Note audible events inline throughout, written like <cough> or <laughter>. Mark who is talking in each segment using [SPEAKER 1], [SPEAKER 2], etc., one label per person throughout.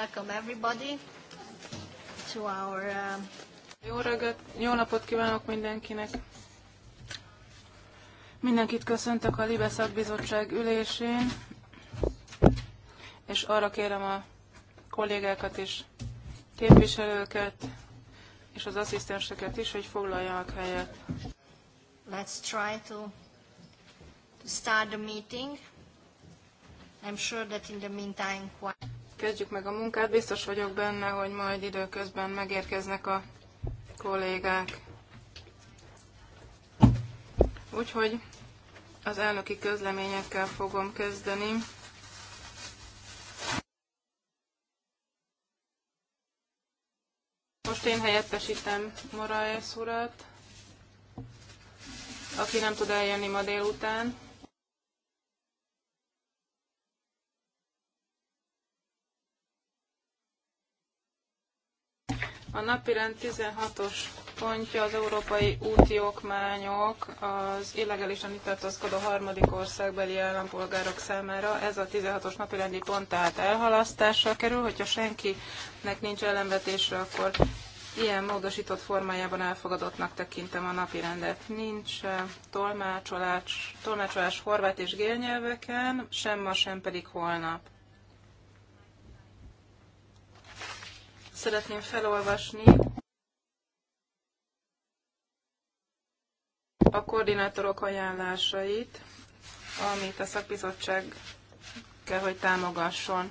[SPEAKER 1] welcome everybody to our... Um,
[SPEAKER 2] jó, reggelt, jó napot kívánok
[SPEAKER 1] mindenkinek! Mindenkit köszöntök a Libe Szakbizottság ülésén, és arra kérem a kollégákat és képviselőket, és az asszisztenseket is, hogy foglaljanak helyet. Let's try to, to start the meeting. I'm sure that in the meantime kezdjük meg a munkát. Biztos vagyok benne, hogy majd időközben megérkeznek a kollégák. Úgyhogy az elnöki közleményekkel fogom kezdeni. Most én helyettesítem Moraes urat, aki nem tud eljönni ma délután. A napirend 16-os pontja az európai úti okmányok az illegálisan itt tartózkodó harmadik országbeli állampolgárok számára. Ez a 16-os napirendi pont tehát elhalasztásra kerül, hogyha senkinek nincs ellenvetésre, akkor ilyen módosított formájában elfogadottnak tekintem a napirendet. Nincs tolmácsolás, tolmácsolás horvát és gélnyelveken, sem ma, sem pedig holnap. szeretném felolvasni. A koordinátorok ajánlásait, amit a szakbizottság kell, hogy támogasson.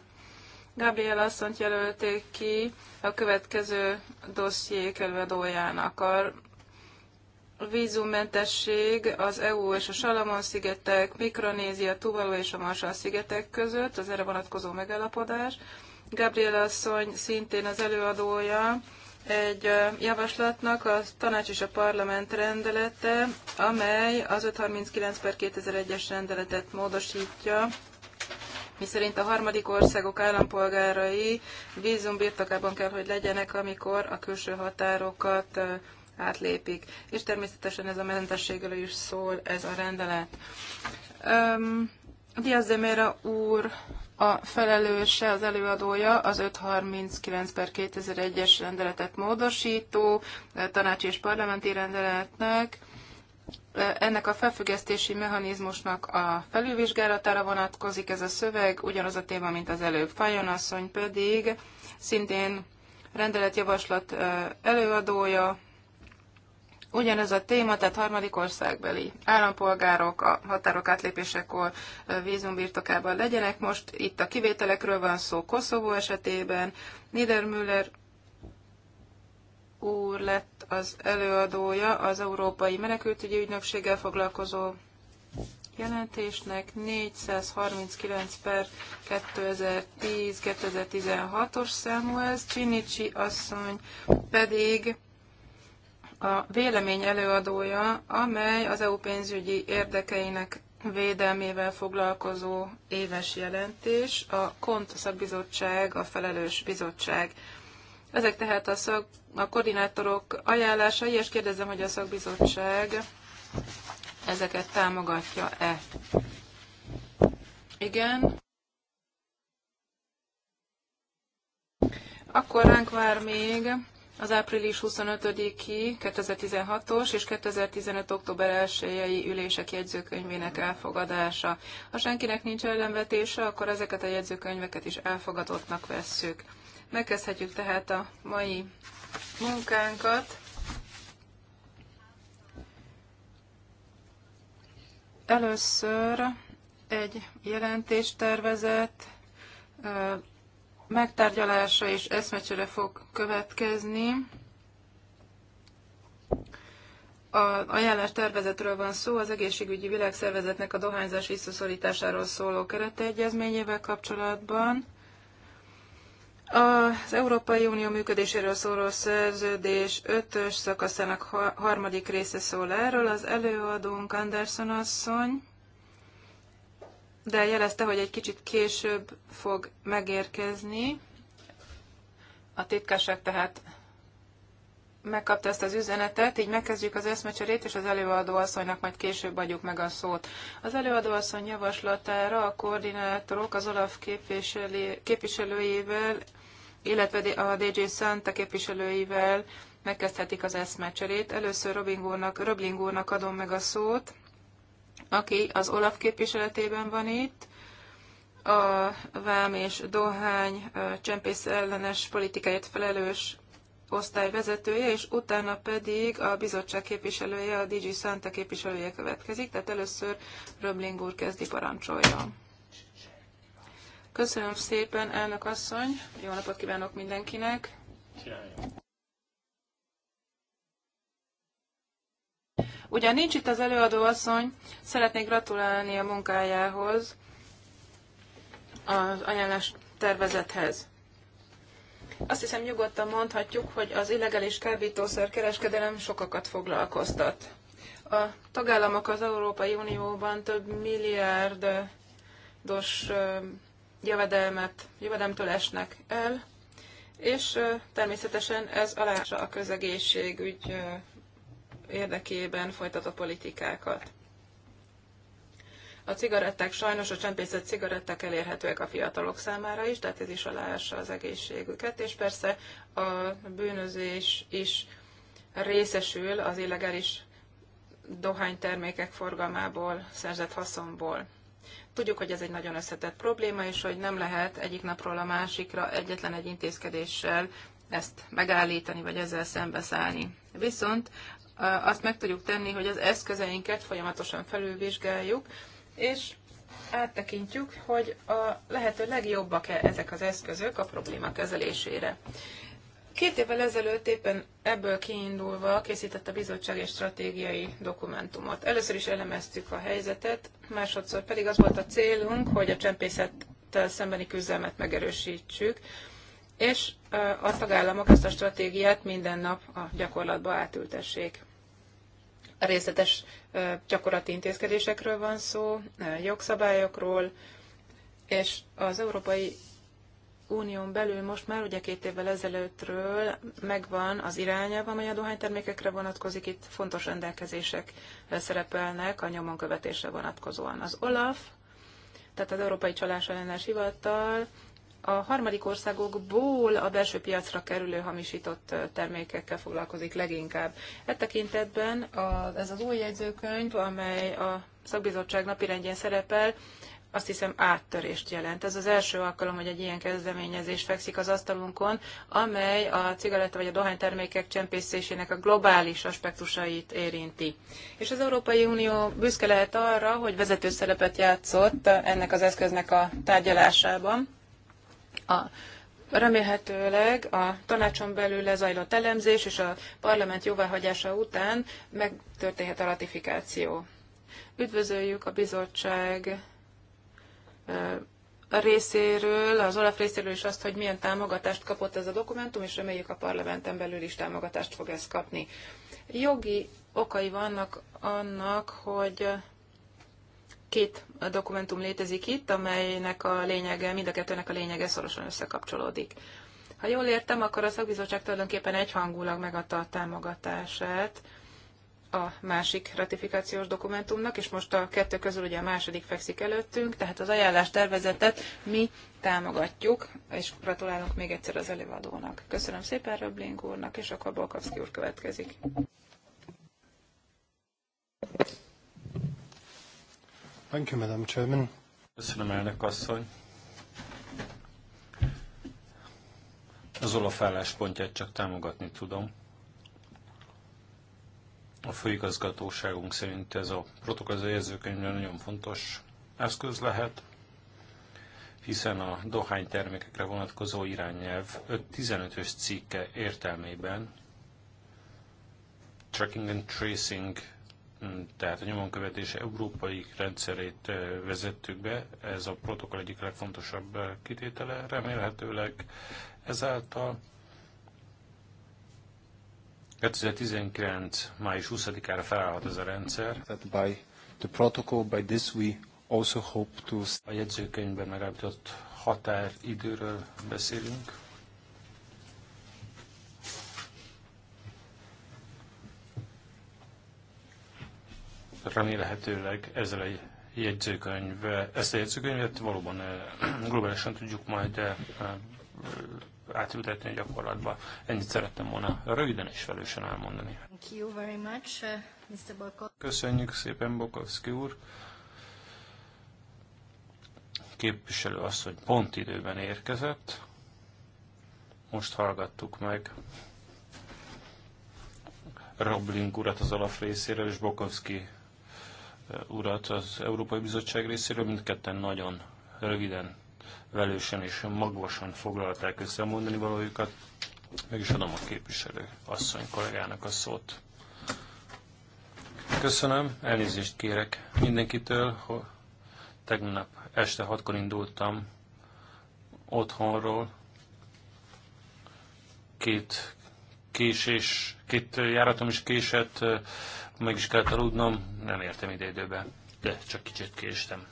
[SPEAKER 1] Gabriel asszonyt jelölték ki a következő dosszié előadójának. A vízummentesség az EU és a Salamon-szigetek, Mikronézia, Tuvalu és a Marshall-szigetek között, az erre vonatkozó megállapodás, Gabriel asszony szintén az előadója egy javaslatnak a tanács és a parlament rendelete, amely az 539 per 2001-es rendeletet módosítja, miszerint a harmadik országok állampolgárai vízum birtokában kell, hogy legyenek, amikor a külső határokat átlépik. És természetesen ez a mentességről is szól ez a rendelet. Um, Diaz de Mera úr a felelőse, az előadója az 539 per 2001-es rendeletet módosító eh, tanácsi és parlamenti rendeletnek, eh, ennek a felfüggesztési mechanizmusnak a felülvizsgálatára vonatkozik ez a szöveg, ugyanaz a téma, mint az előbb. Fajon asszony pedig szintén rendeletjavaslat eh, előadója, ugyanez a téma, tehát harmadik országbeli állampolgárok a határok átlépésekor vízumbirtokában legyenek. Most itt a kivételekről van szó Koszovó esetében. Niedermüller úr lett az előadója az Európai Menekültügyi Ügynökséggel foglalkozó jelentésnek 439 per 2010-2016-os számú ez, Csinicsi asszony pedig a vélemény előadója, amely az EU pénzügyi érdekeinek védelmével foglalkozó éves jelentés, a KONT szakbizottság, a felelős bizottság. Ezek tehát a, szak, a koordinátorok ajánlásai, és kérdezem, hogy a szakbizottság ezeket támogatja-e. Igen. Akkor ránk vár még az április 25-i 2016-os és 2015. október 1-i ülések jegyzőkönyvének elfogadása. Ha senkinek nincs ellenvetése, akkor ezeket a jegyzőkönyveket is elfogadottnak vesszük. Megkezdhetjük tehát a mai munkánkat. Először egy jelentéstervezet megtárgyalása és eszmecsere fog következni. A ajánlás tervezetről van szó, az egészségügyi világszervezetnek a dohányzás visszaszorításáról szóló kereteegyezményével kapcsolatban. Az Európai Unió működéséről szóló szerződés 5-ös szakaszának harmadik része szól erről. Az előadónk Anderson asszony de jelezte, hogy egy kicsit később fog megérkezni. A titkárság tehát megkapta ezt az üzenetet, így megkezdjük az eszmecserét, és az előadó asszonynak majd később adjuk meg a szót. Az előadó asszony javaslatára a koordinátorok az OLAF képviselőjével, illetve a DJ Santa képviselőivel megkezdhetik az eszmecserét. Először Robling úrnak, Robling úrnak adom meg a szót, aki az Olaf képviseletében van itt, a vám és dohány csempész ellenes politikáért felelős osztály vezetője, és utána pedig a bizottság képviselője, a DG Santa képviselője következik, tehát először Röbling úr kezdi parancsolja. Köszönöm szépen, elnök asszony, jó napot kívánok mindenkinek! Ugyan nincs itt az előadó asszony, szeretnék gratulálni a munkájához, az ajánlás tervezethez. Azt hiszem nyugodtan mondhatjuk, hogy az illegális kábítószer kereskedelem sokakat foglalkoztat. A tagállamok az Európai Unióban több milliárdos jövedelmet, jövedelemtől esnek el, és természetesen ez alása a közegészségügy érdekében folytatott politikákat. A cigaretták sajnos, a csempészet cigaretták elérhetőek a fiatalok számára is, tehát ez is aláássa az egészségüket, és persze a bűnözés is részesül az illegális dohánytermékek forgalmából szerzett haszonból. Tudjuk, hogy ez egy nagyon összetett probléma, és hogy nem lehet egyik napról a másikra egyetlen egy intézkedéssel ezt megállítani, vagy ezzel szembeszállni. Viszont azt meg tudjuk tenni, hogy az eszközeinket folyamatosan felülvizsgáljuk, és áttekintjük, hogy a lehető legjobbak-e ezek az eszközök a probléma kezelésére. Két évvel ezelőtt éppen ebből kiindulva készített a bizottság egy stratégiai dokumentumot. Először is elemeztük a helyzetet, másodszor pedig az volt a célunk, hogy a csempészettel szembeni küzdelmet megerősítsük, és a tagállamok ezt a stratégiát minden nap a gyakorlatba átültessék. A részletes gyakorlati intézkedésekről van szó, jogszabályokról, és az Európai Unión belül most már ugye két évvel ezelőttről megvan az irányelv, amely a dohánytermékekre vonatkozik, itt fontos rendelkezések szerepelnek a nyomon követésre vonatkozóan. Az OLAF, tehát az Európai Csalás ellenes hivatal a harmadik országokból a belső piacra kerülő hamisított termékekkel foglalkozik leginkább. E tekintetben a, ez az új jegyzőkönyv, amely a szakbizottság napirendjén szerepel, azt hiszem áttörést jelent. Ez az első alkalom, hogy egy ilyen kezdeményezés fekszik az asztalunkon, amely a cigaretta vagy a dohánytermékek csempészésének a globális aspektusait érinti. És az Európai Unió büszke lehet arra, hogy vezető szerepet játszott ennek az eszköznek a tárgyalásában a Remélhetőleg a tanácson belül lezajlott elemzés és a parlament jóváhagyása után megtörténhet a ratifikáció. Üdvözöljük a bizottság részéről, az Olaf részéről is azt, hogy milyen támogatást kapott ez a dokumentum, és reméljük a parlamenten belül is támogatást fog ez kapni. Jogi okai vannak annak, hogy Két dokumentum létezik itt, amelynek a lényege, mind a kettőnek a lényege szorosan összekapcsolódik. Ha jól értem, akkor a szakbizottság tulajdonképpen egyhangulag megadta a támogatását a másik ratifikációs dokumentumnak, és most a kettő közül ugye a második fekszik előttünk, tehát az ajánlás tervezetet mi támogatjuk, és gratulálunk még egyszer az előadónak. Köszönöm szépen Röbling úrnak, és akkor Bolkovszki úr következik.
[SPEAKER 2] Thank you, Madam Chairman. Köszönöm, elnök asszony. Az Olaf álláspontját csak támogatni tudom. A főigazgatóságunk szerint ez a protokoll az érzőkönyvben nagyon fontos eszköz lehet, hiszen a dohánytermékekre vonatkozó irányelv 15-ös cikke értelmében tracking and tracing tehát a nyomonkövetés európai rendszerét vezettük be, ez a protokoll egyik legfontosabb kitétele, remélhetőleg ezáltal 2019. május 20-ára felállhat ez a rendszer. That by the protocol, by this we also hope to... A jegyzőkönyvben megállított határidőről beszélünk. remélhetőleg ezzel egy jegyzőkönyv, ezt a jegyzőkönyvet valóban <clears throat> globálisan tudjuk majd átültetni a gyakorlatba. Ennyit szerettem volna röviden és felősen elmondani.
[SPEAKER 1] Thank you very much, uh, Mr.
[SPEAKER 2] Köszönjük szépen, Bokovszki úr. Képviselő hogy pont időben érkezett. Most hallgattuk meg Roblin urat az alap részéről, és Bokovszki urat az Európai Bizottság részéről, mindketten nagyon röviden, velősen és magvasan foglalták össze a mondani valójukat. Meg is adom a képviselő asszony kollégának a szót. Köszönöm, elnézést kérek mindenkitől, hogy tegnap este hatkor indultam otthonról, két késés, két járatom is késett, meg is kellett aludnom, nem értem ide időbe, de csak kicsit késtem.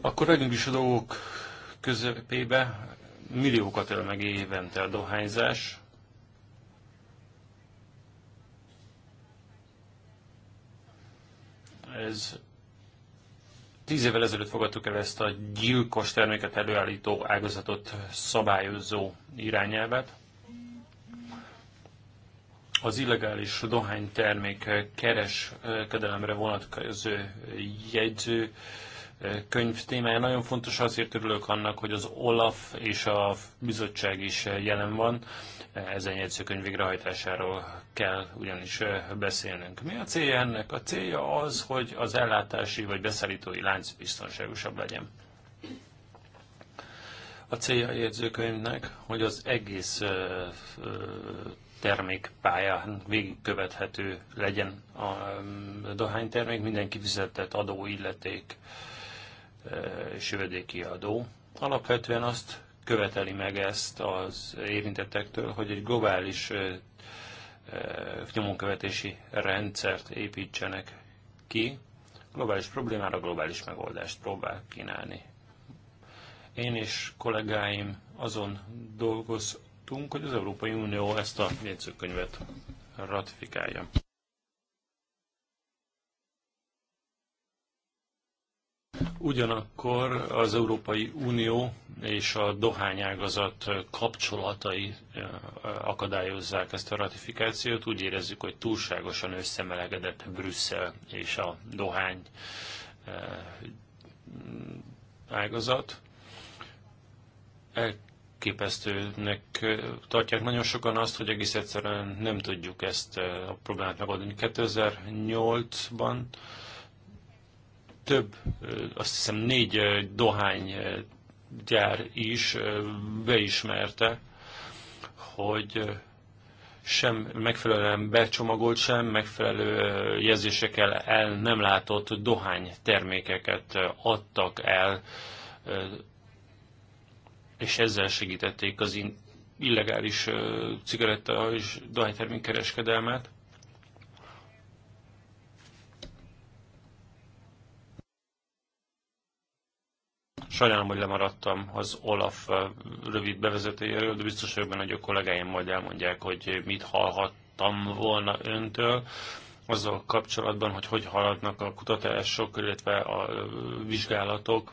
[SPEAKER 2] Akkor legyünk is a dolgok közepébe, milliókat öl meg évente a dohányzás, ez tíz évvel ezelőtt fogadtuk el ezt a gyilkos terméket előállító ágazatot szabályozó irányelvet az illegális dohánytermék kereskedelemre vonatkozó jegyző könyv témája nagyon fontos, azért örülök annak, hogy az OLAF és a bizottság is jelen van. Ezen jegyzőkönyv végrehajtásáról kell ugyanis beszélnünk. Mi a célja ennek? A célja az, hogy az ellátási vagy beszállítói lánc biztonságosabb legyen. A célja a jegyzőkönyvnek, hogy az egész termékpályán végigkövethető legyen a um, dohánytermék, mindenki fizetett adó, illeték e, és adó. Alapvetően azt követeli meg ezt az érintettektől, hogy egy globális e, e, nyomonkövetési rendszert építsenek ki, globális problémára globális megoldást próbál kínálni. Én és kollégáim azon dolgoz, jutottunk, hogy az Európai Unió ezt a jegyzőkönyvet ratifikálja. Ugyanakkor az Európai Unió és a dohányágazat kapcsolatai akadályozzák ezt a ratifikációt. Úgy érezzük, hogy túlságosan összemelegedett Brüsszel és a dohány ágazat elképesztőnek tartják nagyon sokan azt, hogy egész egyszerűen nem tudjuk ezt a problémát megoldani. 2008-ban több, azt hiszem négy Dohány gyár is beismerte, hogy sem megfelelően becsomagolt, sem megfelelő jelzésekkel el nem látott dohány termékeket adtak el és ezzel segítették az illegális cigaretta és dohánytermék kereskedelmet. Sajnálom, hogy lemaradtam az Olaf rövid bevezetőjéről, de biztos vagyok benne, hogy a kollégáim majd elmondják, hogy mit hallhattam volna öntől azzal kapcsolatban, hogy hogy haladnak a kutatások, illetve a vizsgálatok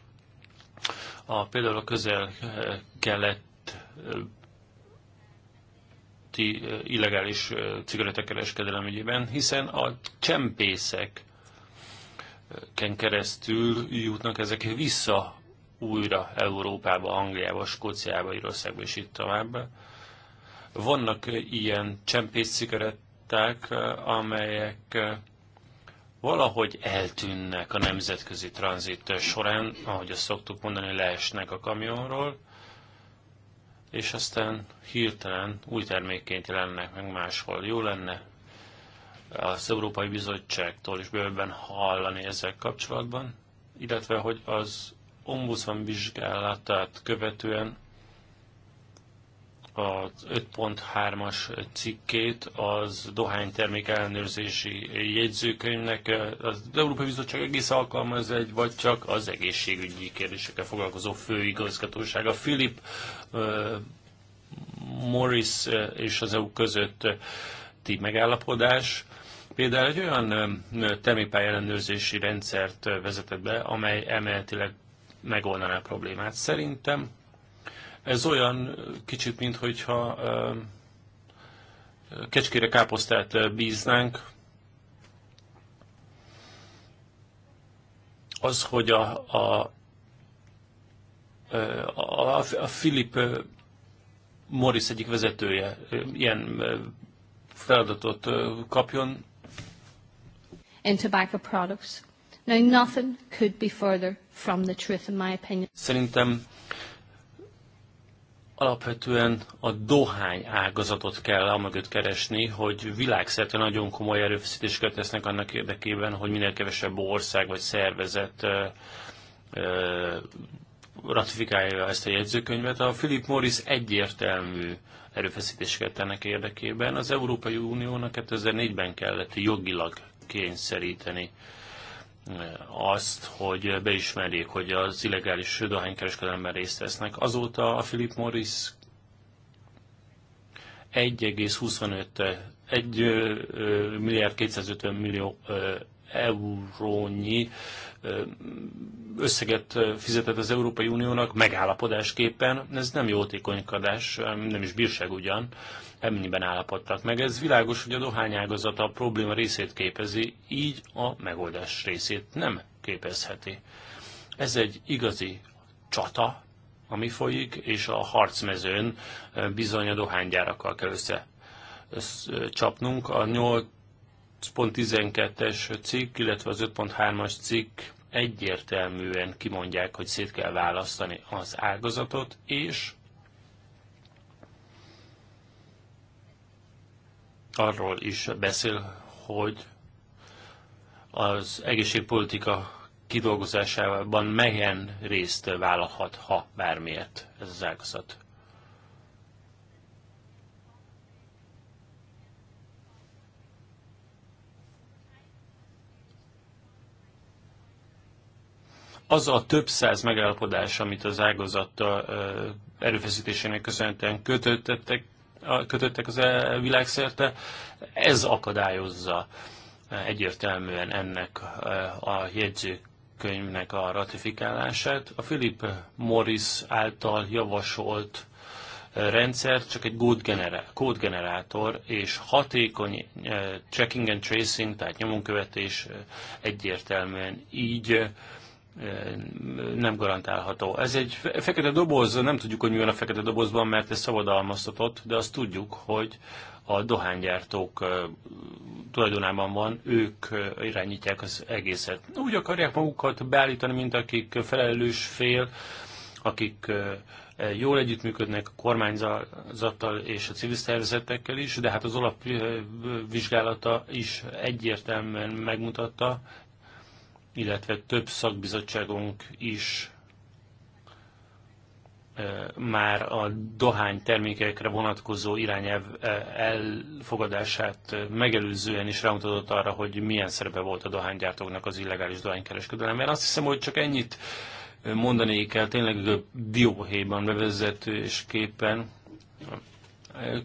[SPEAKER 2] a, például a közel-keleti eh, eh, illegális eh, cigarettakereskedelem ügyében, hiszen a csempészek ken keresztül jutnak ezek vissza újra Európába, Angliába, Skóciába, Írországba és itt tovább. Vannak ilyen csempész cigaretták, amelyek valahogy eltűnnek a nemzetközi tranzit során, ahogy azt szoktuk mondani, leesnek a kamionról, és aztán hirtelen új termékként jelennek meg máshol. Jó lenne az Európai Bizottságtól is bőven hallani ezzel kapcsolatban, illetve hogy az ombudsman vizsgálatát követően az 5.3-as cikkét az dohánytermék ellenőrzési jegyzőkönyvnek. Az Európai Bizottság egész alkalmaz egy, vagy csak az egészségügyi kérdésekkel foglalkozó főigazgatósága. Philip Morris és az EU közötti megállapodás például egy olyan termékpály ellenőrzési rendszert vezetett be, amely emeletileg megoldaná a problémát. Szerintem ez olyan kicsit, mintha kecskére káposztát bíznánk. Az, hogy a, a, a, a Philip Morris egyik vezetője ilyen feladatot kapjon.
[SPEAKER 3] And tobacco products. Now nothing could be further from the truth in my opinion.
[SPEAKER 2] Szerintem Alapvetően a dohány ágazatot kell amögött keresni, hogy világszerte nagyon komoly erőfeszítéseket tesznek annak érdekében, hogy minél kevesebb ország vagy szervezet ö, ö, ratifikálja ezt a jegyzőkönyvet. A Philip Morris egyértelmű erőfeszítéseket tennek érdekében. Az Európai Uniónak 2004-ben kellett jogilag kényszeríteni azt, hogy beismerjék, hogy az illegális dohánykereskedelemben részt vesznek. Azóta a Philip Morris 1,25 1 milliárd 250 millió eurónyi összeget fizetett az Európai Uniónak megállapodásképpen, ez nem jótékonykodás, nem is bírság ugyan, ennyiben állapodtak meg. Ez világos, hogy a dohányágazata a probléma részét képezi, így a megoldás részét nem képezheti. Ez egy igazi csata, ami folyik, és a harcmezőn bizony a dohánygyárakkal kell össze csapnunk. A nyolc 5.12-es cikk, illetve az 5.3-as cikk egyértelműen kimondják, hogy szét kell választani az ágazatot, és arról is beszél, hogy az egészségpolitika kidolgozásában melyen részt vállalhat, ha bármiért ez az ágazat. az a több száz megállapodás, amit az ágazattal erőfeszítésének köszönhetően kötöttek, kötöttek az e, világszerte, ez akadályozza egyértelműen ennek a jegyzőkönyvnek a ratifikálását. A Philip Morris által javasolt rendszer csak egy kódgenerátor, és hatékony checking and tracing, tehát nyomonkövetés egyértelműen így nem garantálható. Ez egy fekete doboz, nem tudjuk, hogy mi van a fekete dobozban, mert ez szabadalmaztatott, de azt tudjuk, hogy a dohánygyártók tulajdonában van, ők irányítják az egészet. Úgy akarják magukat beállítani, mint akik felelős fél, akik jól együttműködnek a kormányzattal és a civil szervezetekkel is, de hát az olap vizsgálata is egyértelműen megmutatta, illetve több szakbizottságunk is e, már a dohány termékekre vonatkozó irányelv e, elfogadását e, megelőzően is rámutatott arra, hogy milyen szerepe volt a dohánygyártóknak az illegális Mert Azt hiszem, hogy csak ennyit mondanék el tényleg a dióhéjban bevezetésképpen.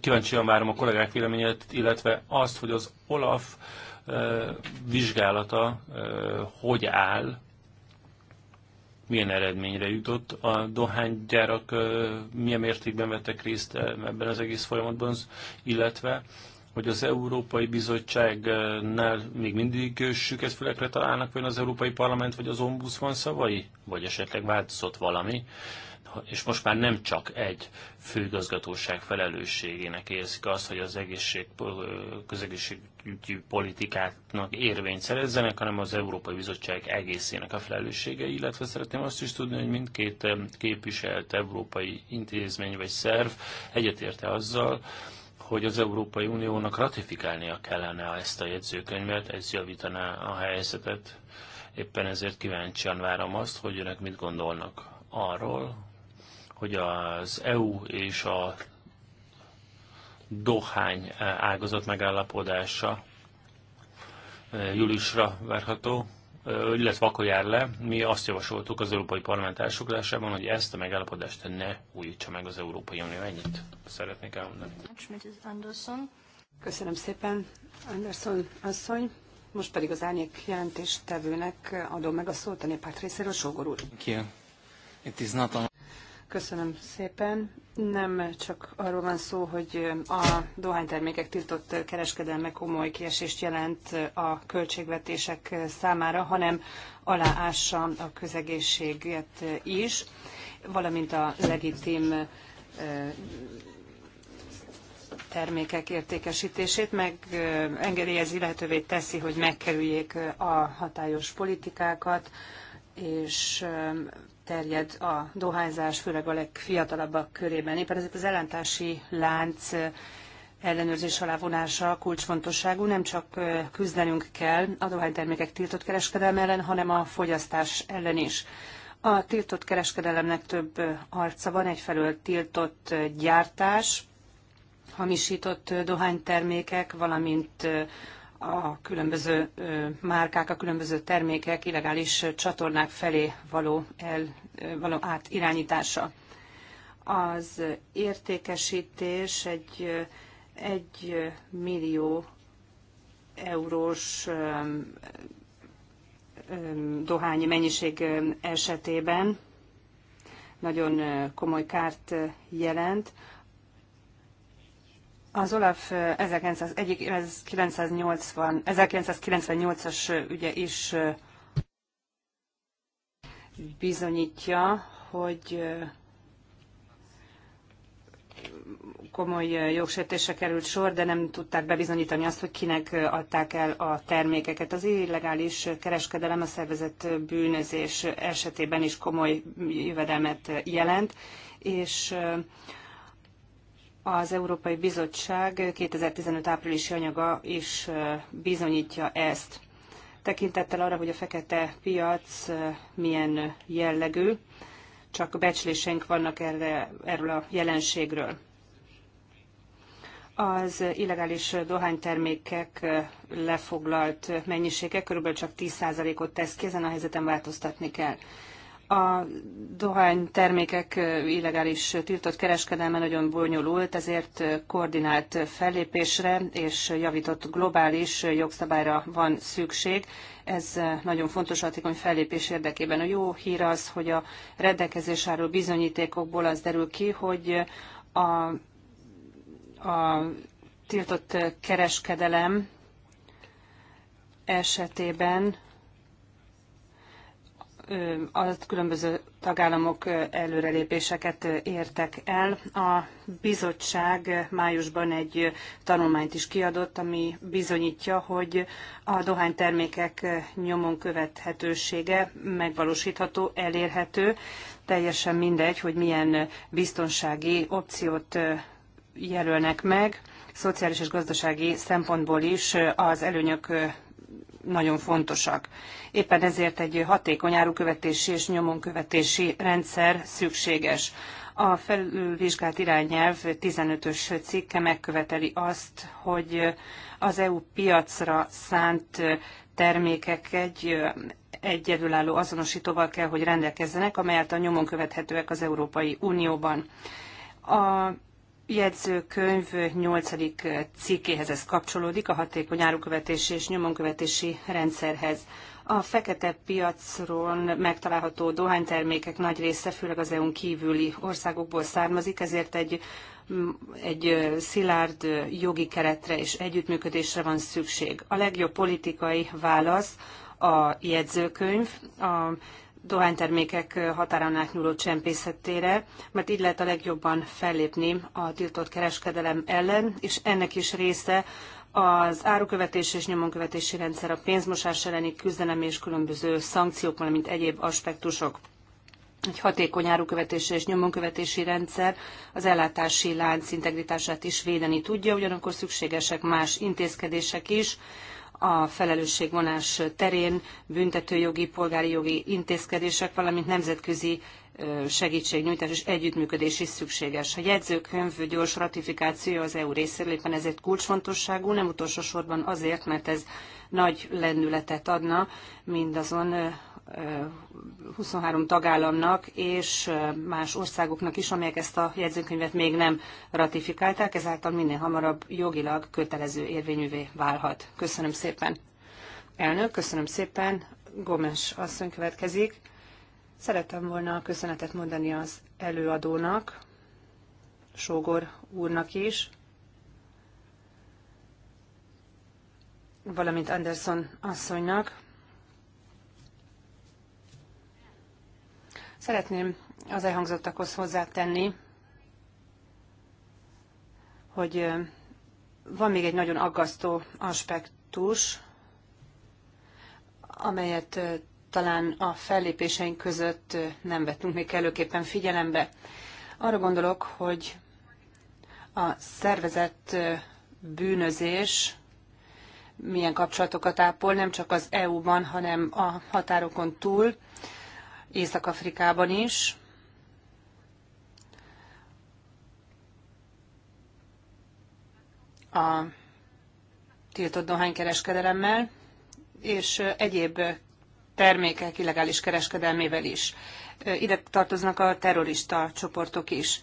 [SPEAKER 2] Kíváncsian várom a kollégák véleményét, illetve azt, hogy az Olaf vizsgálata hogy áll, milyen eredményre jutott. A dohánygyárak milyen mértékben vettek részt ebben az egész folyamatban, illetve hogy az Európai Bizottságnál még mindig süket fülekre találnak, vagy az Európai Parlament, vagy az Ombudsman szavai? Vagy esetleg változott valami? és most már nem csak egy főigazgatóság felelősségének érzik azt, hogy az egészség, közegészségügyi politikáknak érvényt szerezzenek, hanem az Európai Bizottság egészének a felelőssége, illetve szeretném azt is tudni, hogy mindkét képviselt európai intézmény vagy szerv egyetérte azzal, hogy az Európai Uniónak ratifikálnia kellene ezt a jegyzőkönyvet, ez javítaná a helyzetet. Éppen ezért kíváncsian várom azt, hogy önök mit gondolnak arról, hogy az EU és a dohány ágazat megállapodása júliusra várható, illetve akkor jár le. Mi azt javasoltuk az Európai Parlament elsoglásában, hogy ezt a megállapodást ne újítsa meg az Európai Unió. Ennyit szeretnék elmondani.
[SPEAKER 3] Köszönöm szépen, Anderson asszony. Most pedig az árnyék jelentéstevőnek adom meg a szót a néppárt részéről, Sógor úr.
[SPEAKER 1] It is not on...
[SPEAKER 3] Köszönöm szépen. Nem csak arról van szó, hogy a dohánytermékek tiltott kereskedelme komoly kiesést jelent a költségvetések számára, hanem aláássa a közegészséget is, valamint a legitim termékek értékesítését, meg engedélyezi lehetővé teszi, hogy megkerüljék a hatályos politikákat, és terjed a dohányzás, főleg a legfiatalabbak körében. Éppen ezért az ellátási lánc ellenőrzés alá vonása kulcsfontosságú. Nem csak küzdenünk kell a dohánytermékek tiltott kereskedelme ellen, hanem a fogyasztás ellen is. A tiltott kereskedelemnek több arca van, egyfelől tiltott gyártás, hamisított dohánytermékek, valamint a különböző márkák, a különböző termékek illegális csatornák felé való, el, való átirányítása. Az értékesítés egy, egy millió eurós dohányi mennyiség esetében nagyon komoly kárt jelent. Az Olaf 1980, 1998-as ügye is bizonyítja, hogy komoly jogsértésre került sor, de nem tudták bebizonyítani azt, hogy kinek adták el a termékeket. Az illegális kereskedelem a szervezett bűnözés esetében is komoly jövedelmet jelent, és az Európai Bizottság 2015 áprilisi anyaga is bizonyítja ezt. Tekintettel arra, hogy a fekete piac milyen jellegű, csak becsléseink vannak erre, erről a jelenségről. Az illegális dohánytermékek lefoglalt mennyisége körülbelül csak 10%-ot tesz ki, ezen a helyzeten változtatni kell. A dohány termékek illegális tiltott kereskedelme nagyon bonyolult, ezért koordinált fellépésre és javított globális jogszabályra van szükség. Ez nagyon fontos hatékony fellépés érdekében. A jó hír az, hogy a rendelkezés álló bizonyítékokból az derül ki, hogy a, a tiltott kereskedelem esetében a különböző tagállamok előrelépéseket értek el. A bizottság májusban egy tanulmányt is kiadott, ami bizonyítja, hogy a dohánytermékek nyomon követhetősége megvalósítható, elérhető. Teljesen mindegy, hogy milyen biztonsági opciót jelölnek meg. Szociális és gazdasági szempontból is az előnyök nagyon fontosak. Éppen ezért egy hatékony árukövetési és nyomonkövetési rendszer szükséges. A felülvizsgált irányelv 15-ös cikke megköveteli azt, hogy az EU piacra szánt termékek egy egyedülálló azonosítóval kell, hogy rendelkezzenek, amelyet a nyomon követhetőek az Európai Unióban. A jegyzőkönyv 8. cikkéhez ez kapcsolódik, a hatékony árukövetési és nyomonkövetési rendszerhez. A fekete piacról megtalálható dohánytermékek nagy része, főleg az EU-n kívüli országokból származik, ezért egy, mm, egy szilárd jogi keretre és együttműködésre van szükség. A legjobb politikai válasz a jegyzőkönyv, a dohánytermékek határán átnyúló csempészetére, mert így lehet a legjobban fellépni a tiltott kereskedelem ellen, és ennek is része az árukövetés és nyomonkövetési rendszer, a pénzmosás elleni küzdelem és különböző szankciók, valamint egyéb aspektusok. Egy hatékony árukövetési és nyomonkövetési rendszer az ellátási lánc integritását is védeni tudja, ugyanakkor szükségesek más intézkedések is, a felelősségvonás terén büntetőjogi, polgári jogi intézkedések, valamint nemzetközi segítségnyújtás és együttműködés is szükséges. A jegyzőkönyv gyors ratifikáció az EU részéről éppen ezért kulcsfontosságú, nem utolsó sorban azért, mert ez nagy lendületet adna mindazon 23 tagállamnak és más országoknak is, amelyek ezt a jegyzőkönyvet még nem ratifikálták, ezáltal minél hamarabb jogilag kötelező érvényűvé válhat. Köszönöm szépen. Elnök, köszönöm szépen. Gomes asszony következik. Szerettem volna köszönetet mondani az előadónak, Sógor úrnak is, valamint Anderson asszonynak, Szeretném az elhangzottakhoz hozzátenni, hogy van még egy nagyon aggasztó aspektus, amelyet talán a fellépéseink között nem vettünk még előképpen figyelembe. Arra gondolok, hogy a szervezett bűnözés milyen kapcsolatokat ápol, nem csak az EU-ban, hanem a határokon túl. Észak-Afrikában is. A tiltott dohánykereskedelemmel és egyéb termékek illegális kereskedelmével is. Ide tartoznak a terrorista csoportok is.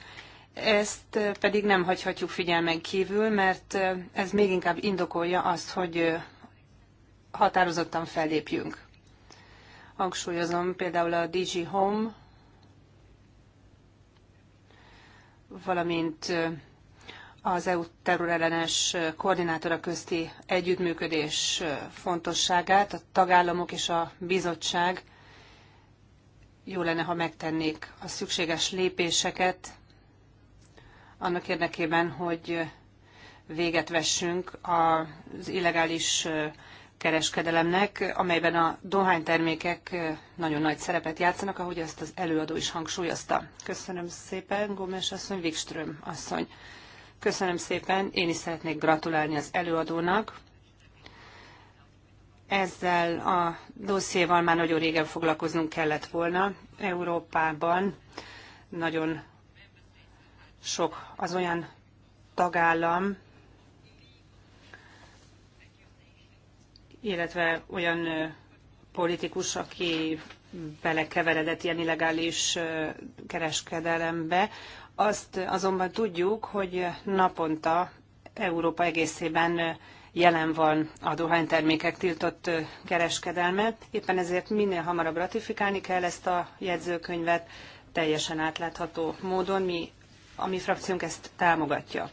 [SPEAKER 3] Ezt pedig nem hagyhatjuk figyelmen kívül, mert ez még inkább indokolja azt, hogy határozottan fellépjünk hangsúlyozom, például a DG Home, valamint az EU terrorellenes koordinátora közti együttműködés fontosságát, a tagállamok és a bizottság jó lenne, ha megtennék a szükséges lépéseket annak érdekében, hogy véget vessünk az illegális kereskedelemnek, amelyben a dohánytermékek nagyon nagy szerepet játszanak, ahogy ezt az előadó is hangsúlyozta. Köszönöm szépen, Gómez asszony, Wikström asszony. Köszönöm szépen, én is szeretnék gratulálni az előadónak. Ezzel a dossziéval már nagyon régen foglalkoznunk kellett volna. Európában nagyon sok az olyan tagállam, illetve olyan politikus, aki belekeveredett ilyen illegális kereskedelembe. Azt azonban tudjuk, hogy naponta Európa egészében jelen van a dohánytermékek tiltott kereskedelme. Éppen ezért minél hamarabb ratifikálni kell ezt a jegyzőkönyvet teljesen átlátható módon. Mi, a mi frakciónk ezt támogatja.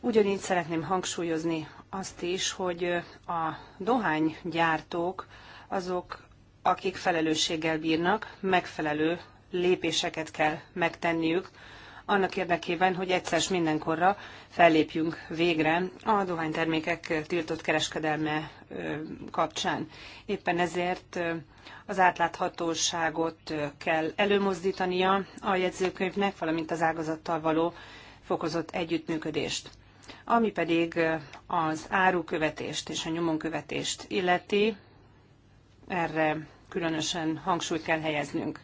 [SPEAKER 3] Ugyanígy szeretném hangsúlyozni azt is, hogy a dohánygyártók azok, akik felelősséggel bírnak, megfelelő lépéseket kell megtenniük, annak érdekében, hogy egyszer mindenkorra fellépjünk végre a dohánytermékek tiltott kereskedelme kapcsán. Éppen ezért az átláthatóságot kell előmozdítania a jegyzőkönyvnek, valamint az ágazattal való fokozott együttműködést. Ami pedig az árukövetést és a nyomonkövetést illeti, erre különösen hangsúlyt kell helyeznünk.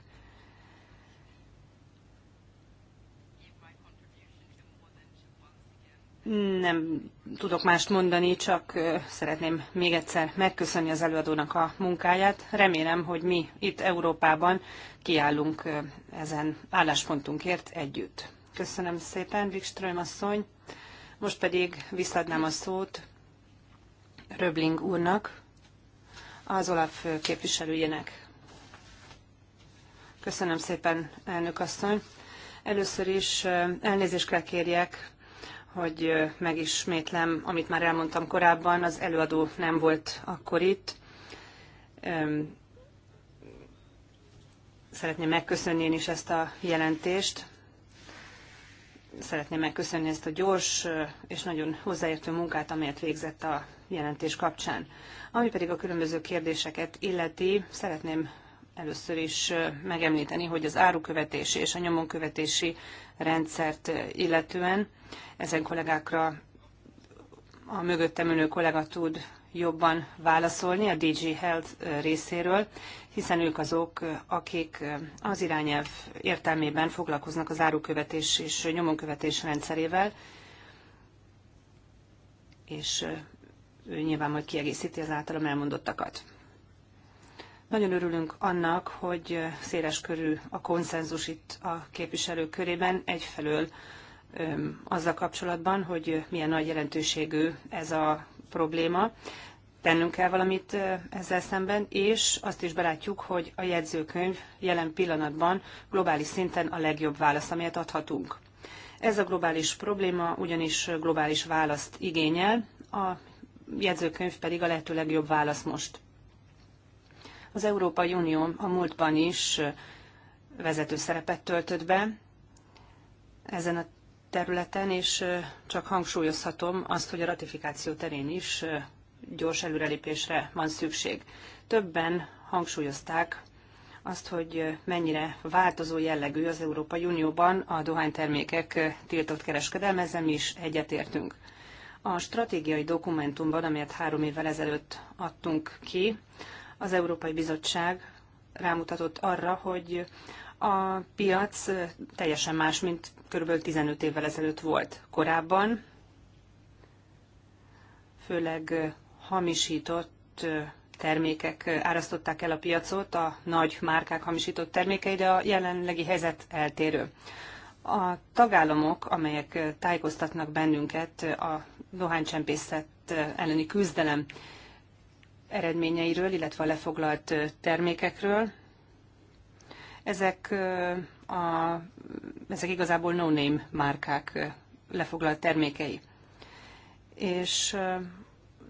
[SPEAKER 3] Nem tudok mást mondani, csak szeretném még egyszer megköszönni az előadónak a munkáját. Remélem, hogy mi itt Európában kiállunk ezen álláspontunkért együtt. Köszönöm szépen, Wikström asszony. Most pedig visszadnám a szót Röbling úrnak, az Olaf képviselőjének. Köszönöm szépen, elnök asszony. Először is elnézést kell kérjek, hogy megismétlem, amit már elmondtam korábban, az előadó nem volt akkor itt. Szeretném megköszönni én is ezt a jelentést szeretném megköszönni ezt a gyors és nagyon hozzáértő munkát, amelyet végzett a jelentés kapcsán. Ami pedig a különböző kérdéseket illeti, szeretném először is megemlíteni, hogy az árukövetési és a nyomonkövetési rendszert illetően ezen kollégákra a mögöttem ülő kollega tud jobban válaszolni a DG Health részéről, hiszen ők azok, akik az irányelv értelmében foglalkoznak az árukövetés és nyomonkövetés rendszerével, és ő nyilván majd kiegészíti az általam elmondottakat. Nagyon örülünk annak, hogy széles körű a konszenzus itt a képviselők körében, egyfelől azzal kapcsolatban, hogy milyen nagy jelentőségű ez a probléma. Tennünk kell valamit ezzel szemben, és azt is belátjuk, hogy a jegyzőkönyv jelen pillanatban globális szinten a legjobb válasz, amelyet adhatunk. Ez a globális probléma ugyanis globális választ igényel, a jegyzőkönyv pedig a lehető legjobb válasz most. Az Európai Unió a múltban is vezető szerepet töltött be ezen a területen, és csak hangsúlyozhatom azt, hogy a ratifikáció terén is gyors előrelépésre van szükség. Többen hangsúlyozták azt, hogy mennyire változó jellegű az Európai Unióban a dohánytermékek tiltott kereskedelme, ezzel mi is egyetértünk. A stratégiai dokumentumban, amelyet három évvel ezelőtt adtunk ki, az Európai Bizottság rámutatott arra, hogy a piac teljesen más, mint kb. 15 évvel ezelőtt volt korábban, főleg hamisított termékek árasztották el a piacot, a nagy márkák hamisított termékei, de a jelenlegi helyzet eltérő. A tagállamok, amelyek tájékoztatnak bennünket a dohánycsempészet elleni küzdelem eredményeiről, illetve a lefoglalt termékekről, ezek a ezek igazából no-name márkák lefoglalt termékei. És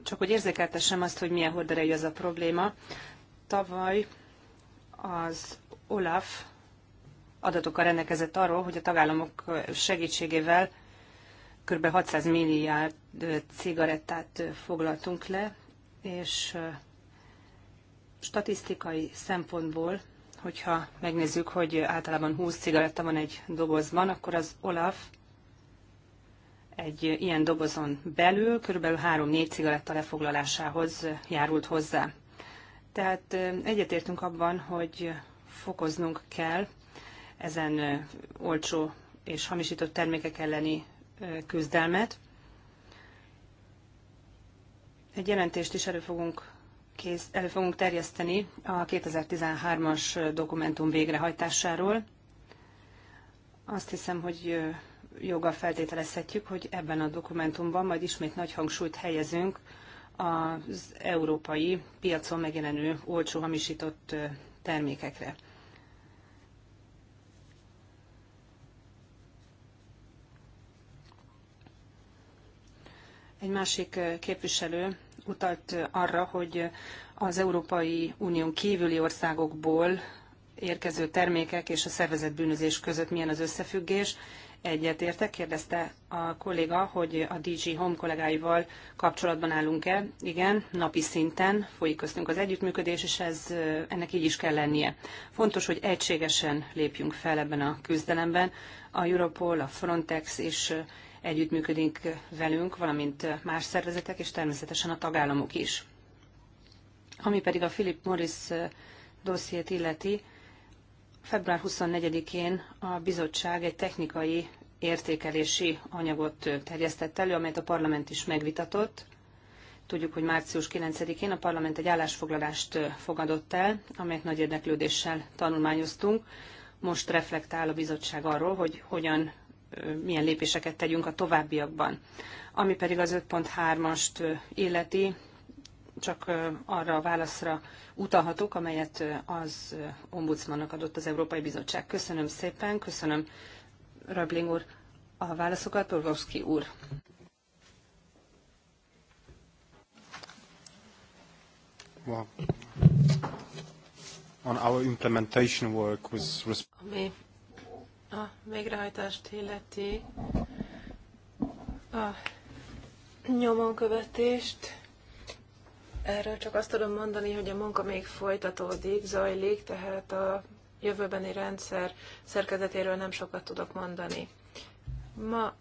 [SPEAKER 3] csak hogy érzékeltessem azt, hogy milyen horderejű az a probléma, tavaly az Olaf adatokkal rendelkezett arról, hogy a tagállamok segítségével kb. 600 milliárd cigarettát foglaltunk le, és statisztikai szempontból hogyha megnézzük, hogy általában 20 cigaretta van egy dobozban, akkor az Olaf egy ilyen dobozon belül kb. 3-4 cigaretta lefoglalásához járult hozzá. Tehát egyetértünk abban, hogy fokoznunk kell ezen olcsó és hamisított termékek elleni küzdelmet. Egy jelentést is elő fogunk kész, elő fogunk terjeszteni a 2013-as dokumentum végrehajtásáról. Azt hiszem, hogy joggal feltételezhetjük, hogy ebben a dokumentumban majd ismét nagy hangsúlyt helyezünk az európai piacon megjelenő olcsó hamisított termékekre. Egy másik képviselő utalt arra, hogy az Európai Unión kívüli országokból érkező termékek és a szervezett bűnözés között milyen az összefüggés. Egyetértek, kérdezte a kolléga, hogy a DG Home kollégáival kapcsolatban állunk-e. Igen, napi szinten folyik köztünk az együttműködés, és ez, ennek így is kell lennie. Fontos, hogy egységesen lépjünk fel ebben a küzdelemben. A Europol, a Frontex és együttműködik velünk, valamint más szervezetek, és természetesen a tagállamok is. Ami pedig a Philip Morris dossziét illeti, február 24-én a bizottság egy technikai értékelési anyagot terjesztett elő, amelyet a parlament is megvitatott. Tudjuk, hogy március 9-én a parlament egy állásfoglalást fogadott el, amelyet nagy érdeklődéssel tanulmányoztunk. Most reflektál a bizottság arról, hogy hogyan milyen lépéseket tegyünk a továbbiakban. Ami pedig az 5.3-ast illeti, csak arra a válaszra utalhatok, amelyet az ombudsmannak adott az Európai Bizottság. Köszönöm szépen, köszönöm Röbling úr a válaszokat, Borgowski úr.
[SPEAKER 2] Well, on our implementation work was...
[SPEAKER 1] Ami a végrehajtást illeti a nyomonkövetést, erről csak azt tudom mondani, hogy a munka még folytatódik, zajlik, tehát a jövőbeni rendszer szerkezetéről nem sokat tudok mondani. Ma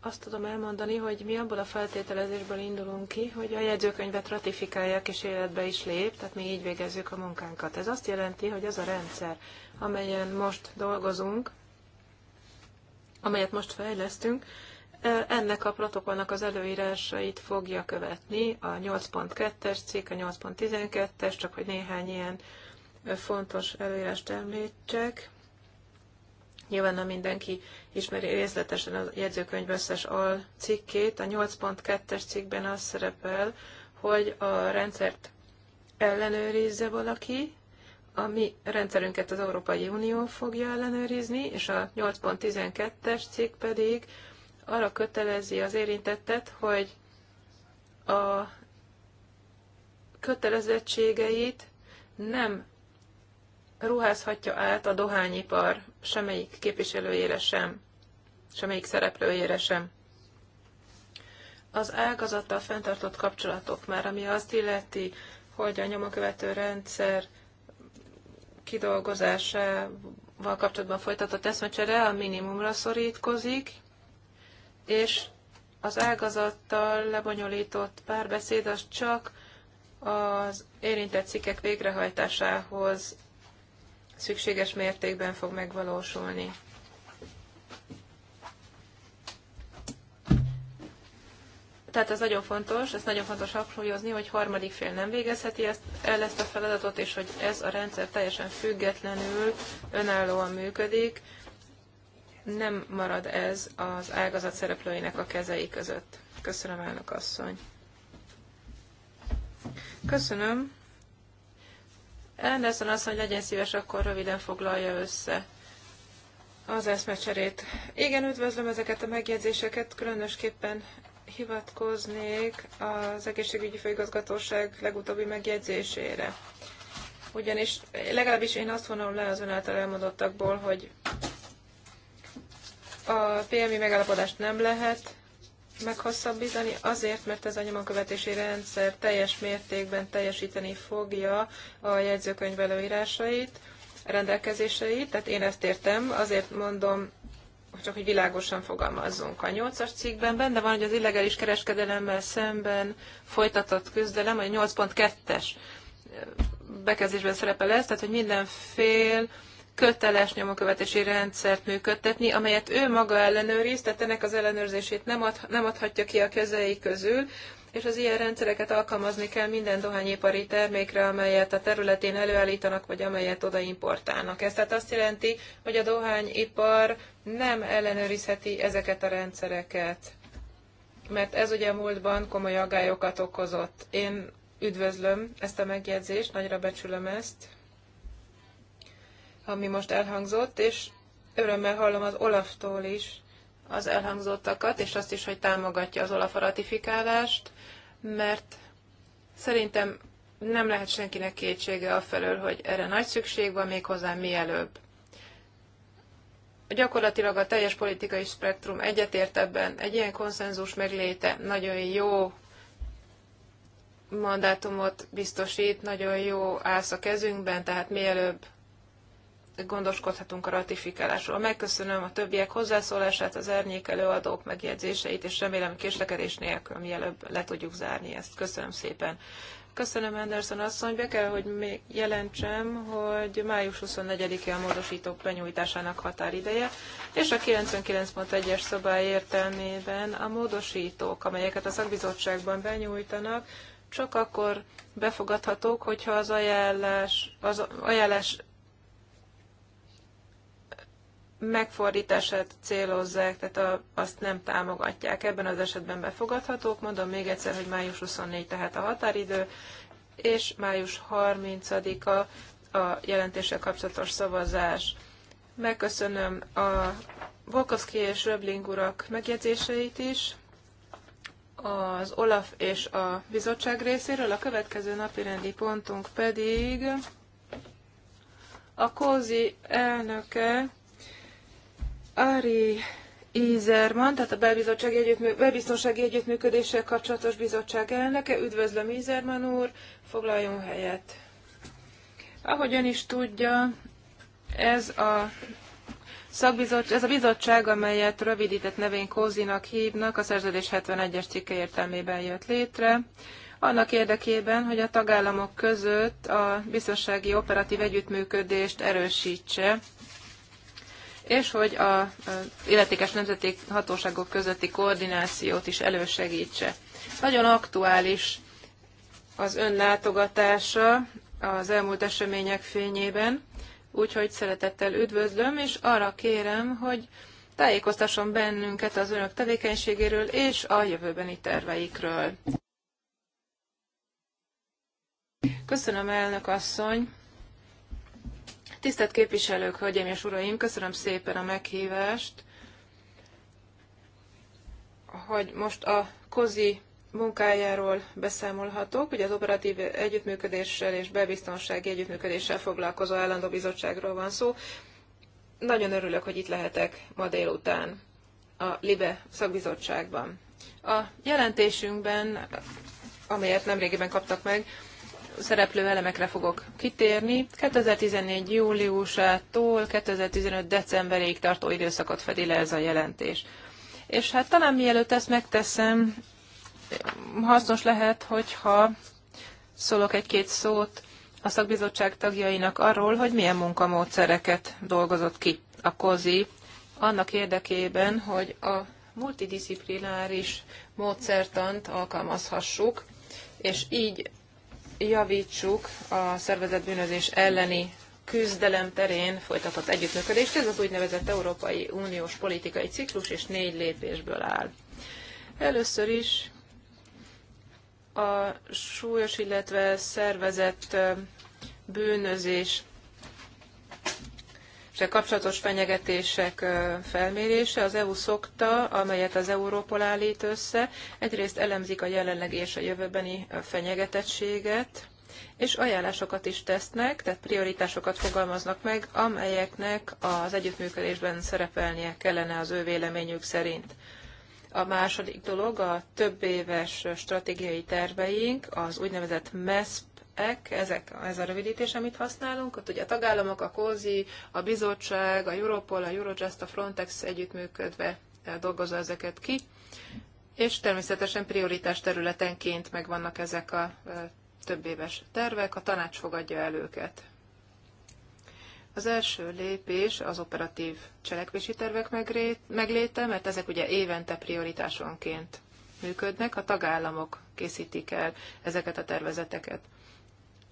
[SPEAKER 1] azt tudom elmondani, hogy mi abból a feltételezésből indulunk ki, hogy a jegyzőkönyvet ratifikálják és életbe is lép, tehát mi így végezzük a munkánkat. Ez azt jelenti, hogy az a rendszer, amelyen most dolgozunk, amelyet most fejlesztünk, ennek a protokollnak az előírásait fogja követni a 8.2-es cikk, a 8.12-es, csak hogy néhány ilyen fontos előírást említsek. Nyilván nem mindenki ismeri részletesen a jegyzőkönyv összes al cikkét. A 8.2-es cikkben az szerepel, hogy a rendszert ellenőrizze valaki, a mi rendszerünket az Európai Unió fogja ellenőrizni, és a 8.12-es cikk pedig arra kötelezi az érintettet, hogy a kötelezettségeit nem ruházhatja át a dohányipar semmelyik képviselőjére sem, semmelyik szereplőjére sem. Az ágazattal fenntartott kapcsolatok már, ami azt illeti, hogy a nyomakövető rendszer kidolgozásával kapcsolatban folytatott eszmecsere a minimumra szorítkozik, és az ágazattal lebonyolított párbeszéd az csak az érintett cikkek végrehajtásához szükséges mértékben fog megvalósulni. Tehát ez nagyon fontos, ez nagyon fontos hangsúlyozni, hogy harmadik fél nem végezheti ezt, el ezt a feladatot, és hogy ez a rendszer teljesen függetlenül, önállóan működik, nem marad ez az ágazat szereplőinek a kezei között. Köszönöm, elnök asszony. Köszönöm. Anderson azt hogy legyen szíves, akkor röviden foglalja össze az eszmecserét. Igen, üdvözlöm ezeket a megjegyzéseket, különösképpen hivatkoznék az egészségügyi főigazgatóság legutóbbi megjegyzésére. Ugyanis legalábbis én azt vonom le az ön által elmondottakból, hogy a PMI megállapodást nem lehet meghosszabbítani, azért, mert ez a nyomonkövetési rendszer teljes mértékben teljesíteni fogja a jegyzőkönyv előírásait, rendelkezéseit, tehát én ezt értem, azért mondom csak hogy világosan fogalmazzunk. A nyolcas cikkben benne van, hogy az illegális kereskedelemmel szemben folytatott küzdelem, a 8.2-es bekezdésben szerepel ez, tehát hogy minden fél köteles nyomokövetési rendszert működtetni, amelyet ő maga ellenőriz, tehát ennek az ellenőrzését nem, ad, nem adhatja ki a kezei közül, és az ilyen rendszereket alkalmazni kell minden dohányipari termékre, amelyet a területén előállítanak, vagy amelyet oda importálnak. Ez tehát azt jelenti, hogy a dohányipar nem ellenőrizheti ezeket a rendszereket, mert ez ugye a múltban komoly aggályokat okozott. Én üdvözlöm ezt a megjegyzést, nagyra becsülöm ezt, ami most elhangzott, és örömmel hallom az Olaftól is, az elhangzottakat, és azt is, hogy támogatja az Olaf ratifikálást, mert szerintem nem lehet senkinek kétsége felől, hogy erre nagy szükség van méghozzá mielőbb. Gyakorlatilag a teljes politikai spektrum egyetért ebben, egy ilyen konszenzus megléte nagyon jó mandátumot biztosít, nagyon jó állsz a kezünkben, tehát mielőbb gondoskodhatunk a ratifikálásról. Megköszönöm a többiek hozzászólását, az árnyék előadók megjegyzéseit, és remélem késlekedés nélkül mielőbb le tudjuk zárni ezt. Köszönöm szépen. Köszönöm, Anderson asszony. Be kell, hogy még jelentsem, hogy május 24-e a módosítók benyújtásának határideje, és a 99.1-es szabály értelmében a módosítók, amelyeket a szakbizottságban benyújtanak, csak akkor befogadhatók, hogyha az ajánlás, az ajánlás megfordítását célozzák, tehát a, azt nem támogatják. Ebben az esetben befogadhatók. Mondom még egyszer, hogy május 24 tehát a határidő, és május 30-a a jelentéssel kapcsolatos szavazás. Megköszönöm a Volkovszki és Röbling urak megjegyzéseit is az Olaf és a bizottság részéről. A következő napi rendi pontunk pedig a Kózi elnöke Ari Ízerman, tehát a belbiztonsági, együttmű, belbiztonsági együttműködéssel kapcsolatos bizottság elnöke. Üdvözlöm Ízerman úr, foglaljon helyet. Ahogy ön is tudja, ez a Szakbizottság, ez a bizottság, amelyet rövidített nevén Kózinak hívnak, a szerződés 71-es cikke értelmében jött létre, annak érdekében, hogy a tagállamok között a biztonsági operatív együttműködést erősítse, és hogy a illetékes nemzeti hatóságok közötti koordinációt is elősegítse. Nagyon aktuális az ön látogatása az elmúlt események fényében, úgyhogy szeretettel üdvözlöm, és arra kérem, hogy tájékoztasson bennünket az önök tevékenységéről és a jövőbeni terveikről. Köszönöm, elnök asszony! Tisztelt képviselők, hölgyeim és uraim, köszönöm szépen a meghívást, hogy most a kozi munkájáról beszámolhatok. Ugye az operatív együttműködéssel és belbiztonsági együttműködéssel foglalkozó állandó bizottságról van szó. Nagyon örülök, hogy itt lehetek ma délután a LIBE szakbizottságban. A jelentésünkben, amelyet nemrégiben kaptak meg, szereplő elemekre fogok kitérni. 2014. júliusától 2015. decemberéig tartó időszakot fedi le ez a jelentés. És hát talán mielőtt ezt megteszem, hasznos lehet, hogyha szólok egy-két szót a szakbizottság tagjainak arról, hogy milyen munkamódszereket dolgozott ki a COZI annak érdekében, hogy a multidisziplináris módszertant alkalmazhassuk, és így javítsuk a szervezetbűnözés elleni küzdelem terén folytatott együttműködést. Ez az úgynevezett Európai Uniós politikai ciklus, és négy lépésből áll. Először is a súlyos, illetve szervezett bűnözés kapcsolatos fenyegetések felmérése. Az EU szokta, amelyet az Európol állít össze, egyrészt elemzik a jelenlegi és a jövőbeni fenyegetettséget, és ajánlásokat is tesznek, tehát prioritásokat fogalmaznak meg, amelyeknek az együttműködésben szerepelnie kellene az ő véleményük szerint. A második dolog a több éves stratégiai terveink, az úgynevezett MESP EK, ezek, ez a rövidítés, amit használunk, ott ugye a tagállamok, a COSI, a bizottság, a Europol, a Eurojust, a Frontex együttműködve eh, dolgozza ezeket ki, és természetesen prioritás területenként megvannak ezek a eh, több éves tervek, a tanács fogadja el őket. Az első lépés az operatív cselekvési tervek megléte, mert ezek ugye évente prioritásonként működnek, a tagállamok készítik el ezeket a tervezeteket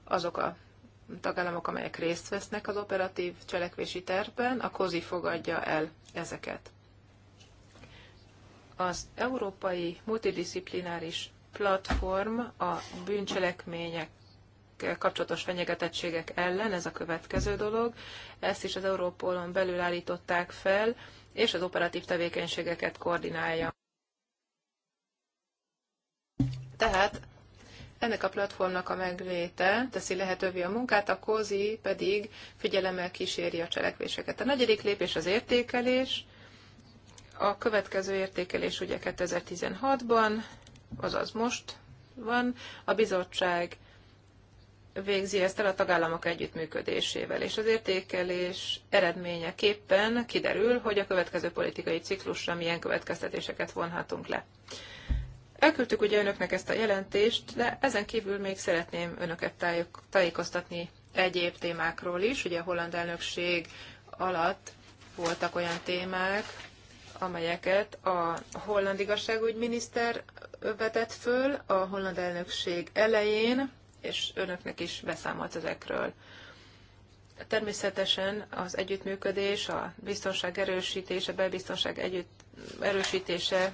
[SPEAKER 1] azok a tagállamok, amelyek részt vesznek az operatív cselekvési tervben, a COSI fogadja el ezeket. Az Európai Multidisziplináris Platform a bűncselekmények kapcsolatos fenyegetettségek ellen, ez a következő dolog. Ezt is az Európolon belül állították fel, és az operatív tevékenységeket koordinálja. Tehát ennek a platformnak a megléte teszi lehetővé a munkát, a kozi pedig figyelemmel kíséri a cselekvéseket. A negyedik lépés az értékelés. A következő értékelés ugye 2016-ban, azaz most van. A bizottság végzi ezt el a tagállamok együttműködésével, és az értékelés eredményeképpen kiderül, hogy a következő politikai ciklusra milyen következtetéseket vonhatunk le. Elküldtük ugye önöknek ezt a jelentést, de ezen kívül még szeretném önöket tájékoztatni egyéb témákról is. Ugye a holland elnökség alatt voltak olyan témák, amelyeket a holland igazságügyminiszter vetett föl a holland elnökség elején, és önöknek is beszámolt ezekről. Természetesen az együttműködés, a biztonság erősítése, belbiztonság együtt erősítése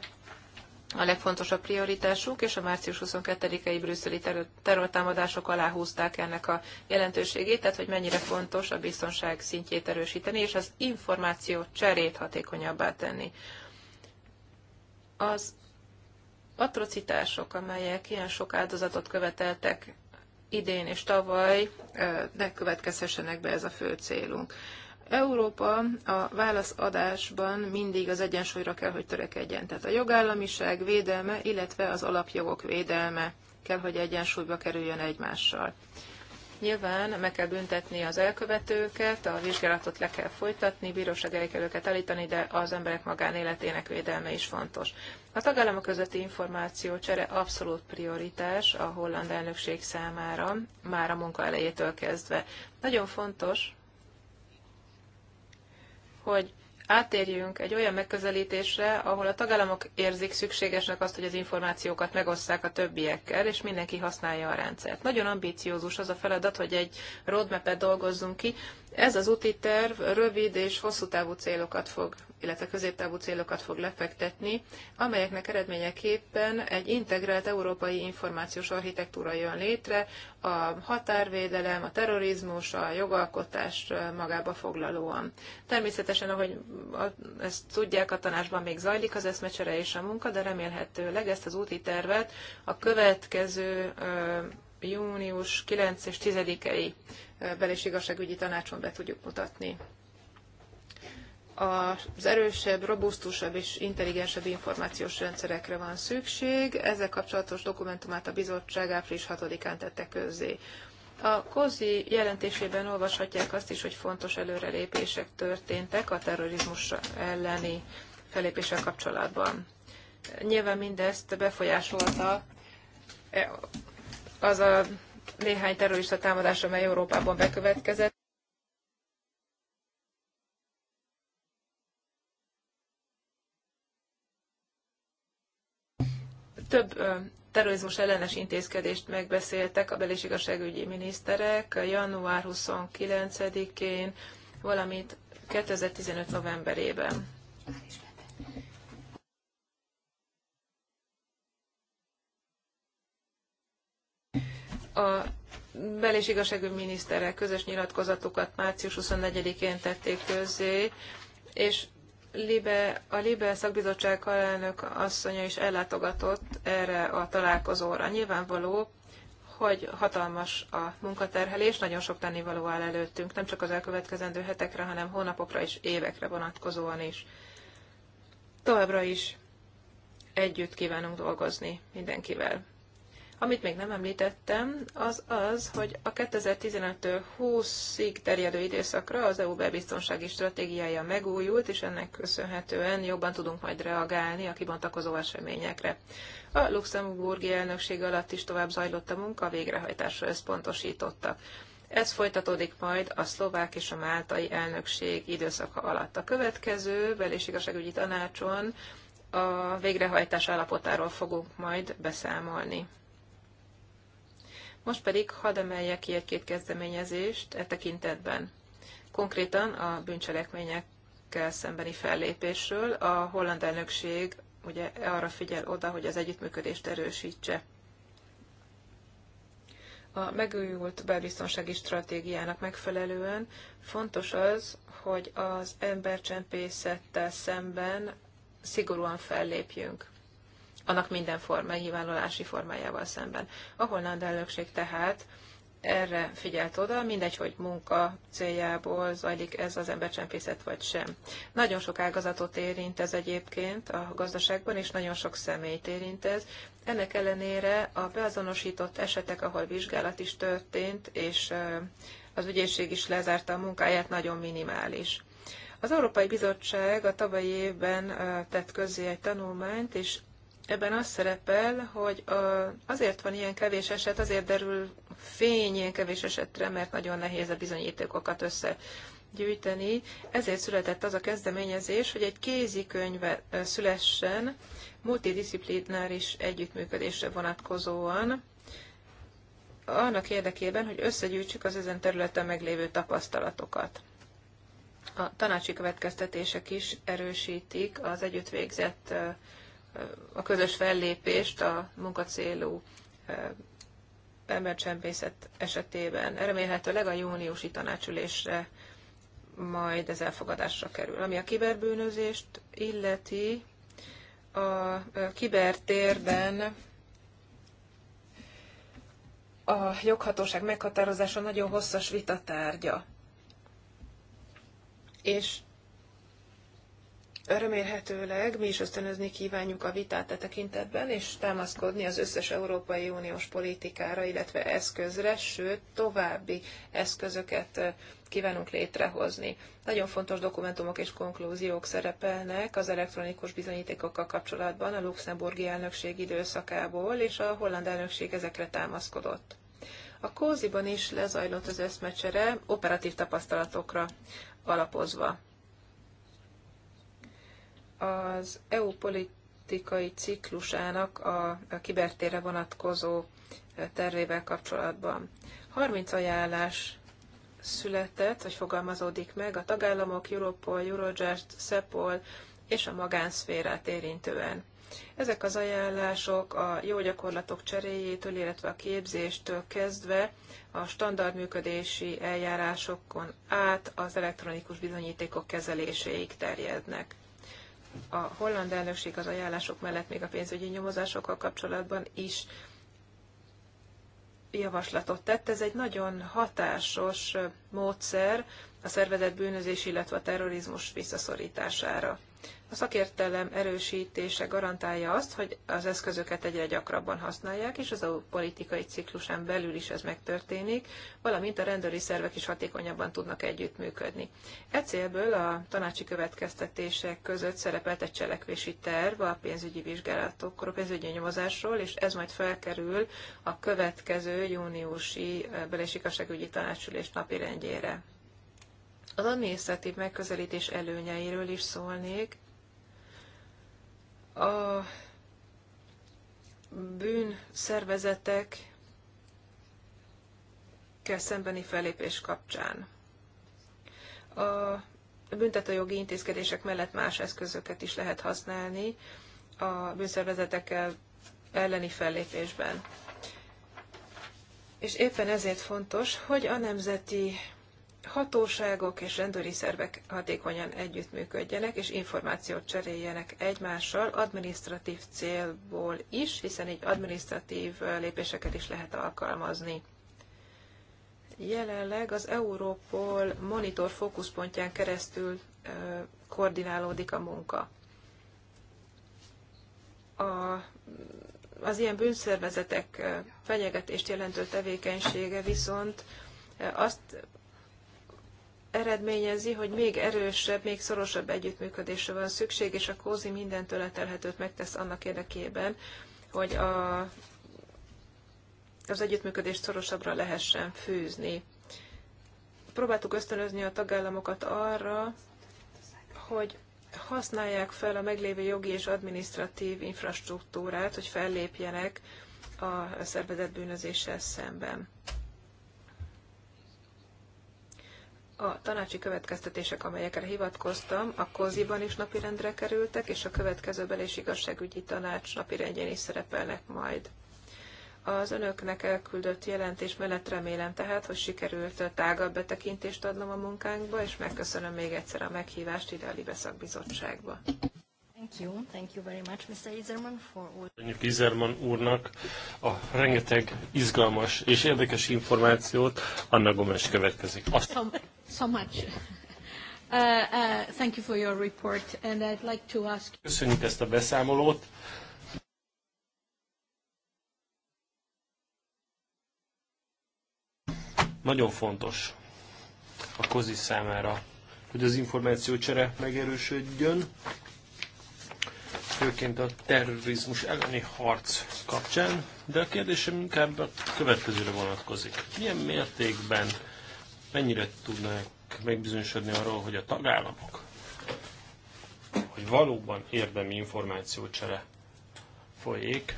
[SPEAKER 1] a legfontosabb prioritásuk, és a március 22-i brüsszeli terrortámadások alá húzták ennek a jelentőségét, tehát hogy mennyire fontos a biztonság szintjét erősíteni, és az információ cserét hatékonyabbá tenni. Az atrocitások, amelyek ilyen sok áldozatot követeltek idén és tavaly, ne következhessenek be ez a fő célunk. Európa a válaszadásban mindig az egyensúlyra kell, hogy törekedjen. Tehát a jogállamiság védelme, illetve az alapjogok védelme kell, hogy egyensúlyba kerüljön egymással. Nyilván meg kell büntetni az elkövetőket, a vizsgálatot le kell folytatni, bíróság elé kell őket állítani, de az emberek magánéletének védelme is fontos. A tagállamok közötti információ csere abszolút prioritás a holland elnökség számára, már a munka elejétől kezdve. Nagyon fontos, hogy átérjünk egy olyan megközelítésre, ahol a tagállamok érzik szükségesnek azt, hogy az információkat megosszák a többiekkel, és mindenki használja a rendszert. Nagyon ambíciózus az a feladat, hogy egy roadmap-et dolgozzunk ki, ez az úti terv rövid és hosszú távú célokat fog, illetve középtávú célokat fog lefektetni, amelyeknek eredményeképpen egy integrált európai információs architektúra jön létre, a határvédelem, a terrorizmus, a jogalkotás magába foglalóan. Természetesen, ahogy ezt tudják, a tanácsban még zajlik az eszmecsere és a munka, de remélhetőleg ezt az úti tervet a következő június 9 és 10-i bel- és igazságügyi tanácson be tudjuk mutatni. Az erősebb, robusztusabb és intelligensebb információs rendszerekre van szükség. Ezzel kapcsolatos dokumentumát a bizottság április 6-án tette közzé. A KOZI jelentésében olvashatják azt is, hogy fontos előrelépések történtek a terrorizmus elleni felépéssel kapcsolatban. Nyilván mindezt befolyásolta e, az a néhány terrorista támadás, amely Európában bekövetkezett, több terrorizmus ellenes intézkedést megbeszéltek a belégségigazságügyi miniszterek január 29-én, valamint 2015 novemberében. a bel- és igazságügy miniszterek közös nyilatkozatukat március 24-én tették közzé, és Libe, a Libe szakbizottság alelnök asszonya is ellátogatott erre a találkozóra. Nyilvánvaló, hogy hatalmas a munkaterhelés, nagyon sok tennivaló áll előttünk, nem csak az elkövetkezendő hetekre, hanem hónapokra és évekre vonatkozóan is. Továbbra is együtt kívánunk dolgozni mindenkivel. Amit még nem említettem, az az, hogy a 2015-től 20-ig terjedő időszakra az EU belbiztonsági stratégiája megújult, és ennek köszönhetően jobban tudunk majd reagálni a kibontakozó eseményekre. A luxemburgi elnökség alatt is tovább zajlott a munka, végrehajtásra összpontosítottak. Ez folytatódik majd a szlovák és a máltai elnökség időszaka alatt. A következő bel- tanácson a végrehajtás állapotáról fogunk majd beszámolni. Most pedig hadd emeljek ki egy-két kezdeményezést e tekintetben. Konkrétan a bűncselekményekkel szembeni fellépésről a holland elnökség ugye arra figyel oda, hogy az együttműködést erősítse. A megújult belbiztonsági stratégiának megfelelően fontos az, hogy az embercsempészettel szemben szigorúan fellépjünk annak minden forma, nyilvánulási formájával szemben. A holland elnökség tehát erre figyelt oda, mindegy, hogy munka céljából zajlik ez az embercsempészet vagy sem. Nagyon sok ágazatot érint ez egyébként a gazdaságban, és nagyon sok személyt érint ez. Ennek ellenére a beazonosított esetek, ahol vizsgálat is történt, és az ügyészség is lezárta a munkáját, nagyon minimális. Az Európai Bizottság a tavalyi évben tett közzé egy tanulmányt, és Ebben az szerepel, hogy azért van ilyen kevés eset, azért derül fény ilyen kevés esetre, mert nagyon nehéz a bizonyítékokat össze gyűjteni. Ezért született az a kezdeményezés, hogy egy kézikönyve szülessen multidisziplináris együttműködésre vonatkozóan, annak érdekében, hogy összegyűjtsük az ezen területen meglévő tapasztalatokat. A tanácsi következtetések is erősítik az együtt végzett a közös fellépést a munkacélú embercsempészet esetében. Remélhetőleg a júniusi tanácsülésre majd ez elfogadásra kerül. Ami a kiberbűnözést illeti, a kibertérben a joghatóság meghatározása nagyon hosszas vita tárgya. És remélhetőleg mi is ösztönözni kívánjuk a vitát a e tekintetben, és támaszkodni az összes Európai Uniós politikára, illetve eszközre, sőt, további eszközöket e, kívánunk létrehozni. Nagyon fontos dokumentumok és konklúziók szerepelnek az elektronikus bizonyítékokkal kapcsolatban a luxemburgi elnökség időszakából, és a holland elnökség ezekre támaszkodott. A Kóziban is lezajlott az eszmecsere operatív tapasztalatokra alapozva az EU politikai ciklusának a kibertére vonatkozó tervével kapcsolatban. 30 ajánlás született, vagy fogalmazódik meg a tagállamok, Europol, Eurojust, Szepol és a magánszférát érintően. Ezek az ajánlások a jó gyakorlatok cseréjétől, illetve a képzéstől kezdve a standard működési eljárásokon át az elektronikus bizonyítékok kezeléséig terjednek a holland elnökség az ajánlások mellett még a pénzügyi nyomozásokkal kapcsolatban is javaslatot tett. Ez egy nagyon hatásos módszer a szervezet bűnözés, illetve a terrorizmus visszaszorítására. A szakértelem erősítése garantálja azt, hogy az eszközöket egyre gyakrabban használják, és az a politikai ciklusen belül is ez megtörténik, valamint a rendőri szervek is hatékonyabban tudnak együttműködni. E célből a tanácsi következtetések között szerepelt egy cselekvési terv a pénzügyi vizsgálatokról, pénzügyi nyomozásról, és ez majd felkerül a következő júniusi eh, belés tanácsülés napi napirendjére. Az adminisztratív megközelítés előnyeiről is szólnék a bűn szervezetek szembeni fellépés kapcsán. A büntetőjogi intézkedések mellett más eszközöket is lehet használni a bűnszervezetekkel elleni fellépésben. És éppen ezért fontos, hogy a nemzeti hatóságok és rendőri szervek hatékonyan együttműködjenek és információt cseréljenek egymással administratív célból is, hiszen így administratív lépéseket is lehet alkalmazni. Jelenleg az Európol monitor fókuszpontján keresztül koordinálódik a munka. A, az ilyen bűnszervezetek fenyegetést jelentő tevékenysége viszont azt eredményezi, hogy még erősebb, még szorosabb együttműködésre van szükség, és a kózi mindentől letelhetőt megtesz annak érdekében, hogy a, az együttműködést szorosabbra lehessen fűzni. Próbáltuk ösztönözni a tagállamokat arra, hogy használják fel a meglévő jogi és adminisztratív infrastruktúrát, hogy fellépjenek a szervezett bűnözéssel szemben. a tanácsi következtetések, amelyekre hivatkoztam, a koziban is napirendre kerültek, és a következő belés igazságügyi tanács napirendjén is szerepelnek majd. Az önöknek elküldött jelentés mellett remélem tehát, hogy sikerült tágabb betekintést adnom a munkánkba, és megköszönöm még egyszer a meghívást ide a Libeszak Bizottságba. Izerman,
[SPEAKER 2] Köszönjük Izerman úrnak a rengeteg izgalmas és érdekes információt. Anna Gomes következik. Azt...
[SPEAKER 1] So, so much. <laughs> Uh, uh, thank you for your report, and I'd like to ask...
[SPEAKER 2] Köszönjük ezt a beszámolót. Nagyon fontos a kozi számára, hogy az információcsere megerősödjön főként a terrorizmus elleni harc kapcsán, de a kérdésem inkább a következőre vonatkozik. Milyen mértékben, mennyire tudnak megbizonyosodni arról, hogy a tagállamok, hogy valóban érdemi információcsere folyik.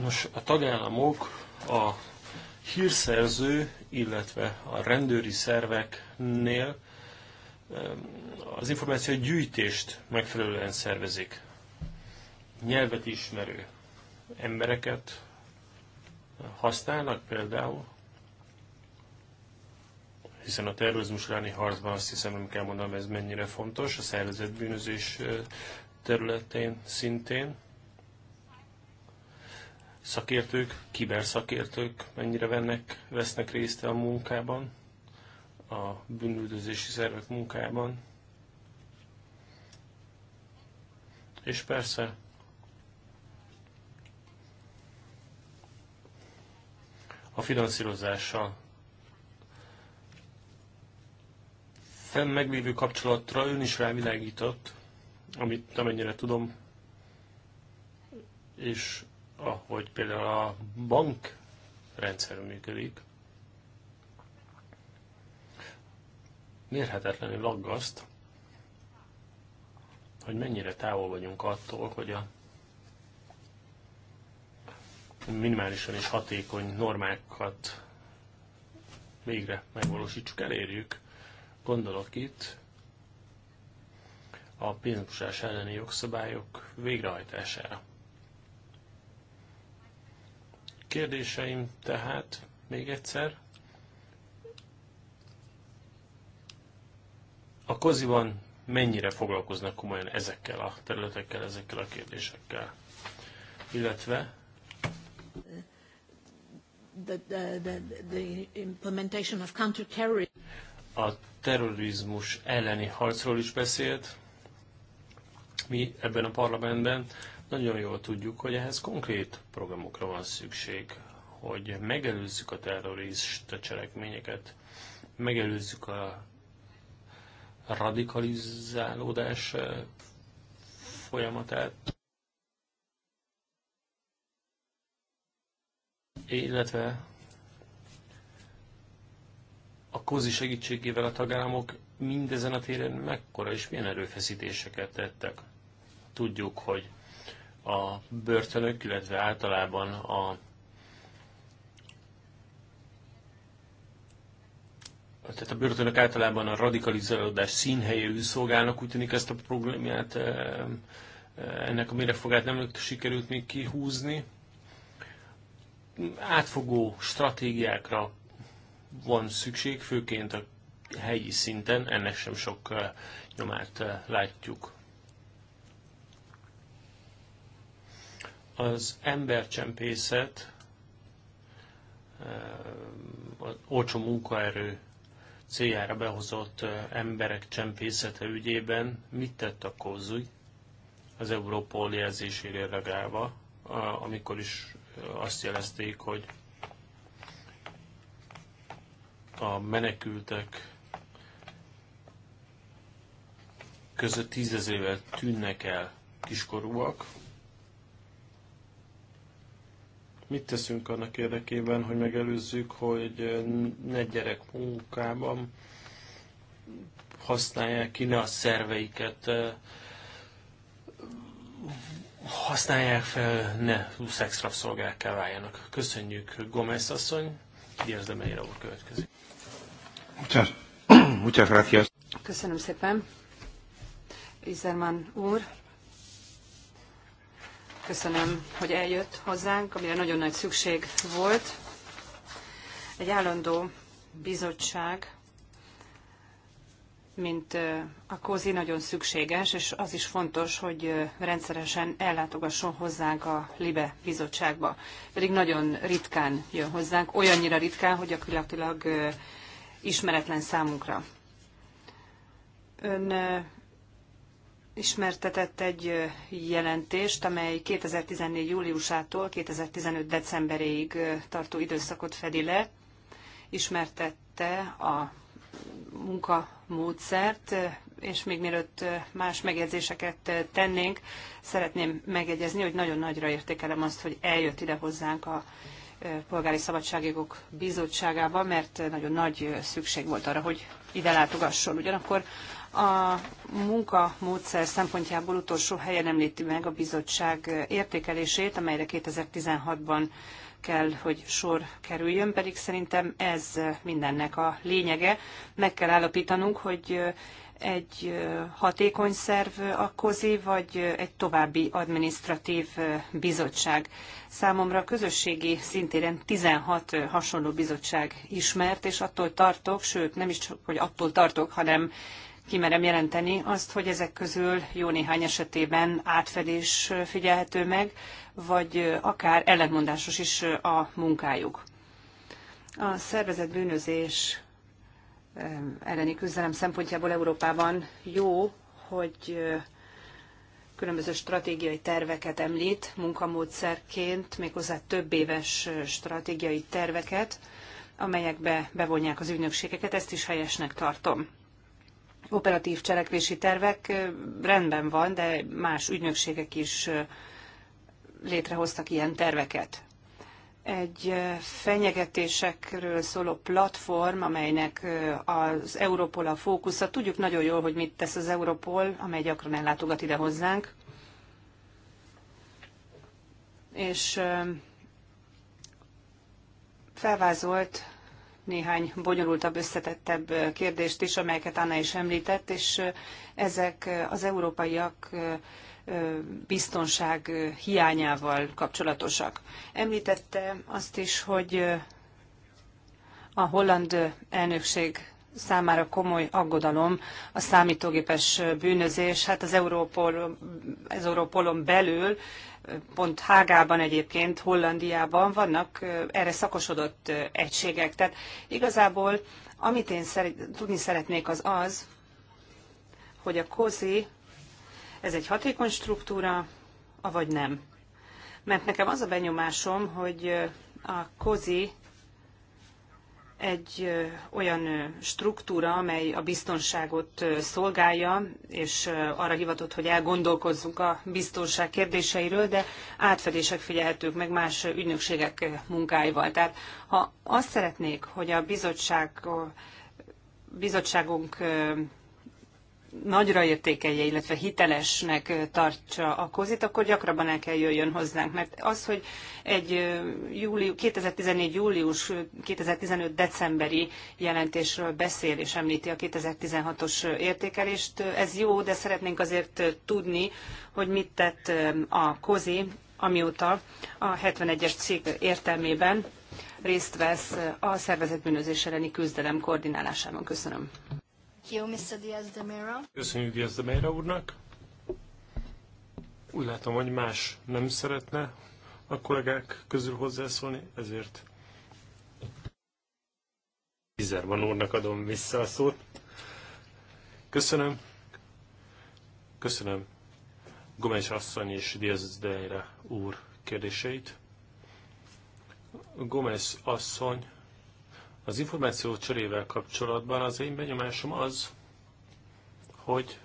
[SPEAKER 2] Nos, a tagállamok a hírszerző, illetve a rendőri szerveknél az információ gyűjtést megfelelően szervezik. Nyelvet ismerő embereket használnak például, hiszen a terrorizmus elleni harcban azt hiszem nem kell mondanom, ez mennyire fontos, a szervezett bűnözés területén szintén. Szakértők, kiberszakértők mennyire vennek, vesznek részt a munkában a bűnüldözési szervek munkájában. És persze a finanszírozással. Fenn meglévő kapcsolatra ön is rávilágított, amit amennyire tudom, és ahogy például a bank rendszer működik, mérhetetlenül aggaszt, hogy mennyire távol vagyunk attól, hogy a minimálisan és hatékony normákat végre megvalósítsuk, elérjük. Gondolok itt a pénzmosás elleni jogszabályok végrehajtására. Kérdéseim tehát még egyszer, a koziban mennyire foglalkoznak komolyan ezekkel a területekkel, ezekkel a kérdésekkel? Illetve
[SPEAKER 1] the, the, the, the implementation of
[SPEAKER 2] A terrorizmus elleni harcról is beszélt. Mi ebben a parlamentben nagyon jól tudjuk, hogy ehhez konkrét programokra van szükség, hogy megelőzzük a terrorista cselekményeket, megelőzzük a radikalizálódás eh, folyamatát, illetve a kozi segítségével a tagállamok mindezen a téren mekkora és milyen erőfeszítéseket tettek. Tudjuk, hogy a börtönök, illetve általában a tehát a börtönök általában a radikalizálódás színhelyéül szolgálnak, úgy tűnik ezt a problémát, eh, eh, ennek a mérefogát nem sikerült még kihúzni. Átfogó stratégiákra van szükség, főként a helyi szinten, ennek sem sok eh, nyomát látjuk. Az embercsempészet, olcsó munkaerő céljára behozott emberek csempészete ügyében mit tett a Kozuj az Európol jelzésére reagálva, amikor is azt jelezték, hogy a menekültek között tízezével tűnnek el kiskorúak, Mit teszünk annak érdekében, hogy megelőzzük, hogy ne gyerek munkában használják ki, ne a szerveiket használják fel, ne szexrabszolgákká váljanak. Köszönjük Gomez asszony, Diaz de úr következik. Muchas, muchas gracias.
[SPEAKER 3] Köszönöm szépen. Izerman úr, Köszönöm, hogy eljött hozzánk, amire nagyon nagy szükség volt. Egy állandó bizottság, mint a COZI nagyon szükséges, és az is fontos, hogy rendszeresen ellátogasson hozzánk a LIBE bizottságba. Pedig nagyon ritkán jön hozzánk, olyannyira ritkán, hogy gyakorlatilag ismeretlen számunkra. Ön ismertetett egy jelentést, amely 2014. júliusától 2015. decemberéig tartó időszakot fedi le. Ismertette a munkamódszert, és még mielőtt más megjegyzéseket tennénk, szeretném megjegyezni, hogy nagyon nagyra értékelem azt, hogy eljött ide hozzánk a Polgári Szabadságjogok Bizottságába, mert nagyon nagy szükség volt arra, hogy ide látogasson. Ugyanakkor a munkamódszer szempontjából utolsó helyen említi meg a bizottság értékelését, amelyre 2016-ban kell, hogy sor kerüljön, pedig szerintem ez mindennek a lényege. Meg kell állapítanunk, hogy egy hatékony szerv a kozi, vagy egy további adminisztratív bizottság. Számomra a közösségi szintéren 16 hasonló bizottság ismert, és attól tartok, sőt nem is csak, hogy attól tartok, hanem kimerem jelenteni azt, hogy ezek közül jó néhány esetében átfedés figyelhető meg, vagy akár ellentmondásos is a munkájuk. A szervezett bűnözés elleni küzdelem szempontjából Európában jó, hogy különböző stratégiai terveket említ munkamódszerként, méghozzá több éves stratégiai terveket, amelyekbe bevonják az ügynökségeket, ezt is helyesnek tartom operatív cselekvési tervek rendben van, de más ügynökségek is létrehoztak ilyen terveket. Egy fenyegetésekről szóló platform, amelynek az Europol a fókusza. Tudjuk nagyon jól, hogy mit tesz az Europol, amely gyakran ellátogat ide hozzánk. És felvázolt néhány bonyolultabb, összetettebb kérdést is, amelyeket Anna is említett, és ezek az európaiak biztonság hiányával kapcsolatosak. Említette azt is, hogy a holland elnökség számára komoly aggodalom a számítógépes bűnözés. Hát az Európol, Európolon belül pont Hágában egyébként, Hollandiában vannak erre szakosodott egységek. Tehát igazából amit én szeret, tudni szeretnék az az, hogy a kozi, ez egy hatékony struktúra, avagy nem. Mert nekem az a benyomásom, hogy a kozi egy olyan struktúra, amely a biztonságot szolgálja, és arra hivatott, hogy elgondolkozzunk a biztonság kérdéseiről, de átfedések figyelhetők meg más ügynökségek munkáival. Tehát ha azt szeretnék, hogy a bizottság, bizottságunk nagyra értékelje, illetve hitelesnek tartsa a kozit, akkor gyakrabban el kell jöjjön hozzánk. Mert az, hogy egy júliu, 2014. július 2015. decemberi jelentésről beszél és említi a 2016-os értékelést, ez jó, de szeretnénk azért tudni, hogy mit tett a kozi, amióta a 71-es cég értelmében részt vesz a szervezetbűnözés elleni küzdelem koordinálásában. Köszönöm. Jó, Mr. Diaz de Mera.
[SPEAKER 2] Köszönjük Diaz de Mera úrnak. Úgy látom, hogy más nem szeretne a kollégák közül hozzászólni, ezért Izerban úrnak adom vissza a szót. Köszönöm. Köszönöm Gomes asszony és Diaz de Mera úr kérdéseit. Gomez asszony az információ cserével kapcsolatban az én benyomásom az, hogy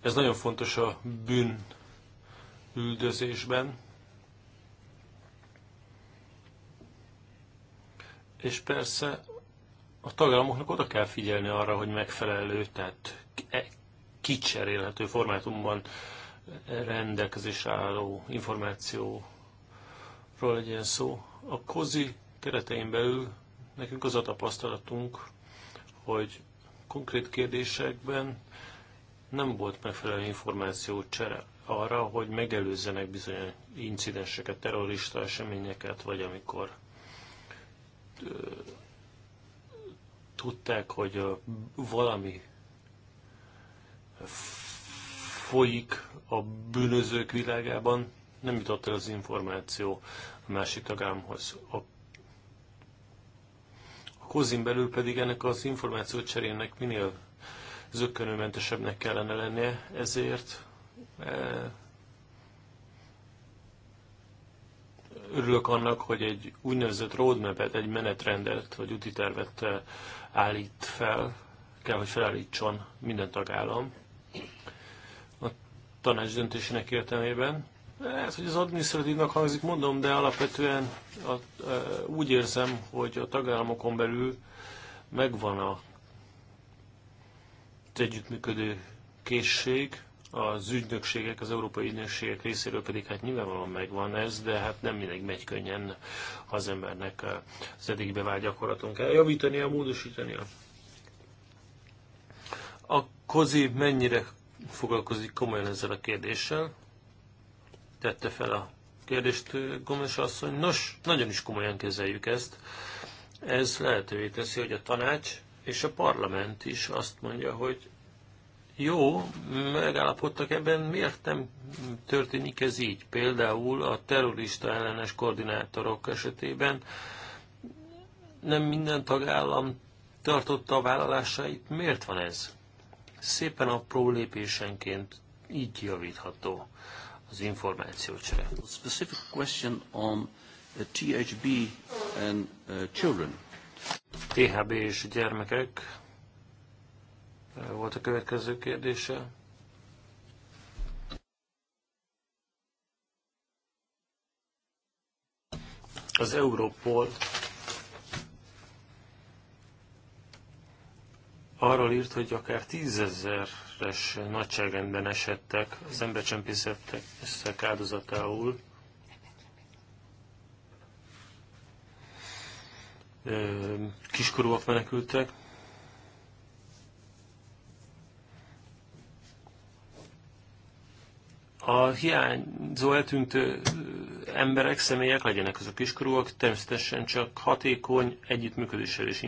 [SPEAKER 2] ez nagyon fontos a bűn üldözésben, és persze a tagállamoknak oda kell figyelni arra, hogy megfelelő, tehát kicserélhető formátumban rendelkezésre álló információ ról legyen szó. A kozi keretein belül nekünk az a tapasztalatunk, hogy konkrét kérdésekben nem volt megfelelő információ csere arra, hogy megelőzzenek bizony incidenseket, terrorista eseményeket, vagy amikor tudták, hogy valami folyik a bűnözők világában, nem jutott el az információ a másik tagállamhoz. A, a kozin belül pedig ennek az információcserének minél zöggenőmentesebbnek kellene lennie, ezért e, örülök annak, hogy egy úgynevezett roadmap-et, egy menetrendet vagy úti tervet e, állít fel, kell, hogy felállítson minden tagállam a tanács döntésének értelmében. Ez, hogy az adminisztratívnak hangzik, mondom, de alapvetően a, a, úgy érzem, hogy a tagállamokon belül megvan a együttműködő készség, az ügynökségek, az európai ügynökségek részéről pedig hát nyilvánvalóan megvan ez, de hát nem mindegy megy könnyen, az embernek az eddig bevált gyakorlaton kell a módosítani. A kozi mennyire foglalkozik komolyan ezzel a kérdéssel? tette fel a kérdést Gomes asszony. Nos, nagyon is komolyan kezeljük ezt. Ez lehetővé teszi, hogy a tanács és a parlament is azt mondja, hogy jó, megállapodtak ebben, miért nem történik ez így? Például a terrorista ellenes koordinátorok esetében nem minden tagállam tartotta a vállalásait. Miért van ez? Szépen apró lépésenként így javítható az információcsere. Specific question on uh, THB and uh, children. THB és gyermekek uh, volt a következő kérdése. Az Europol arról írt, hogy akár tízezeres nagyságrendben esettek az embercsempészetek áldozatául. Kiskorúak menekültek. a hiányzó eltűntő emberek, személyek, legyenek azok kiskorúak, természetesen csak hatékony együttműködéssel és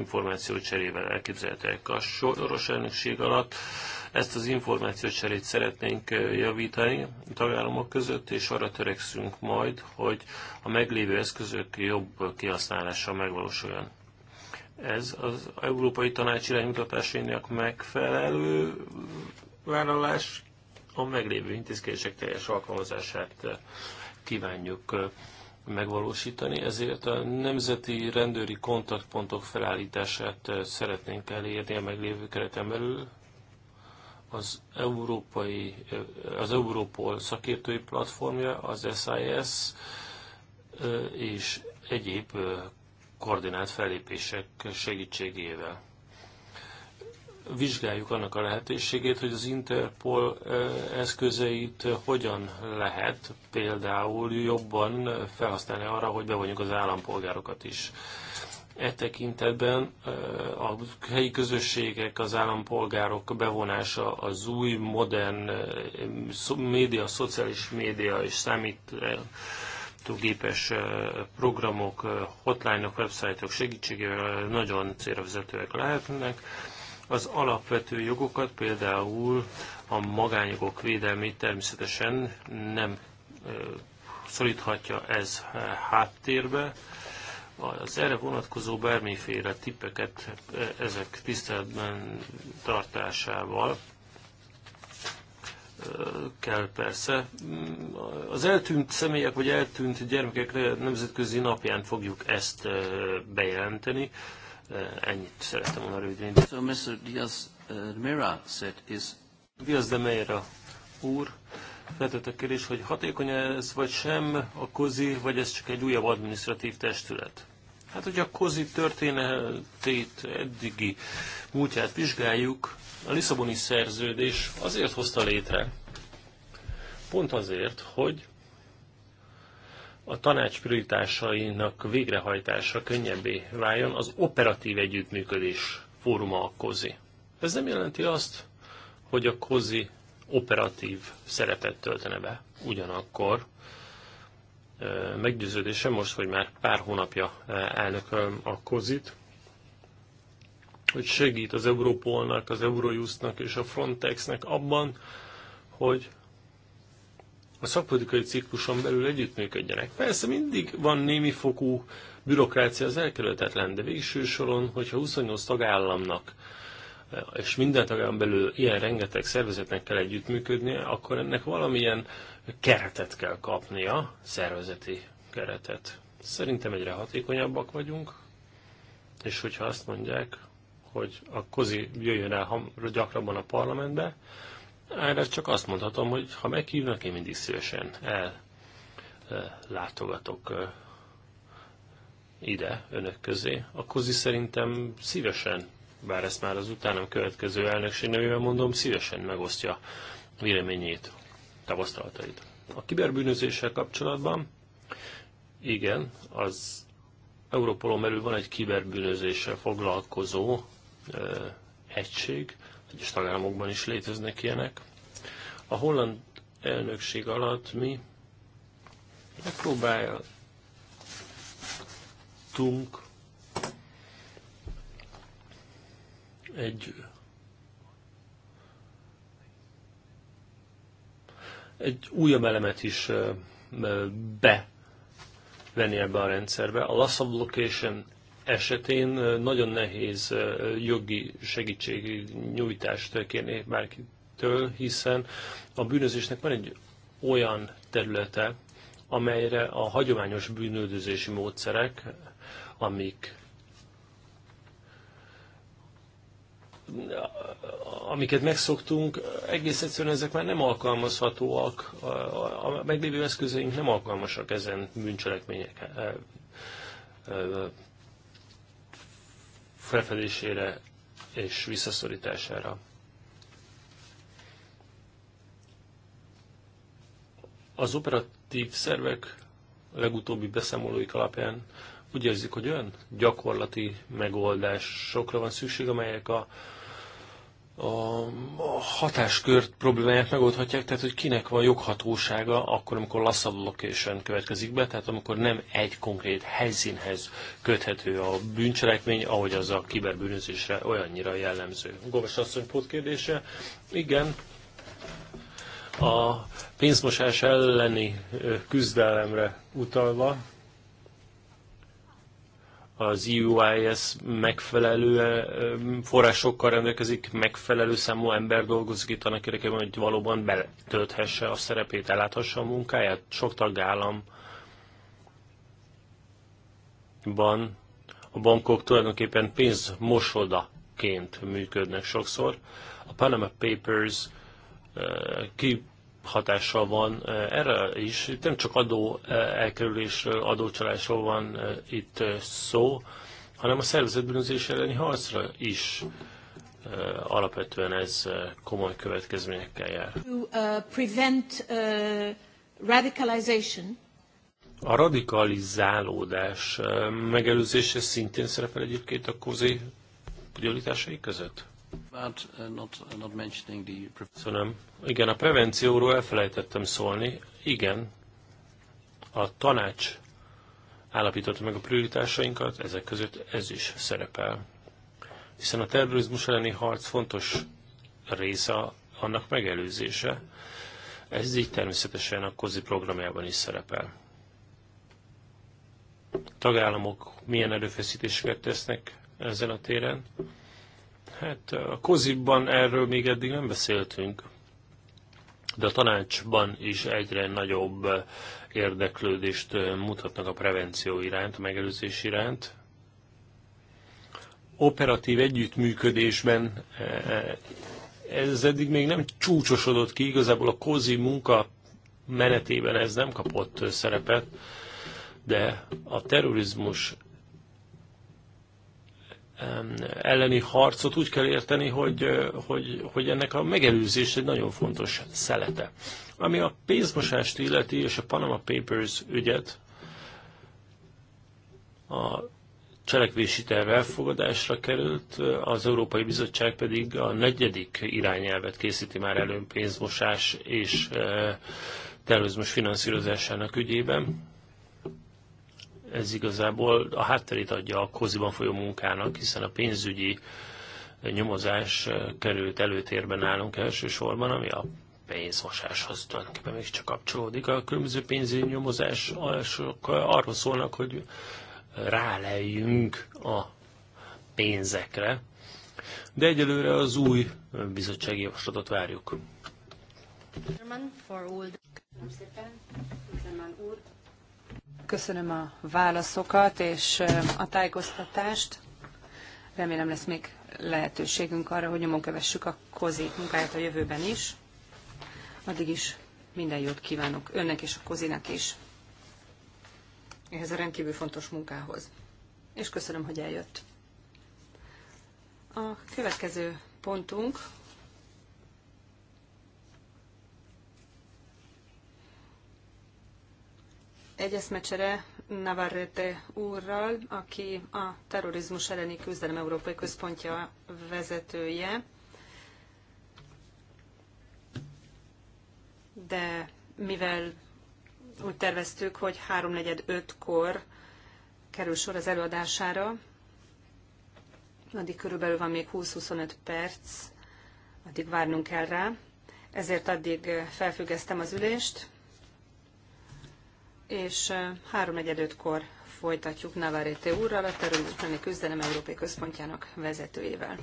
[SPEAKER 2] cserével elképzelhetőek a soros elnökség alatt. Ezt az cserét szeretnénk javítani a tagállamok között, és arra törekszünk majd, hogy a meglévő eszközök jobb kihasználása megvalósuljon. Ez az Európai Tanács iránymutatásainak megfelelő vállalás a meglévő intézkedések teljes alkalmazását eh, kívánjuk eh, megvalósítani, ezért a nemzeti rendőri kontaktpontok felállítását eh, szeretnénk elérni a meglévő kereten belül. Az, európai, az Európol szakértői platformja, az SIS és egyéb koordinált fellépések segítségével vizsgáljuk annak a lehetőségét, hogy az Interpol eszközeit hogyan lehet például jobban felhasználni arra, hogy bevonjuk az állampolgárokat is. E tekintetben a helyi közösségek, az állampolgárok bevonása az új, modern média, szociális média és számítógépes programok, hotline-ok, -ok, websájtok segítségével nagyon célra vezetőek lehetnek az alapvető jogokat, például a magányjogok védelmét természetesen nem szoríthatja ez háttérbe. Az erre vonatkozó bármiféle tippeket ezek tiszteletben tartásával kell persze. Az eltűnt személyek vagy eltűnt gyermekek nemzetközi napján fogjuk ezt bejelenteni. Ennyit szerettem volna rövidíteni. So Mr. Diaz uh, Mira said is... Diaz de Mera úr feltett a kérdés, hogy hatékony ez vagy sem a kozi, vagy ez csak egy újabb administratív testület. Hát, hogy a kozi történetét, eddigi múltját vizsgáljuk, a Lisszaboni szerződés azért hozta létre, pont azért, hogy a tanács prioritásainak végrehajtása könnyebbé váljon, az operatív együttműködés fóruma a COZI. Ez nem jelenti azt, hogy a COZI operatív szerepet töltene be. Ugyanakkor meggyőződésem most, hogy már pár hónapja elnököm a COZI-t, hogy segít az Európolnak, az Eurojustnak és a Frontexnek abban, hogy a szakpolitikai cikluson belül együttműködjenek. Persze mindig van némi fokú bürokrácia, az elkerülhetetlen, de végső soron, hogyha 28 tagállamnak eh, és minden tagállam belül ilyen rengeteg szervezetnek kell együttműködnie, akkor ennek valamilyen keretet kell kapnia, szervezeti keretet. Szerintem egyre hatékonyabbak vagyunk, és hogyha azt mondják, hogy a kozi jöjjön el gyakrabban a parlamentbe, erre csak azt mondhatom, hogy ha meghívnak, én mindig szívesen el látogatok ide, önök közé. A Kozi szerintem szívesen, bár ezt már az utánam következő elnökség nevével mondom, szívesen megosztja véleményét, tapasztalatait. A kiberbűnözéssel kapcsolatban, igen, az Európolon belül van egy kiberbűnözéssel foglalkozó ö, egység, egyes tagállamokban is léteznek ilyenek. A holland elnökség alatt mi megpróbáltunk egy egy újabb elemet is bevenni ebbe a rendszerbe. A loss of location esetén nagyon nehéz jogi segítségnyújtást kérni bárkitől, hiszen a bűnözésnek van egy olyan területe, amelyre a hagyományos bűnöldözési módszerek, amik amiket megszoktunk, egész egyszerűen ezek már nem alkalmazhatóak, a meglévő eszközeink nem alkalmasak ezen bűncselekmények felfedésére és visszaszorítására. Az operatív szervek legutóbbi beszámolóik alapján úgy érzik, hogy olyan gyakorlati megoldásokra van szükség, amelyek a a hatáskört problémáját megoldhatják, tehát hogy kinek van joghatósága akkor, amikor lassabb location következik be, tehát amikor nem egy konkrét helyszínhez köthető a bűncselekmény, ahogy az a kiberbűnözésre olyannyira jellemző. Gomes asszony kérdése. Igen, a pénzmosás elleni küzdelemre utalva az EUIS megfelelő forrásokkal rendelkezik, megfelelő számú ember dolgozik itt annak érdekében, hogy valóban betölthesse a szerepét, elláthassa a munkáját. Sok tagállamban a bankok tulajdonképpen pénzmosodaként működnek sokszor. A Panama Papers ki hatással van eh, erre is. Itt nem csak adó eh, elkerülésről, adócsalásról van eh, itt szó, hanem a szervezetbűnözés elleni harcra is alapvetően ez komoly következményekkel jár. A radikalizálódás megelőzése szintén szerepel egyébként a kozi prioritásai között? Uh, uh, Köszönöm. Igen, a prevencióról elfelejtettem szólni. Igen, a tanács állapította meg a prioritásainkat, ezek között ez is szerepel. Hiszen a terrorizmus elleni harc fontos része annak megelőzése. Ez így természetesen a COZI programjában is szerepel. A tagállamok milyen erőfeszítéseket tesznek ezen a téren? Hát a kozibban erről még eddig nem beszéltünk, de a tanácsban is egyre nagyobb érdeklődést mutatnak a prevenció iránt, a megelőzés iránt. Operatív együttműködésben eh, ez eddig még nem csúcsosodott ki, igazából a kozi munka menetében ez nem kapott szerepet, de a terrorizmus elleni harcot úgy kell érteni, hogy, hogy, hogy ennek a megelőzés egy nagyon fontos szelete. Ami a pénzmosást illeti, és a Panama Papers ügyet a cselekvési terv elfogadásra került, az Európai Bizottság pedig a negyedik irányelvet készíti már elő pénzmosás és terrorizmus finanszírozásának ügyében ez igazából a hátterét adja a koziban folyó munkának, hiszen a pénzügyi nyomozás eh, került előtérben állunk elsősorban, ami a pénzmosáshoz tulajdonképpen is csak kapcsolódik. A különböző pénzügyi nyomozások eh, arról szólnak, hogy ráleljünk a pénzekre, de egyelőre az új bizottsági javaslatot várjuk. Köszönöm
[SPEAKER 3] szépen, Köszönöm úr, Köszönöm a válaszokat és a tájékoztatást. Remélem lesz még lehetőségünk arra, hogy nyomon kövessük a kozi munkáját a jövőben is. Addig is minden jót kívánok önnek és a kozinak is ehhez a rendkívül fontos munkához. És köszönöm, hogy eljött. A következő pontunk egy eszmecsere Navarrete úrral, aki a terrorizmus elleni küzdelem Európai Központja vezetője, de mivel úgy terveztük, hogy háromnegyed ötkor kerül sor az előadására, addig körülbelül van még 20-25 perc, addig várnunk kell rá, ezért addig felfüggesztem az ülést, és három kor folytatjuk Navarrete úrral, a terrorizmusbeni küzdelem Európai Központjának vezetőjével.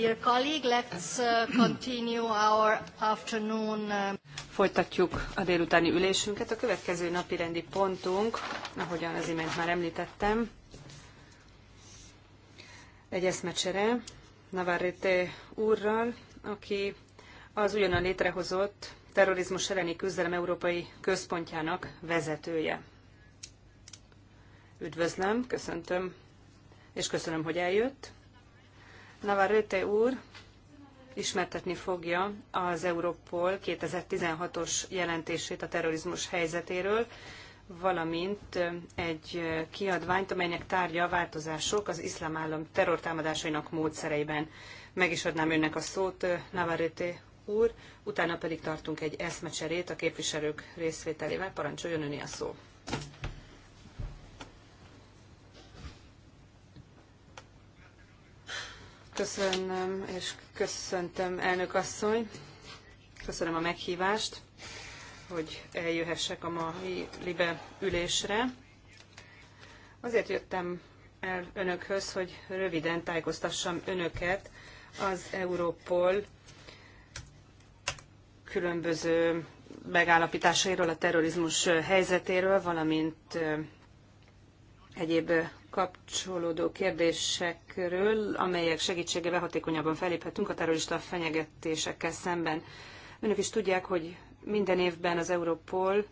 [SPEAKER 3] Dear colleague, let's uh, continue our afternoon. Uh, Folytatjuk a délutáni ülésünket. A következő napi rendi pontunk, ahogyan az imént már említettem, egy eszmecsere Navarrete úrral, aki az ugyanan létrehozott terrorizmus elleni küzdelem Európai Központjának vezetője. Üdvözlöm, köszöntöm, és köszönöm, hogy eljött. Navarrete úr ismertetni fogja az Europol 2016-os jelentését a terrorizmus helyzetéről, valamint egy kiadványt, amelynek tárgya a változások az iszlám állam terrortámadásainak módszereiben. Meg is adnám önnek a szót, Navarrete úr, utána pedig tartunk egy eszmecserét a képviselők részvételével. Parancsoljon öné a szó. Köszönöm, és köszöntöm elnök asszony. Köszönöm a meghívást, hogy eljöhessek a mai Libe ülésre. Azért jöttem el önökhöz, hogy röviden tájékoztassam önöket az Európol különböző megállapításairól, a terrorizmus helyzetéről, valamint egyéb kapcsolódó kérdésekről, amelyek segítségével hatékonyabban feléphetünk a terrorista fenyegetésekkel szemben. Önök is tudják, hogy minden évben az Europol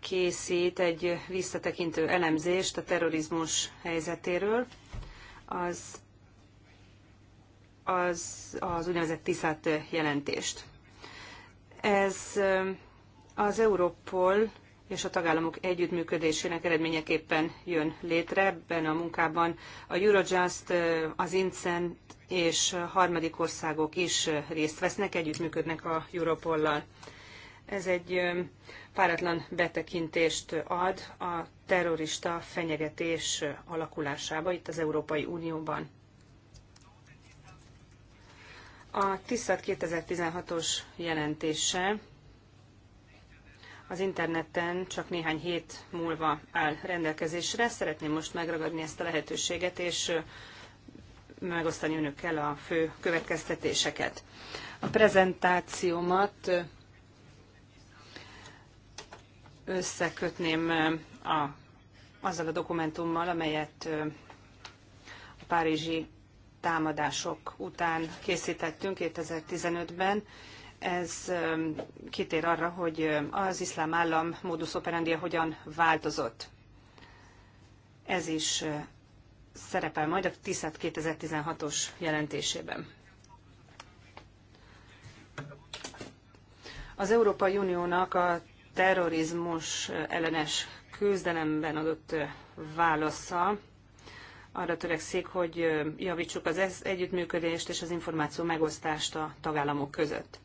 [SPEAKER 3] készít egy visszatekintő elemzést a terrorizmus helyzetéről. Az, az, az úgynevezett tiszát jelentést. Ez az Europol és a tagállamok együttműködésének eredményeképpen jön létre. Ebben a munkában a Eurojust, az Incent és harmadik országok is részt vesznek, együttműködnek a Europollal. Ez egy páratlan betekintést ad a terrorista fenyegetés alakulásába itt az Európai Unióban. A TISZAT 2016-os jelentése az interneten csak néhány hét múlva áll rendelkezésre. Szeretném most megragadni ezt a lehetőséget, és megosztani önökkel a fő következtetéseket. A prezentációmat összekötném a, azzal a dokumentummal, amelyet a párizsi támadások után készítettünk 2015-ben, ez kitér arra, hogy az iszlám állam modus operandi hogyan változott. Ez is szerepel majd a TISZAT 2016-os jelentésében. Az Európai Uniónak a terrorizmus ellenes küzdelemben adott válasza arra törekszik, hogy javítsuk az együttműködést és az információ megosztást a tagállamok között.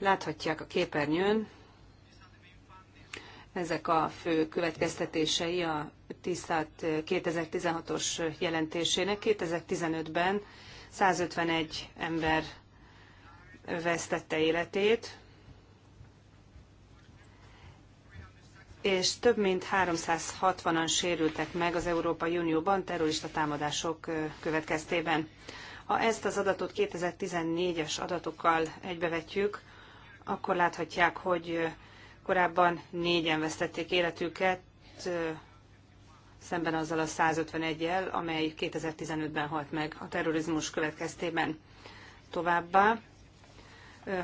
[SPEAKER 3] Láthatják a képernyőn, ezek a fő következtetései a tisztát 2016-os jelentésének. 2015-ben 151 ember vesztette életét, és több mint 360-an sérültek meg az Európai Unióban terrorista támadások következtében. Ha ezt az adatot 2014-es adatokkal egybevetjük, akkor láthatják, hogy korábban négyen vesztették életüket, szemben azzal a 151-jel, amely 2015-ben halt meg a terrorizmus következtében. Továbbá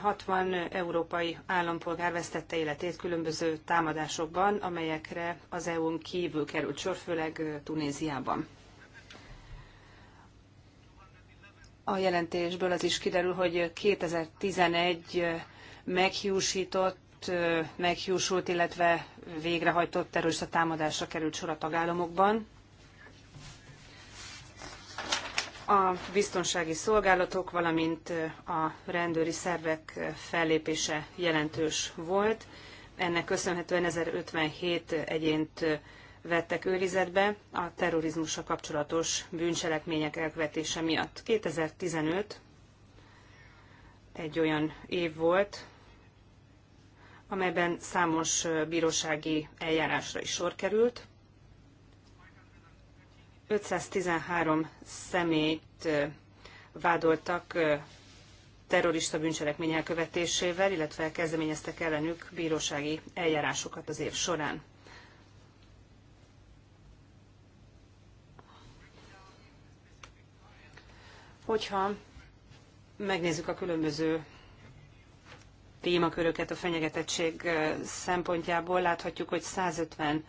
[SPEAKER 3] 60 európai állampolgár vesztette életét különböző támadásokban, amelyekre az EU-n kívül került sor, főleg Tunéziában. A jelentésből az is kiderül, hogy 2011 meghiúsított meghiúsult, illetve végrehajtott terrorista támadásra került sor a tagállamokban. A biztonsági szolgálatok, valamint a rendőri szervek fellépése jelentős volt. Ennek köszönhetően 1057 egyént vettek őrizetbe a terrorizmussal kapcsolatos bűncselekmények elkövetése miatt. 2015 egy olyan év volt, amelyben számos bírósági eljárásra is sor került. 513 személyt vádoltak terrorista bűncselekmény elkövetésével, illetve kezdeményeztek ellenük bírósági eljárásokat az év során. Hogyha megnézzük a különböző témaköröket a fenyegetettség szempontjából. Láthatjuk, hogy 150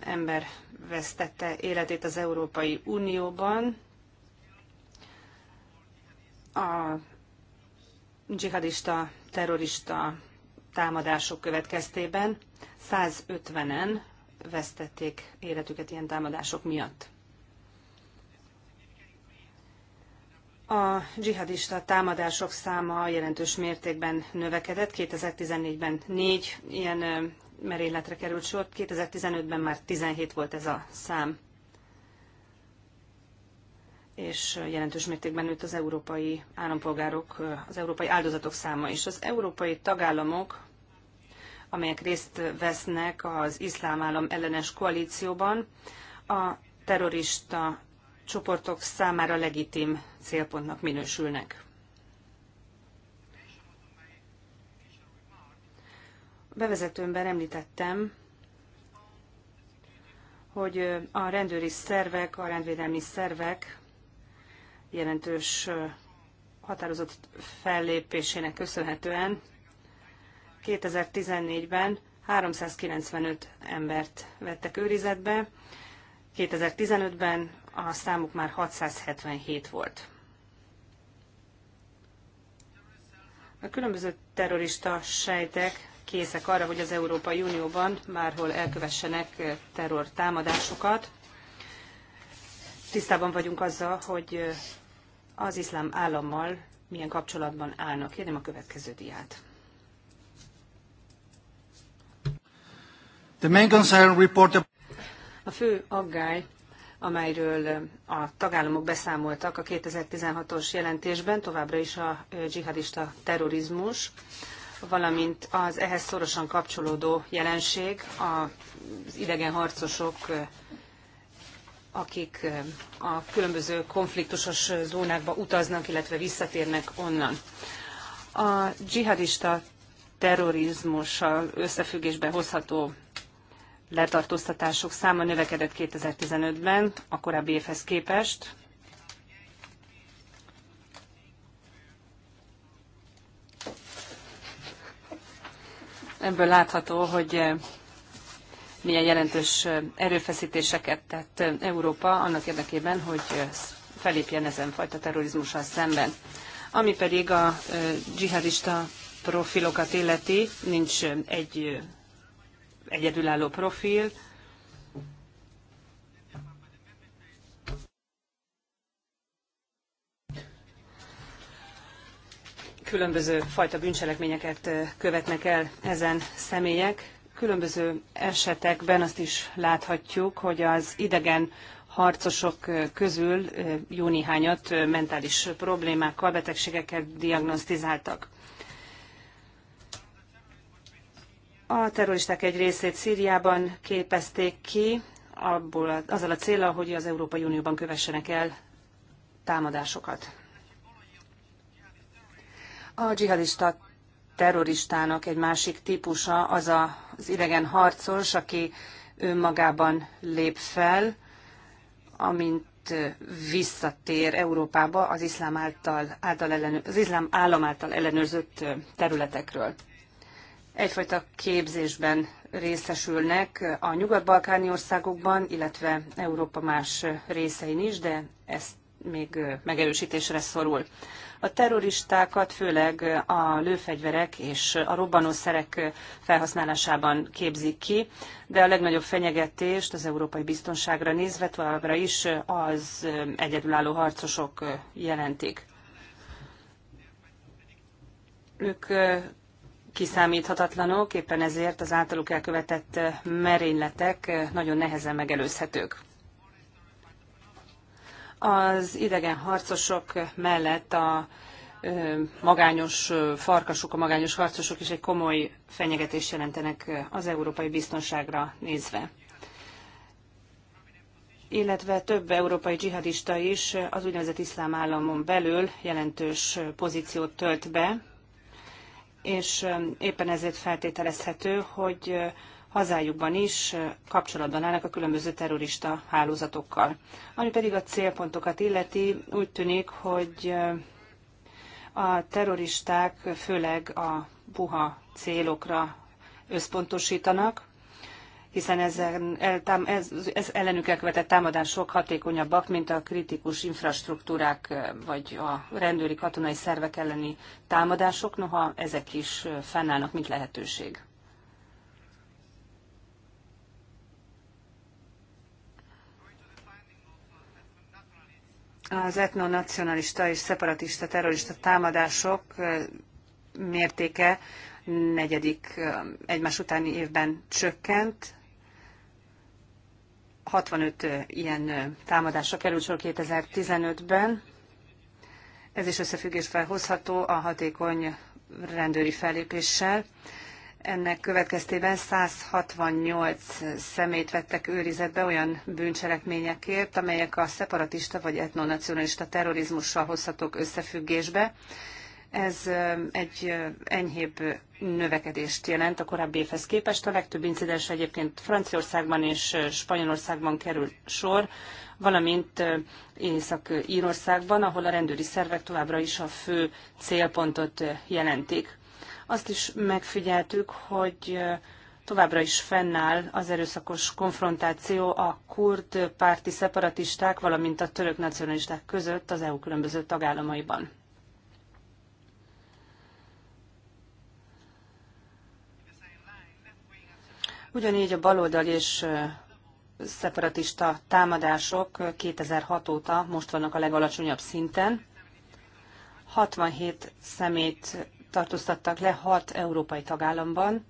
[SPEAKER 3] ember vesztette életét az Európai Unióban. A dzsihadista, terrorista támadások következtében 150-en vesztették életüket ilyen támadások miatt. A dzsihadista támadások száma jelentős mértékben növekedett. 2014-ben négy ilyen merényletre került sor, 2015-ben már 17 volt ez a szám. És jelentős mértékben nőtt az európai állampolgárok, az európai áldozatok száma is. Az európai tagállamok, amelyek részt vesznek az iszlám állam ellenes koalícióban, a terrorista csoportok számára legitim célpontnak minősülnek. Bevezetőmben említettem, hogy a rendőri szervek, a rendvédelmi szervek jelentős határozott fellépésének köszönhetően 2014-ben 395 embert vettek őrizetbe, 2015-ben a számuk már 677 volt. A különböző terrorista sejtek készek arra, hogy az Európai Unióban márhol elkövessenek eh, terrortámadásokat. Tisztában vagyunk azzal, hogy eh, az iszlám állammal milyen kapcsolatban állnak. Kérném a következő diát.
[SPEAKER 2] The main concern report...
[SPEAKER 3] A fő aggály amelyről a tagállamok beszámoltak a 2016-os jelentésben, továbbra is a dzsihadista terrorizmus, valamint az ehhez szorosan kapcsolódó jelenség, az idegen harcosok, akik a különböző konfliktusos zónákba utaznak, illetve visszatérnek onnan. A dzsihadista terrorizmussal összefüggésbe hozható letartóztatások száma növekedett 2015-ben a korábbi évhez képest. Ebből látható, hogy eh, milyen jelentős eh, erőfeszítéseket tett eh, Európa annak érdekében, hogy felépjen fajta terrorizmussal szemben. Ami pedig a dzsihadista profilokat illeti, nincs egy egyedülálló profil. Különböző fajta bűncselekményeket követnek el ezen személyek. Különböző esetekben azt is láthatjuk, hogy az idegen harcosok közül jó néhányat mentális problémákkal, betegségekkel diagnosztizáltak. A terroristák egy részét Szíriában képezték ki, abból, azzal a célral, hogy az Európai Unióban kövessenek el támadásokat. A dzsihadista terroristának egy másik típusa az a, az idegen harcos, aki önmagában lép fel, amint visszatér Európába az iszlám, által, által az iszlám állam által ellenőrzött területekről egyfajta képzésben részesülnek a nyugat-balkáni országokban, illetve Európa más részein is, de ezt még megerősítésre szorul. A terroristákat főleg a lőfegyverek és a robbanószerek felhasználásában képzik ki, de a legnagyobb fenyegetést az európai biztonságra nézve továbbra is az egyedülálló harcosok jelentik. Ők kiszámíthatatlanok, éppen ezért az általuk elkövetett merényletek nagyon nehezen megelőzhetők. Az idegen harcosok mellett a magányos farkasok, a magányos harcosok is egy komoly fenyegetést jelentenek az európai biztonságra nézve illetve több európai dzsihadista is az úgynevezett iszlám államon belül jelentős pozíciót tölt be, és um, éppen ezért feltételezhető, hogy uh, hazájukban is uh, kapcsolatban állnak a különböző terrorista hálózatokkal. Ami pedig a célpontokat illeti, úgy tűnik, hogy uh, a terroristák főleg a puha célokra összpontosítanak, hiszen ezen, ez, ez ellenük elkövetett támadások hatékonyabbak, mint a kritikus infrastruktúrák vagy a rendőri katonai szervek elleni támadások, noha ezek is fennállnak, mint lehetőség. Az etnonacionalista és szeparatista terrorista támadások mértéke negyedik egymás utáni évben csökkent, 65 ilyen támadásra került sor 2015-ben. Ez is összefüggés felhozható a hatékony rendőri fellépéssel. Ennek következtében 168 szemét vettek őrizetbe olyan bűncselekményekért, amelyek a szeparatista vagy etnonacionalista terrorizmussal hozhatók összefüggésbe, ez egy enyhébb növekedést jelent a korábbi évhez képest. A legtöbb incidens egyébként Franciaországban és Spanyolországban kerül sor, valamint Észak-Írországban, ahol a rendőri szervek továbbra is a fő célpontot jelentik. Azt is megfigyeltük, hogy továbbra is fennáll az erőszakos konfrontáció a kurd párti szeparatisták, valamint a török nacionalisták között az EU különböző tagállamaiban. Ugyanígy a baloldal és szeparatista támadások 2006 óta most vannak a legalacsonyabb szinten. 67 szemét tartóztattak le 6 európai tagállamban.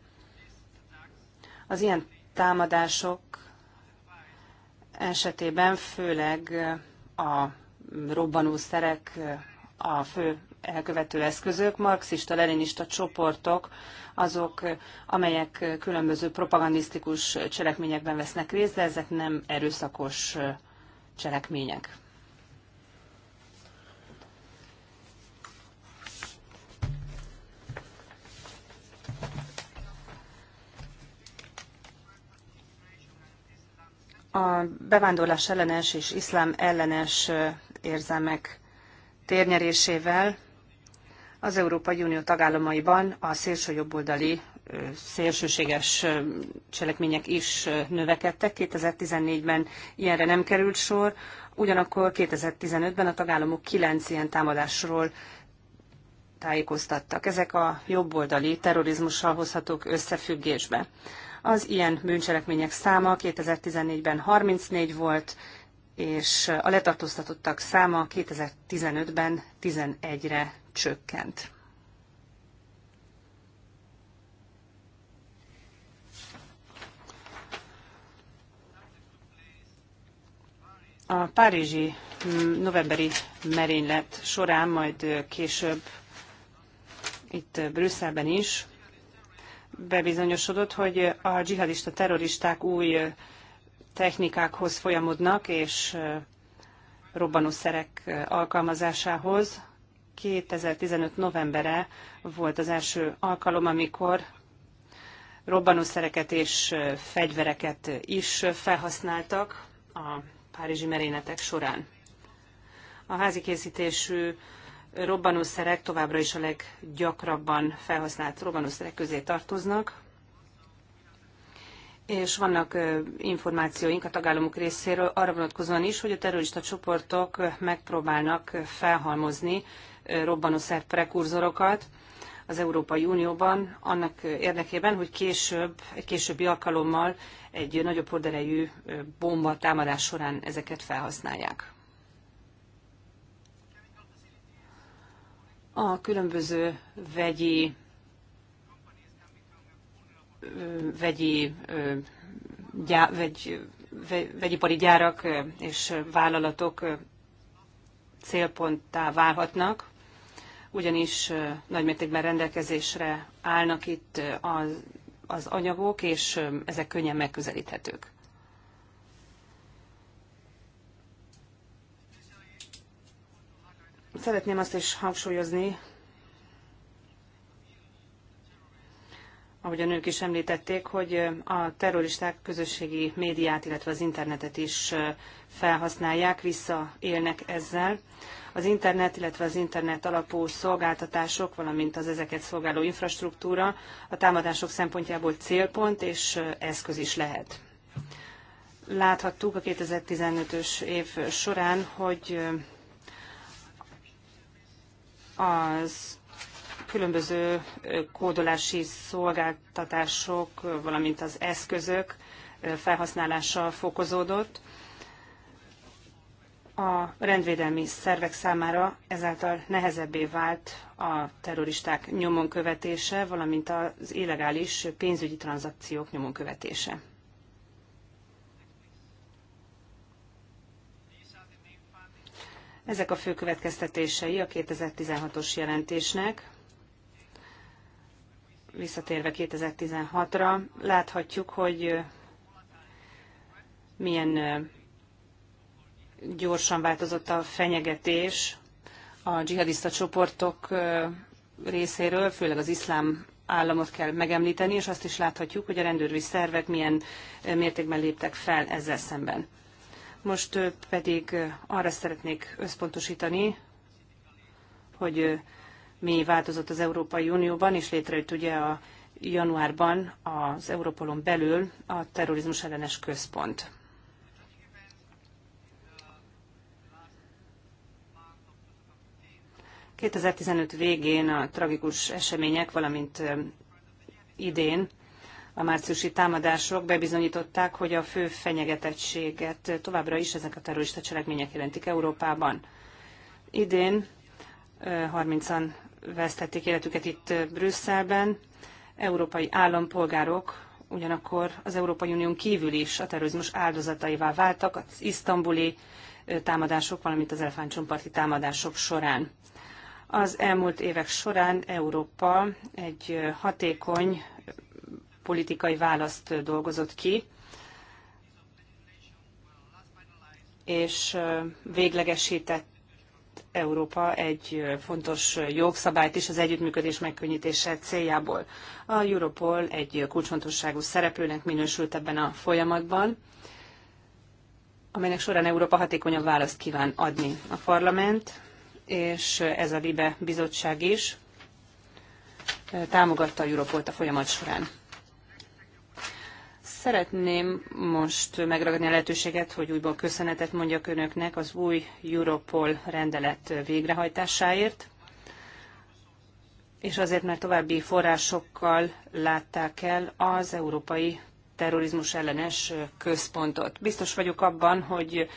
[SPEAKER 3] Az ilyen támadások esetében főleg a robbanószerek a fő elkövető eszközök, marxista-leninista csoportok, azok, amelyek különböző propagandisztikus cselekményekben vesznek részt, de ezek nem erőszakos cselekmények. a bevándorlás ellenes és iszlám ellenes érzelmek térnyerésével az Európai Unió tagállamaiban a szélsőjobboldali szélsőséges cselekmények is növekedtek. 2014-ben ilyenre nem került sor, ugyanakkor 2015-ben a tagállamok kilenc ilyen támadásról tájékoztattak. Ezek a jobboldali terrorizmussal hozhatók összefüggésbe. Az ilyen bűncselekmények száma 2014-ben 34 volt, és a letartóztatottak száma 2015-ben 11-re csökkent. A párizsi mm, novemberi merénylet során, majd később itt Brüsszelben is bebizonyosodott, hogy a dzsihadista terroristák új technikákhoz folyamodnak, és robbanószerek alkalmazásához. 2015. novembere volt az első alkalom, amikor robbanószereket és fegyvereket is felhasználtak a párizsi merényletek során. A házi készítésű robbanószerek továbbra is a leggyakrabban felhasznált robbanószerek közé tartoznak és vannak információink a tagállamok részéről arra vonatkozóan is, hogy a terrorista csoportok megpróbálnak felhalmozni robbanószer prekurzorokat az Európai Unióban, annak érdekében, hogy később, egy későbbi alkalommal egy nagyobb orderejű bomba támadás során ezeket felhasználják. A különböző vegyi vegyi, gyá, vegy, vegyipari gyárak és vállalatok célponttá válhatnak, ugyanis nagymértékben rendelkezésre állnak itt az, az anyagok, és ezek könnyen megközelíthetők. Szeretném azt is hangsúlyozni, ahogy a nők is említették, hogy a terroristák közösségi médiát, illetve az internetet is felhasználják, visszaélnek ezzel. Az internet, illetve az internet alapú szolgáltatások, valamint az ezeket szolgáló infrastruktúra a támadások szempontjából célpont és eszköz is lehet. Láthattuk a 2015-ös év során, hogy az különböző kódolási szolgáltatások, valamint az eszközök felhasználása fokozódott. A rendvédelmi szervek számára ezáltal nehezebbé vált a terroristák nyomon követése, valamint az illegális pénzügyi tranzakciók nyomon követése. Ezek a fő következtetései a 2016-os jelentésnek visszatérve 2016-ra, láthatjuk, hogy milyen gyorsan változott a fenyegetés a dzsihadista csoportok részéről, főleg az iszlám államot kell megemlíteni, és azt is láthatjuk, hogy a rendőri szervek milyen mértékben léptek fel ezzel szemben. Most pedig arra szeretnék összpontosítani, hogy mi változott az Európai Unióban, és létrejött ugye a januárban az Európolon belül a terrorizmus ellenes központ. ...2015 végén a tragikus események, valamint idén a márciusi támadások bebizonyították, hogy a fő fenyegetettséget továbbra is ezek a terrorista cselekmények jelentik Európában. Idén 30-an vesztették életüket itt Brüsszelben, európai állampolgárok ugyanakkor az Európai Unión kívül is a terrorizmus áldozataivá váltak az isztambuli támadások, valamint az elefántcsomparti támadások során. Az elmúlt évek során Európa egy hatékony politikai választ dolgozott ki, és véglegesített Európa egy fontos jogszabályt is az együttműködés megkönnyítése céljából. A Europol egy kulcsfontosságú szereplőnek minősült ebben a folyamatban, amelynek során Európa hatékonyabb választ kíván adni a parlament, és ez a LIBE bizottság is támogatta a Europolt a folyamat során. Szeretném most megragadni a lehetőséget, hogy újból köszönetet mondjak Önöknek az új Europol rendelet végrehajtásáért, és azért, mert további forrásokkal látták el az Európai Terrorizmus ellenes központot. Biztos vagyok abban, hogy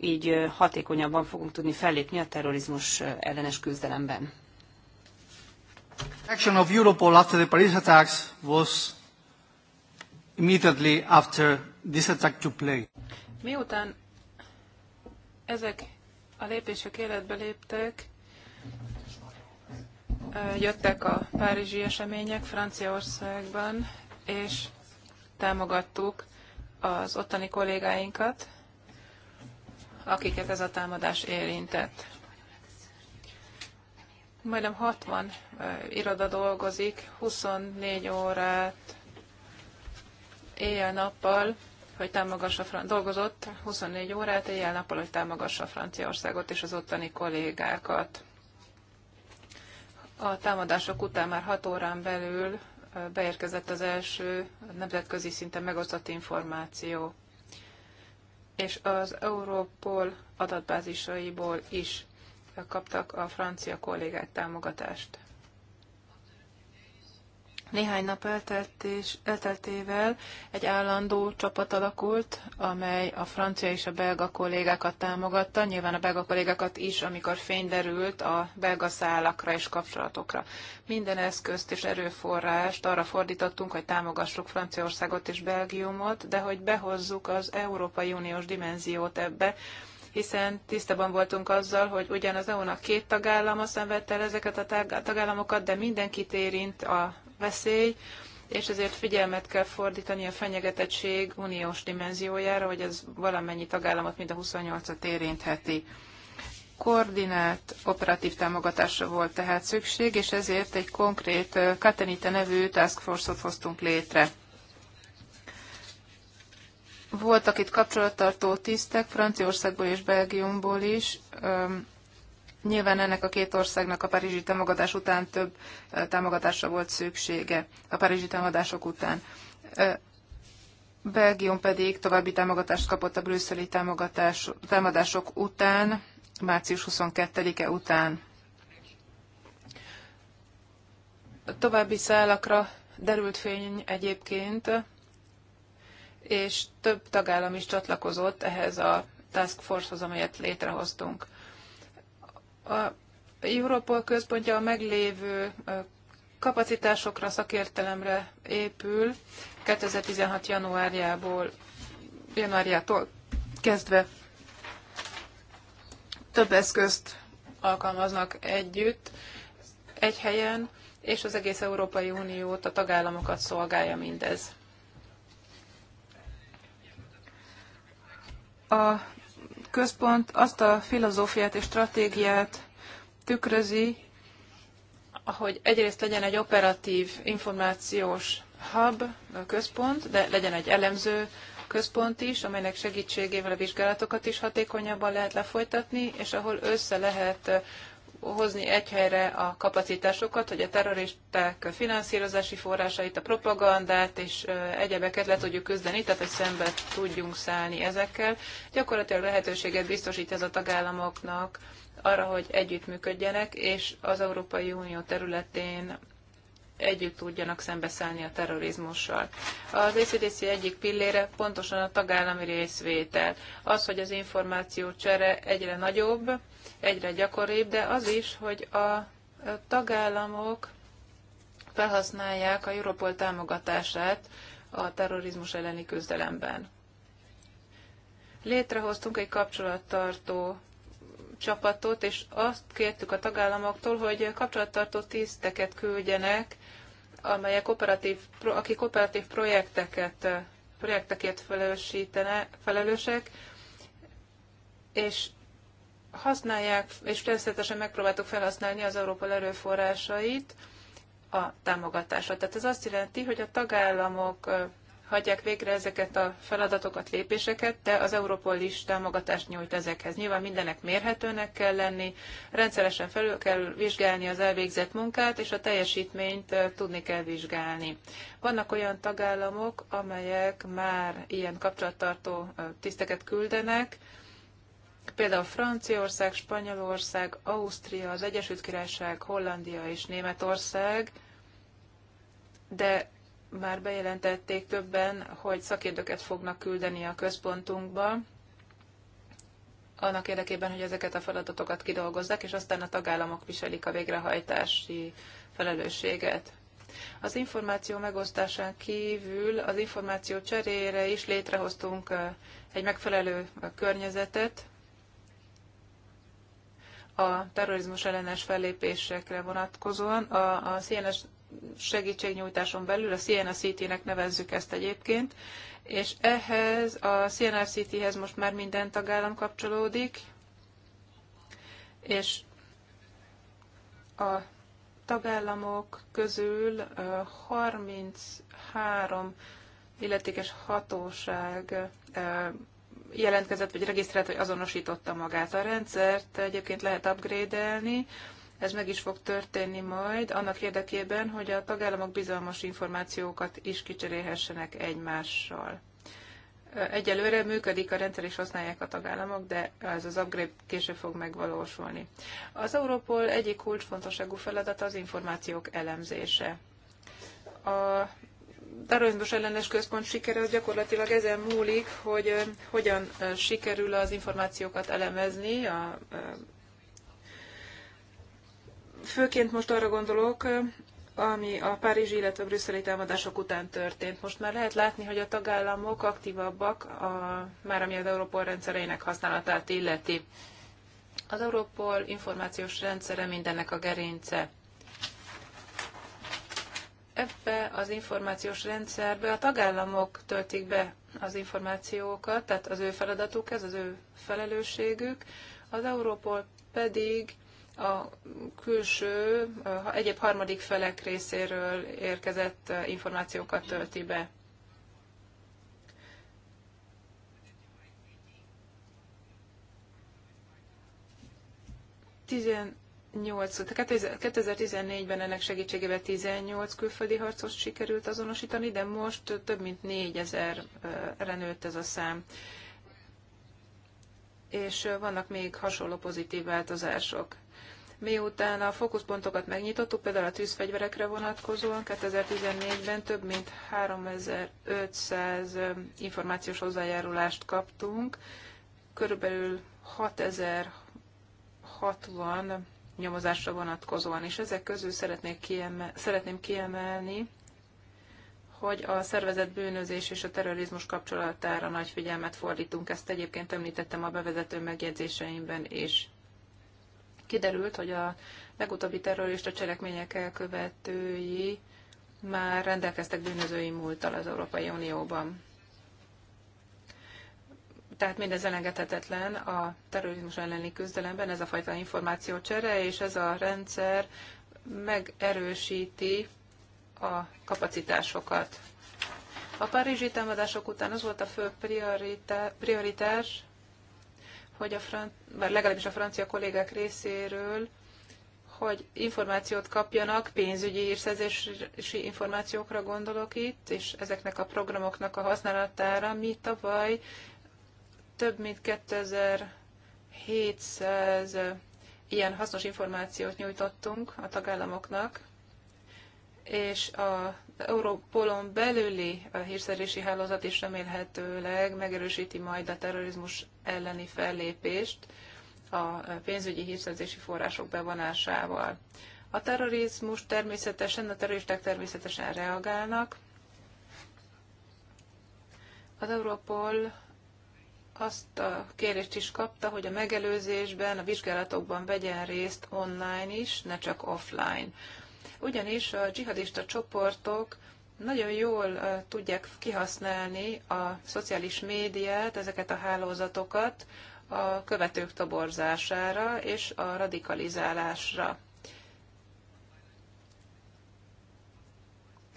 [SPEAKER 3] így hatékonyabban fogunk tudni fellépni a terrorizmus ellenes küzdelemben.
[SPEAKER 2] Action of Europol after the Paris attacks was immediately after this attack took place.
[SPEAKER 1] Miután ezek a lépések életbe léptek, jöttek a párizsi események Franciaországban, és támogattuk az ottani kollégáinkat, akiket ez a támadás érintett. Majdnem 60 iroda dolgozik, 24 órát éjjel-nappal, hogy támogassa, Fran- dolgozott 24 órát éjjel-nappal, hogy támogassa Franciaországot és az ottani kollégákat. A támadások után már 6 órán belül beérkezett az első nemzetközi szinten megosztott információ, és az Europol adatbázisaiból is kaptak a francia kollégák támogatást. Néhány nap elteltés, elteltével egy állandó csapat alakult, amely a francia és a belga kollégákat támogatta, nyilván a belga kollégákat is, amikor fény derült a belga szállakra és kapcsolatokra. Minden eszközt és erőforrást arra fordítottunk, hogy támogassuk Franciaországot és Belgiumot, de hogy behozzuk az Európai Uniós dimenziót ebbe, hiszen tisztában voltunk azzal, hogy ugyan az EU-nak két tagállama szenvedte el ezeket a tagállamokat, de mindenkit érint a veszély, és ezért figyelmet kell fordítani a fenyegetettség uniós dimenziójára, hogy ez valamennyi tagállamot, mind a 28-at érintheti koordinált operatív támogatásra volt tehát szükség, és ezért egy konkrét Katenita nevű task force-ot hoztunk létre. Voltak itt kapcsolattartó tisztek Franciaországból és Belgiumból is, Nyilván ennek a két országnak a párizsi támogatás után több támogatásra volt szüksége, a párizsi támadások után. Belgium pedig további támogatást kapott a brüsszeli támogatás, támadások után, március 22-e után. A további szállakra derült fény egyébként, és több tagállam is csatlakozott ehhez a task forcehoz, amelyet létrehoztunk. A Europol központja a meglévő kapacitásokra, szakértelemre épül 2016. januárjából, januárjától kezdve több eszközt alkalmaznak együtt, egy helyen, és az egész Európai Uniót, a tagállamokat szolgálja mindez. A központ azt a filozófiát és stratégiát tükrözi, hogy egyrészt legyen egy operatív információs hub, központ, de legyen egy elemző központ is, amelynek segítségével a vizsgálatokat is hatékonyabban lehet lefolytatni, és ahol össze lehet hozni egy helyre a kapacitásokat, hogy a terroristák finanszírozási forrásait, a propagandát és egyebeket le tudjuk küzdeni, tehát hogy szembe tudjunk szállni ezekkel. Gyakorlatilag lehetőséget biztosít ez a tagállamoknak arra, hogy együttműködjenek, és az Európai Unió területén együtt tudjanak szembeszállni a terrorizmussal. Az ACDC egyik pillére pontosan a tagállami részvétel. Az, hogy az információ csere egyre nagyobb, egyre gyakoribb, de az is, hogy a tagállamok felhasználják a Europol támogatását a terrorizmus elleni küzdelemben. Létrehoztunk egy kapcsolattartó csapatot, és azt kértük a tagállamoktól, hogy kapcsolattartó tiszteket küldjenek, amelyek operatív, akik operatív projekteket, projektekért felelősek, és használják, és természetesen megpróbáltuk felhasználni az Európa erőforrásait a támogatásra. Tehát ez azt jelenti, hogy a tagállamok hagyják végre ezeket a feladatokat, lépéseket, de az Európol is támogatást nyújt ezekhez. Nyilván mindenek mérhetőnek kell lenni, rendszeresen felül kell vizsgálni az elvégzett munkát, és a teljesítményt tudni kell vizsgálni. Vannak olyan tagállamok, amelyek már ilyen kapcsolattartó tiszteket küldenek, Például Franciaország, Spanyolország, Ausztria, az Egyesült Királyság, Hollandia és Németország, de már bejelentették többen, hogy szakértőket fognak küldeni a központunkba, annak érdekében, hogy ezeket a feladatokat kidolgozzák, és aztán a tagállamok viselik a végrehajtási felelősséget. Az információ megosztásán kívül az információ cserére is létrehoztunk egy megfelelő környezetet, a terrorizmus ellenes fellépésekre vonatkozóan. A, a CNS segítségnyújtáson belül, a cnsct nek nevezzük ezt egyébként, és ehhez a CNRCT-hez most már minden tagállam kapcsolódik, és a tagállamok közül 33 illetékes hatóság jelentkezett, vagy regisztrált, vagy azonosította magát. A rendszert egyébként lehet upgrade-elni, ez meg is fog történni majd, annak érdekében, hogy a tagállamok bizalmas információkat is kicserélhessenek egymással. Egyelőre működik a rendszer, és használják a tagállamok, de ez az upgrade később fog megvalósulni. Az Europol egyik kulcsfontosságú feladat az információk elemzése. A terrorizmus ellenes központ sikere az gyakorlatilag ezen múlik, hogy hogyan sikerül az információkat elemezni. A, főként most arra gondolok, ami a párizsi, illetve brüsszeli támadások után történt. Most már lehet látni, hogy a tagállamok aktívabbak a, már ami az Európol rendszereinek használatát illeti. Az Európol információs rendszere mindennek a gerince ebbe az információs rendszerbe a tagállamok töltik be az információkat, tehát az ő feladatuk, ez az ő felelősségük, az Európol pedig a külső, egyéb harmadik felek részéről érkezett információkat tölti be. Tizen tehát 2014-ben ennek segítségével 18 külföldi harcost sikerült azonosítani, de most több mint 4000-re nőtt ez a szám. És vannak még hasonló pozitív változások. Miután a fókuszpontokat megnyitottuk, például a tűzfegyverekre vonatkozóan 2014-ben több mint 3500 információs hozzájárulást kaptunk, körülbelül 6060 nyomozásra vonatkozóan, és ezek közül szeretnék kiemel, szeretném kiemelni, hogy a szervezett bűnözés és a terrorizmus kapcsolatára nagy figyelmet fordítunk. Ezt egyébként említettem a bevezető megjegyzéseimben is. Kiderült, hogy a legutóbbi terrorista cselekmények elkövetői már rendelkeztek bűnözői múlttal az Európai Unióban. Tehát mindez elengedhetetlen a terrorizmus elleni küzdelemben, ez a fajta információcsere, és ez a rendszer megerősíti a kapacitásokat. A párizsi támadások után az volt a fő prioritás, hogy a fran- bár legalábbis a francia kollégák részéről, hogy információt kapjanak, pénzügyi hírszerzési információkra gondolok itt, és ezeknek a programoknak a használatára mi tavaly több mint 2700 ilyen hasznos információt nyújtottunk a tagállamoknak, és a Európolon belüli a hírszerési hálózat is remélhetőleg megerősíti majd a terrorizmus elleni fellépést a pénzügyi hírszerzési források bevonásával. A terrorizmus természetesen, a terroristák természetesen reagálnak. Az Európol azt a kérést is kapta, hogy a megelőzésben, a vizsgálatokban vegyen részt online is, ne csak offline. Ugyanis a dzsihadista csoportok nagyon jól tudják kihasználni a szociális médiát, ezeket a hálózatokat a követők toborzására és a radikalizálásra.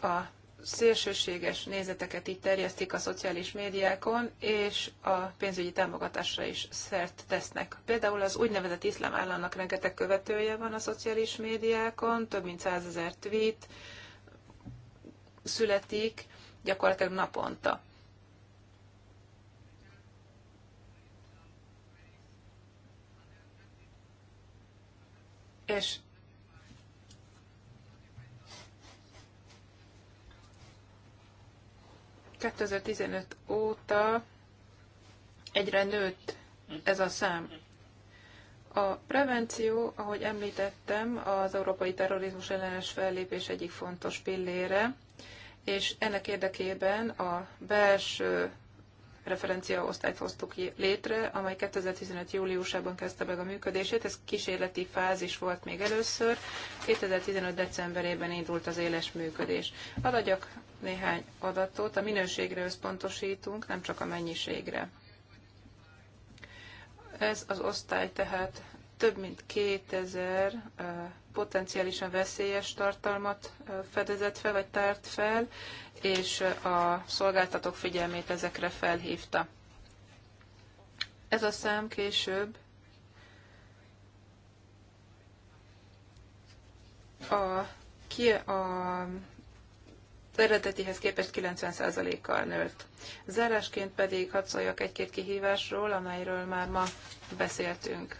[SPEAKER 1] A szélsőséges nézeteket itt terjesztik a szociális médiákon, és a pénzügyi támogatásra is szert tesznek. Például az úgynevezett iszlám államnak rengeteg követője van a szociális médiákon, több mint százezer tweet születik gyakorlatilag naponta. És 2015 óta egyre nőtt ez a szám. A prevenció, ahogy említettem, az európai terrorizmus ellenes fellépés egyik fontos pillére, és ennek érdekében a belső referenciaosztályt hoztuk létre, amely 2015. júliusában kezdte meg a működését. Ez kísérleti fázis volt még először. 2015. decemberében indult az éles működés. Adagyak néhány adatot. A minőségre összpontosítunk, nem csak a mennyiségre. Ez az osztály tehát több mint 2000 potenciálisan veszélyes tartalmat fedezett fel, vagy tárt fel, és a szolgáltatók figyelmét ezekre felhívta. Ez a szám később a, ki, a eredetihez képest 90%-kal nőtt. Zárásként pedig hadd szóljak egy-két kihívásról, amelyről már ma beszéltünk.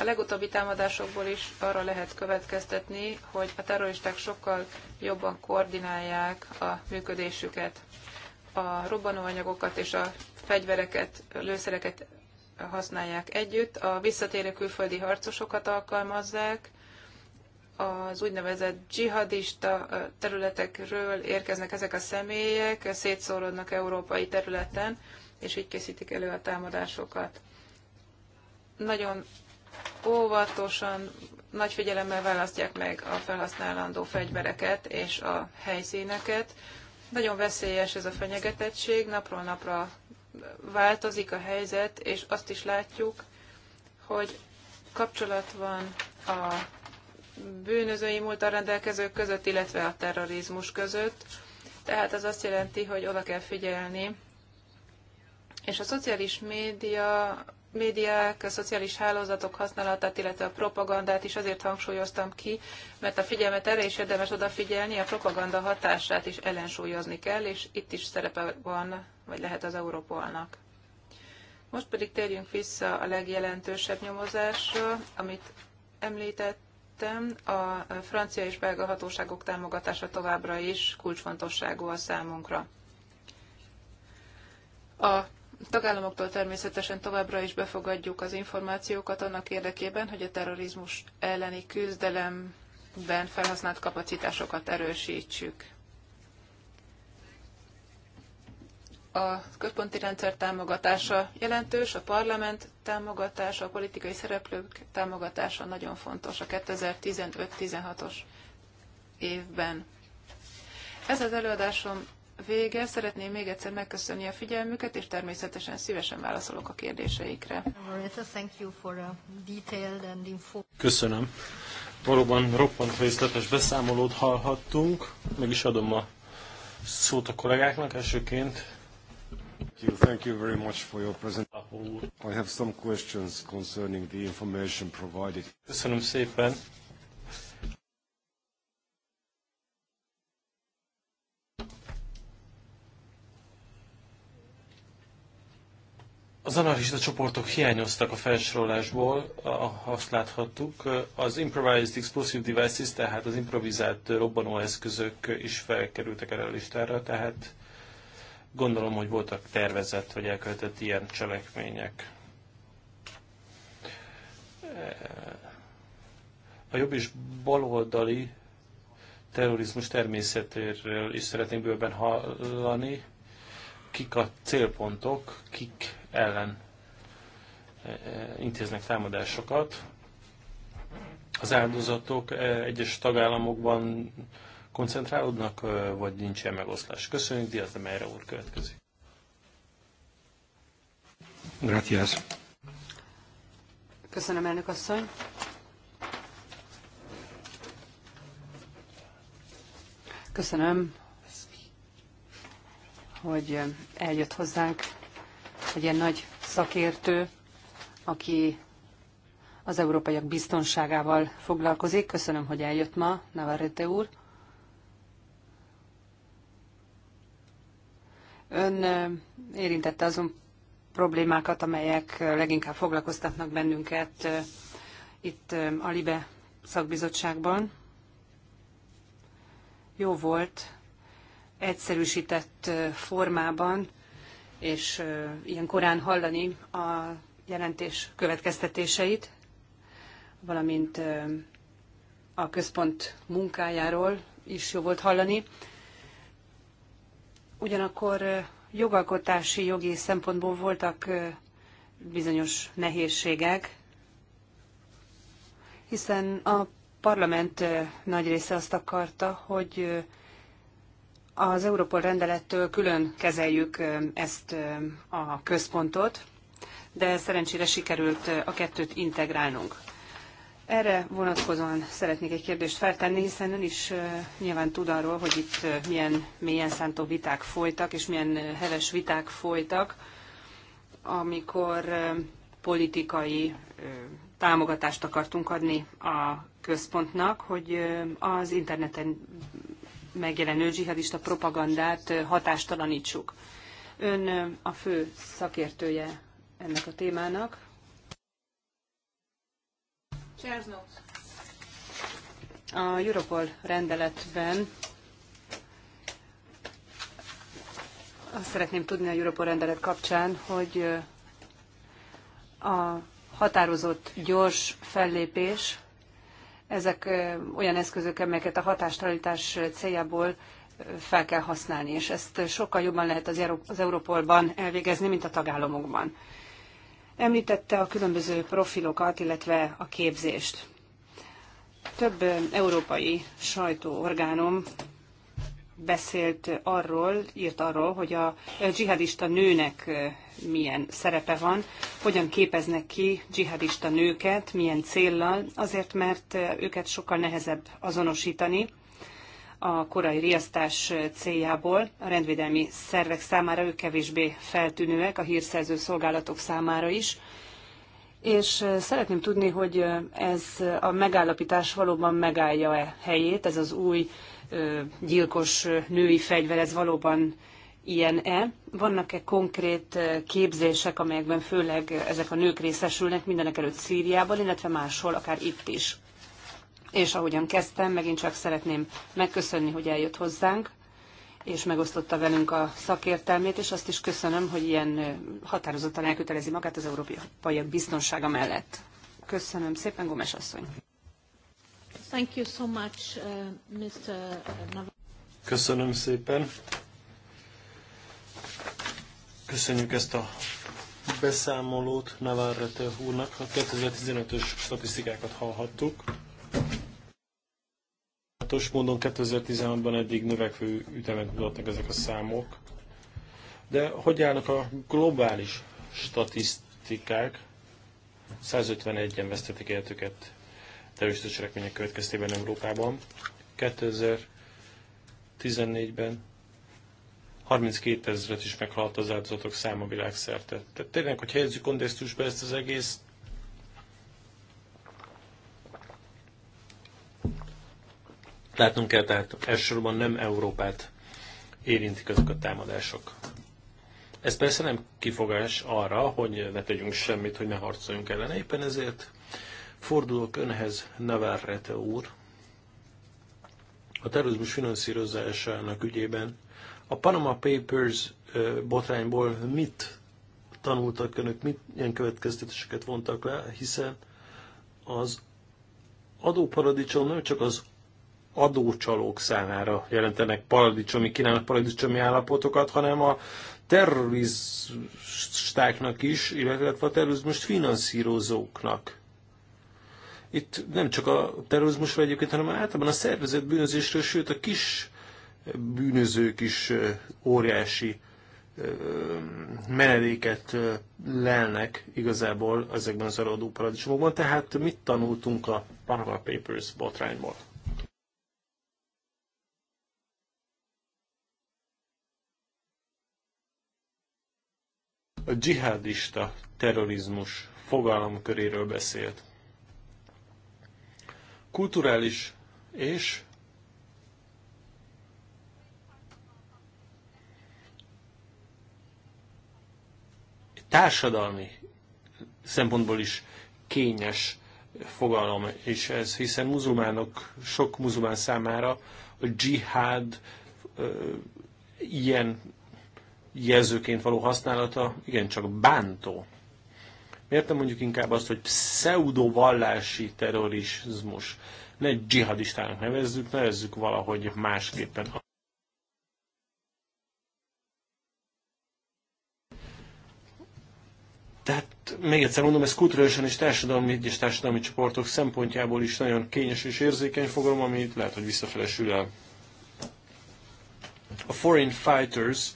[SPEAKER 1] A legutóbbi támadásokból is arra lehet következtetni, hogy a terroristák sokkal jobban koordinálják a működésüket. A robbanóanyagokat és a fegyvereket, lőszereket használják együtt, a visszatérő külföldi harcosokat alkalmazzák, az úgynevezett dzsihadista területekről érkeznek ezek a személyek, szétszórodnak európai területen, és így készítik elő a támadásokat. Nagyon óvatosan, nagy figyelemmel választják meg a felhasználandó fegyvereket és a helyszíneket. Nagyon veszélyes ez a fenyegetettség, napról napra változik a helyzet, és azt is látjuk, hogy kapcsolat van a bűnözői múltal rendelkezők között, illetve a terrorizmus között. Tehát ez azt jelenti, hogy oda kell figyelni. És a szociális média, médiák, a szociális hálózatok használatát, illetve a propagandát is azért hangsúlyoztam ki, mert a figyelmet erre is érdemes odafigyelni, a propaganda hatását is ellensúlyozni kell, és itt is szerepe van, vagy lehet az Európolnak. Most pedig térjünk vissza a legjelentősebb nyomozásra, amit említett, említettem, a francia és belga hatóságok támogatása továbbra is kulcsfontosságú a számunkra. A tagállamoktól természetesen továbbra is befogadjuk az információkat annak érdekében, hogy a terrorizmus elleni küzdelemben felhasznált kapacitásokat erősítsük. a központi rendszer támogatása jelentős, a parlament támogatása, a politikai szereplők támogatása nagyon fontos a 2015-16-os évben. Ez az előadásom vége. Szeretném még egyszer megköszönni a figyelmüket, és természetesen szívesen
[SPEAKER 2] válaszolok a kérdéseikre. Köszönöm. Valóban roppant részletes beszámolót hallhattunk. Meg is adom a szót a kollégáknak elsőként. Thank you, thank you very much for your presentation. I have some questions concerning the information provided. Köszönöm szépen. Az anarchista csoportok hiányoztak a felsorolásból, azt láthattuk. Az improvised explosive devices, tehát az improvizált robbanóeszközök is felkerültek erre a listára, tehát Gondolom, hogy voltak tervezett, hogy elkövetett ilyen cselekmények. A jobb és baloldali terrorizmus természetéről is szeretnénk bőven hallani, kik a célpontok, kik ellen eh, intéznek támadásokat. Az áldozatok eh, egyes tagállamokban koncentrálódnak, vagy nincsen megoszlás. Köszönjük, Diaz de Meire úr következik. Gracias.
[SPEAKER 3] Köszönöm, elnök asszony. Köszönöm, hogy eljött hozzánk egy ilyen nagy szakértő, aki az európaiak biztonságával foglalkozik. Köszönöm, hogy eljött ma, Navarrete úr. Ön érintette azon problémákat, amelyek leginkább foglalkoztatnak bennünket itt a LIBE szakbizottságban. Jó volt, egyszerűsített formában, és ilyen korán hallani a jelentés következtetéseit, valamint a központ munkájáról is jó volt hallani. Ugyanakkor jogalkotási jogi szempontból voltak bizonyos nehézségek, hiszen a parlament nagy része azt akarta, hogy az Európol rendelettől külön kezeljük ezt a központot, de szerencsére sikerült a kettőt integrálnunk. Erre vonatkozóan szeretnék egy kérdést feltenni, hiszen ön is nyilván tud arról, hogy itt milyen mélyen szántó viták folytak, és milyen heves viták folytak, amikor politikai támogatást akartunk adni a központnak, hogy az interneten megjelenő dzsihadista propagandát hatástalanítsuk. Ön a fő szakértője ennek a témának, a Europol rendeletben azt szeretném tudni a Europol rendelet kapcsán, hogy a határozott, gyors fellépés, ezek olyan eszközök, amelyeket a hatástalanítás céljából fel kell használni, és ezt sokkal jobban lehet az Europolban elvégezni, mint a tagállamokban. Említette a különböző profilokat, illetve a képzést. Több európai sajtóorgánum beszélt arról, írt arról, hogy a dzsihadista nőnek milyen szerepe van, hogyan képeznek ki dzsihadista nőket, milyen céllal, azért mert őket sokkal nehezebb azonosítani, a korai riasztás céljából. A rendvédelmi szervek számára ők kevésbé feltűnőek, a hírszerző szolgálatok számára is. És szeretném tudni, hogy ez a megállapítás valóban megállja-e helyét, ez az új gyilkos női fegyver, ez valóban ilyen-e? Vannak-e konkrét képzések, amelyekben főleg ezek a nők részesülnek mindenek előtt Szíriában, illetve máshol, akár itt is? És ahogyan kezdtem, megint csak szeretném megköszönni, hogy eljött hozzánk, és megosztotta velünk a szakértelmét, és azt is köszönöm, hogy ilyen határozottan elkötelezi magát az európai biztonsága mellett. Köszönöm szépen, Gomes asszony. Thank you so much, uh, Mr.
[SPEAKER 2] Köszönöm szépen. Köszönjük ezt a beszámolót Navarrete úrnak. A 2015-ös statisztikákat hallhattuk. Sajátos módon 2016-ban eddig növekvő ütemet mutatnak ezek a számok. De hogy állnak a globális statisztikák? 151-en vesztették életüket terrorista cselekmények következtében Európában. 2014-ben 32 ezeret is meghalt az áldozatok száma világszerte. Tehát tényleg, hogy helyezzük kontextusba ezt az egész Látnunk kell, tehát elsősorban nem Európát érintik azok a támadások. Ez persze nem kifogás arra, hogy ne tegyünk semmit, hogy ne harcoljunk ellene. Éppen ezért fordulok önhez, Navarrete úr. A terrorizmus finanszírozásának ügyében a Panama Papers botrányból mit tanultak önök, mit, milyen következtetéseket vontak le, hiszen az adóparadicsom nem csak az adócsalók számára jelentenek paradicsomi, kínálnak paradicsomi állapotokat, hanem a terroristáknak is, illetve a terrorizmust finanszírozóknak. Itt nem csak a terrorizmusra egyébként, hanem általában a szervezett bűnözésről, sőt a kis bűnözők is óriási menedéket lelnek igazából ezekben az adóparadicsomokban. Tehát mit tanultunk a Panama Papers botrányból? a dzsihadista terrorizmus fogalomköréről beszélt. Kulturális és társadalmi szempontból is kényes fogalom, és ez, hiszen muzulmánok, sok muzulmán számára a dzsihád ilyen jelzőként való használata igencsak bántó. Miért nem mondjuk inkább azt, hogy pseudovallási terrorizmus? Ne dzsihadistának nevezzük, nevezzük valahogy másképpen. Tehát még egyszer mondom, ez kulturálisan és társadalmi, és társadalmi csoportok szempontjából is nagyon kényes és érzékeny fogalom, amit lehet, hogy visszafelesül el. A foreign fighters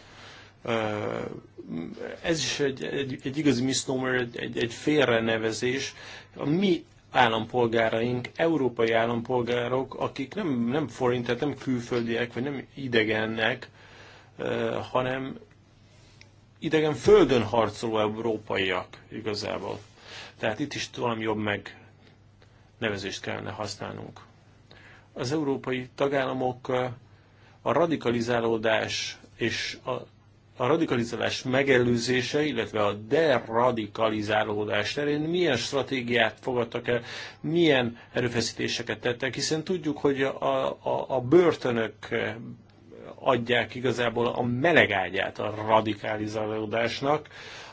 [SPEAKER 2] ez is egy, egy, egy igazi misnomer, egy, egy félrenevezés. A mi állampolgáraink, európai állampolgárok, akik nem, nem forint, tehát nem külföldiek, vagy nem idegennek, hanem idegen földön harcoló európaiak igazából. Tehát itt is valami jobb meg nevezést kellene használnunk. Az európai tagállamok a radikalizálódás és a a radikalizálás megelőzése, illetve a deradikalizálódás terén milyen stratégiát fogadtak el, milyen erőfeszítéseket tettek, hiszen tudjuk, hogy a, a, a börtönök adják igazából a melegágyát a radikalizálódásnak,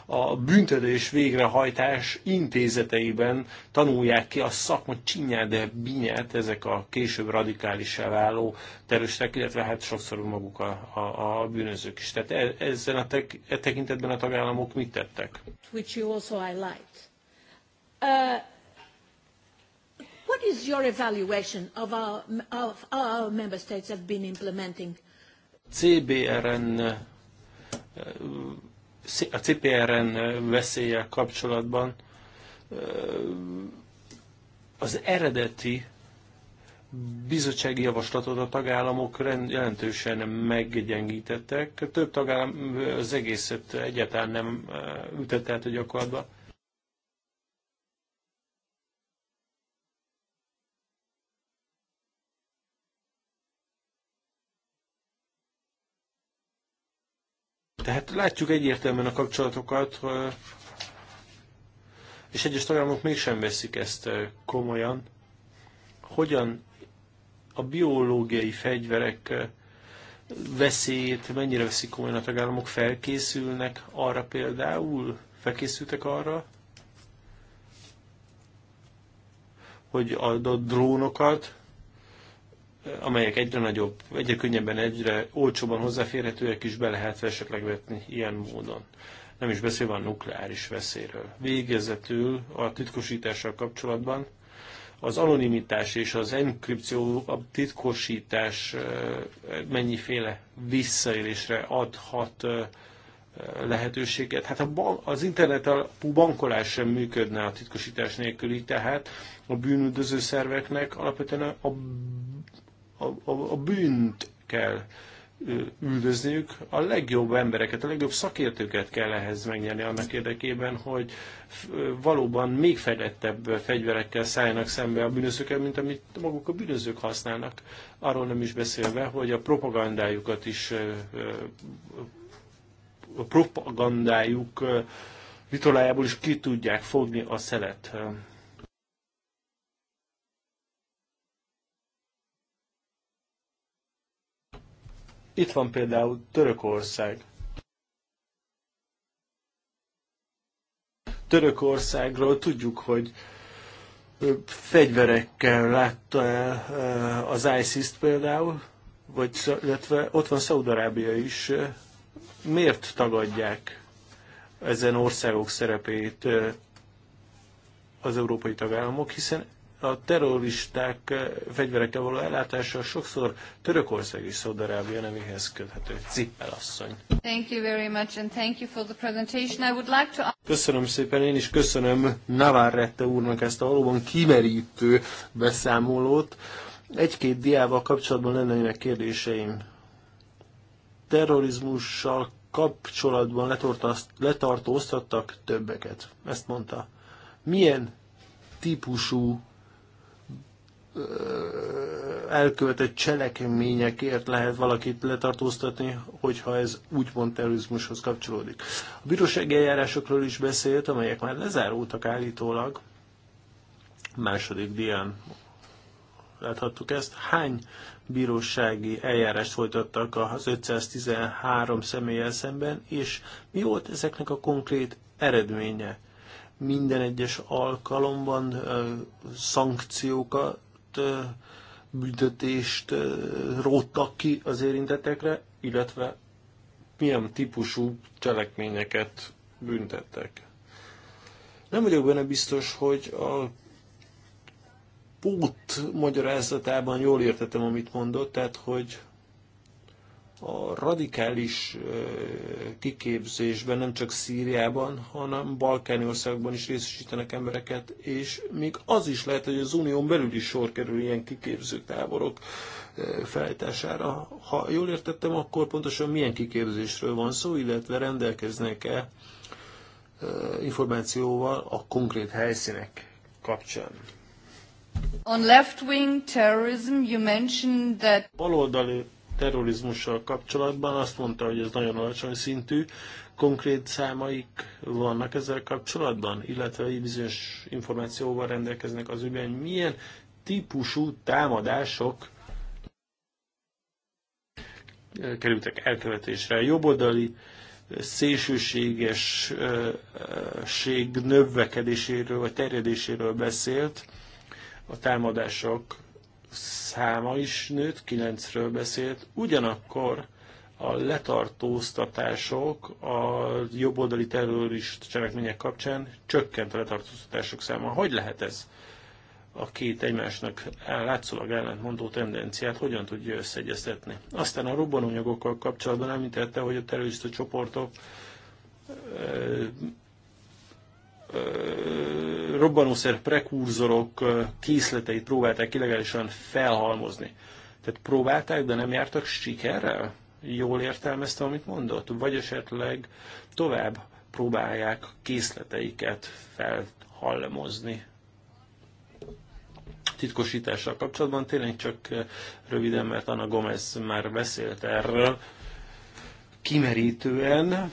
[SPEAKER 2] a büntetés végrehajtás intézeteiben tanulják ki a szakma csinyáde binyát ezek a később radikális váló terroristák, illetve hát sokszor maguk a, a, a bűnözők is. Tehát e, ezzel a tek, e tekintetben a tagállamok mit tettek?
[SPEAKER 3] Which you also highlight. Uh, what is your
[SPEAKER 1] evaluation of our, of our member states have been implementing?
[SPEAKER 2] CBRN uh, a CPRN veszélye kapcsolatban az eredeti bizottsági javaslatot a tagállamok jelentősen meggyengítettek. Több tagállam az egészet egyáltalán nem ültette át a gyakorlatba. Tehát látjuk egyértelműen a kapcsolatokat, és egyes tagállamok mégsem veszik ezt komolyan. Hogyan a biológiai fegyverek veszélyét mennyire veszik komolyan a tagállamok? Felkészülnek arra például? Felkészültek arra, hogy a, a drónokat amelyek egyre nagyobb, egyre könnyebben, egyre olcsóban hozzáférhetőek is be lehet esetleg vetni ilyen módon. Nem is beszélve a nukleáris veszélyről. Végezetül a titkosítással kapcsolatban az anonimitás és az enkripció, a titkosítás mennyiféle visszaélésre adhat lehetőséget. Hát a ban- az internet a bankolás sem működne a titkosítás nélkül, tehát a bűnüldöző szerveknek alapvetően a a, a, a bűnt kell üldözniük, a legjobb embereket, a legjobb szakértőket kell ehhez megnyerni annak érdekében, hogy valóban még fejlettebb fegyverekkel szálljanak szembe a bűnözőkkel, mint amit maguk a bűnözők használnak. Arról nem is beszélve, hogy a propagandájukat is a propagandájuk vitolájából is ki tudják fogni a szelet. Itt van például Törökország. Törökországról tudjuk, hogy fegyverekkel látta el az ISIS-t például, vagy, illetve ott van Szaudarábia is. Miért tagadják ezen országok szerepét az európai tagállamok, hiszen a terroristák eh, fegyverekkel való ellátása sokszor Törökország és Szaudarábia nevéhez köthető. Cippel asszony.
[SPEAKER 3] Thank you very much and thank you for the presentation. I would like to...
[SPEAKER 2] Köszönöm szépen, én is köszönöm Navarrette úrnak ezt a valóban kimerítő beszámolót. Egy-két diával kapcsolatban lennének kérdéseim. Terrorizmussal kapcsolatban letartóztattak többeket. Ezt mondta. Milyen típusú elkövetett cselekményekért lehet valakit letartóztatni, hogyha ez úgymond terrorizmushoz kapcsolódik. A bírósági eljárásokról is beszélt, amelyek már lezárultak állítólag. Második dián láthattuk ezt. Hány bírósági eljárást folytattak az 513 személlyel szemben, és mi volt ezeknek a konkrét eredménye? Minden egyes alkalomban szankciókat büntetést róttak ki az érintettekre, illetve milyen típusú cselekményeket büntettek. Nem vagyok benne biztos, hogy a pót magyarázatában jól értettem, amit mondott, tehát hogy a radikális kiképzésben nem csak Szíriában, hanem balkáni országokban is részesítenek embereket, és még az is lehet, hogy az unión belül is sor kerül ilyen kiképző táborok felállítására. Ha jól értettem, akkor pontosan milyen kiképzésről van szó, illetve rendelkeznek-e információval a konkrét helyszínek kapcsán.
[SPEAKER 3] On left-wing terrorism, you mentioned that...
[SPEAKER 2] Baloldali terrorizmussal kapcsolatban azt mondta, hogy ez nagyon alacsony szintű. Konkrét számaik vannak ezzel kapcsolatban, illetve bizonyos információval rendelkeznek az ügyben, milyen típusú támadások kerültek elkövetésre. Jobboldali szélsőségesség növekedéséről vagy terjedéséről beszélt a támadások száma is nőtt, 9-ről beszélt, ugyanakkor a letartóztatások a jobboldali terrorist cselekmények kapcsán csökkent a letartóztatások száma. Hogy lehet ez? A két egymásnak látszólag ellentmondó tendenciát hogyan tudja összeegyeztetni? Aztán a robbanóanyagokkal kapcsolatban említette, hogy a terrorista csoportok robbanószer prekurzorok készleteit próbálták illegálisan felhalmozni. Tehát próbálták, de nem jártak sikerrel? Jól értelmezte, amit mondott? Vagy esetleg tovább próbálják készleteiket felhalmozni? Titkosítással kapcsolatban tényleg csak röviden, mert Anna Gomez már beszélt erről kimerítően.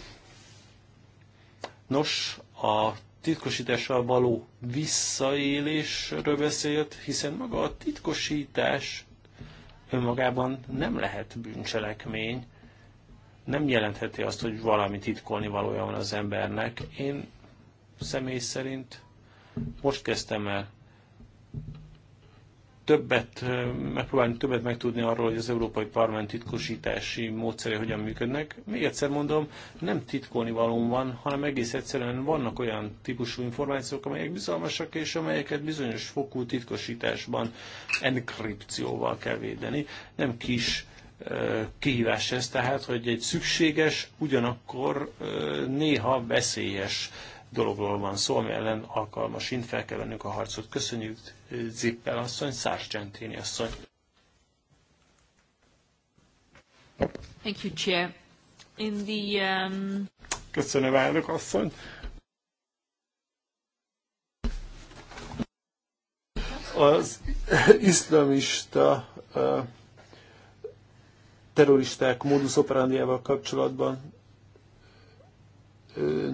[SPEAKER 2] Nos, a titkosítással való visszaélésről beszélt, hiszen maga a titkosítás önmagában nem lehet bűncselekmény, nem jelentheti azt, hogy valami titkolni valója van az embernek. Én személy szerint most kezdtem el többet, megpróbálni többet megtudni arról, hogy az Európai Parlament titkosítási módszere hogyan működnek. Még egyszer mondom, nem titkolni valóban, van, hanem egész egyszerűen vannak olyan típusú információk, amelyek bizalmasak, és amelyeket bizonyos fokú titkosításban enkripcióval kell védeni. Nem kis kihívás ez tehát, hogy egy szükséges, ugyanakkor néha veszélyes dologról van szó, ami ellen alkalmas, fel kell vennünk a harcot. Köszönjük Zippel asszony, Sargentini asszony.
[SPEAKER 3] Thank you, Chair. In the, um...
[SPEAKER 2] Köszönöm, elnök asszony. Az iszlamista uh, terroristák modus operandiával kapcsolatban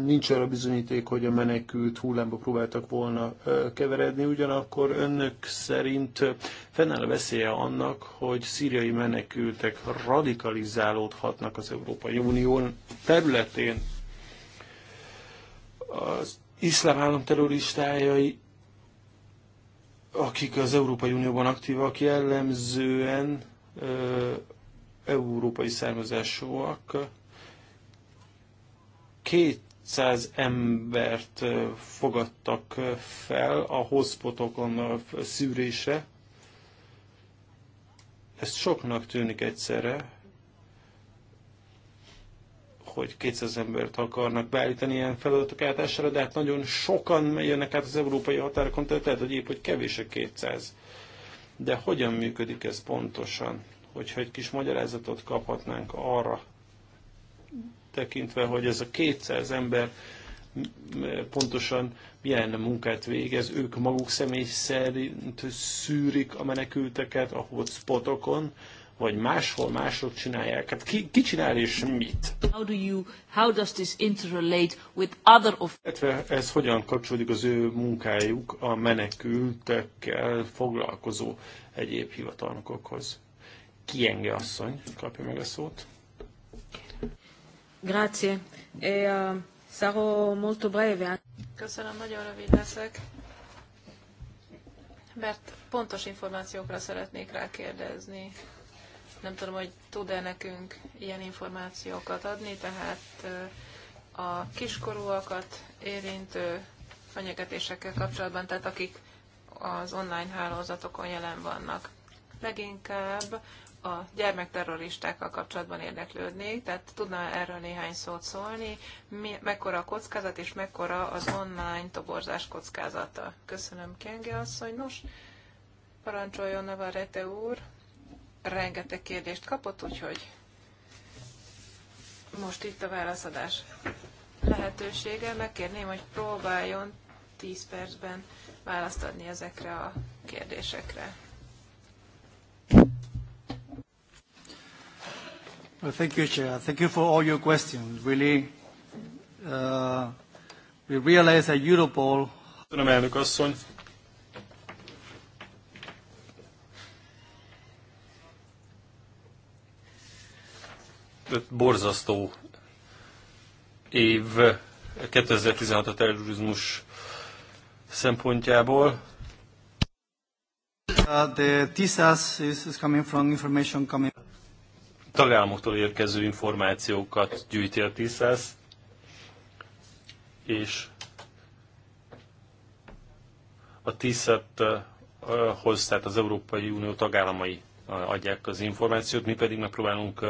[SPEAKER 2] nincs arra bizonyíték, hogy a menekült hullámba próbáltak volna keveredni, ugyanakkor önök szerint fennáll veszélye annak, hogy szíriai menekültek radikalizálódhatnak az Európai Unió területén. Az iszlám állam terroristájai, akik az Európai Unióban aktívak, jellemzően európai származásúak, 200 embert fogadtak fel a hotspotokon szűrése. Ez soknak tűnik egyszerre, hogy 200 embert akarnak beállítani ilyen feladatok átására, de hát nagyon sokan jönnek át az európai határokon, tehát hogy épp, hogy kevés a 200. De hogyan működik ez pontosan? Hogyha egy kis magyarázatot kaphatnánk arra, tekintve, hogy ez a 200 ember pontosan milyen munkát végez, ők maguk személy szerint szűrik a menekülteket a hotspotokon, vagy máshol mások csinálják. Hát ki, ki csinál és mit?
[SPEAKER 3] How do you, how does this interrelate with other of...
[SPEAKER 2] Ez hogyan kapcsolódik az ő munkájuk a menekültekkel foglalkozó egyéb hivatalnokokhoz? Kienge asszony kapja meg a szót.
[SPEAKER 1] Grazie. E, uh, sarò molto breve. Eh. Köszönöm, nagyon rövid leszek, mert pontos információkra szeretnék rákérdezni. Nem tudom, hogy tud-e nekünk ilyen információkat adni, tehát eh, a kiskorúakat érintő fenyegetésekkel kapcsolatban, tehát akik az online hálózatokon jelen vannak. Leginkább a gyermekterroristákkal kapcsolatban érdeklődnék, tehát tudna erről néhány szót szólni, mi, mekkora a kockázat és mekkora az online toborzás kockázata. Köszönöm, Kenge asszony. Nos, parancsoljon Navarrete úr. Rengeteg kérdést kapott, úgyhogy most itt a válaszadás lehetősége. Megkérném, hogy próbáljon 10 percben választ adni ezekre a kérdésekre.
[SPEAKER 2] Well, thank you, Chair. Thank you for all your questions. Really, uh, we realize that Europol... Köszönöm, elnök asszony. Borzasztó év 2016 a terrorizmus szempontjából. Uh, the TISAS is, is coming from information coming tagállamoktól érkező információkat gyűjti a TISZESZ, és a TISZET-hoz, tehát az Európai Unió tagállamai adják az információt, mi pedig megpróbálunk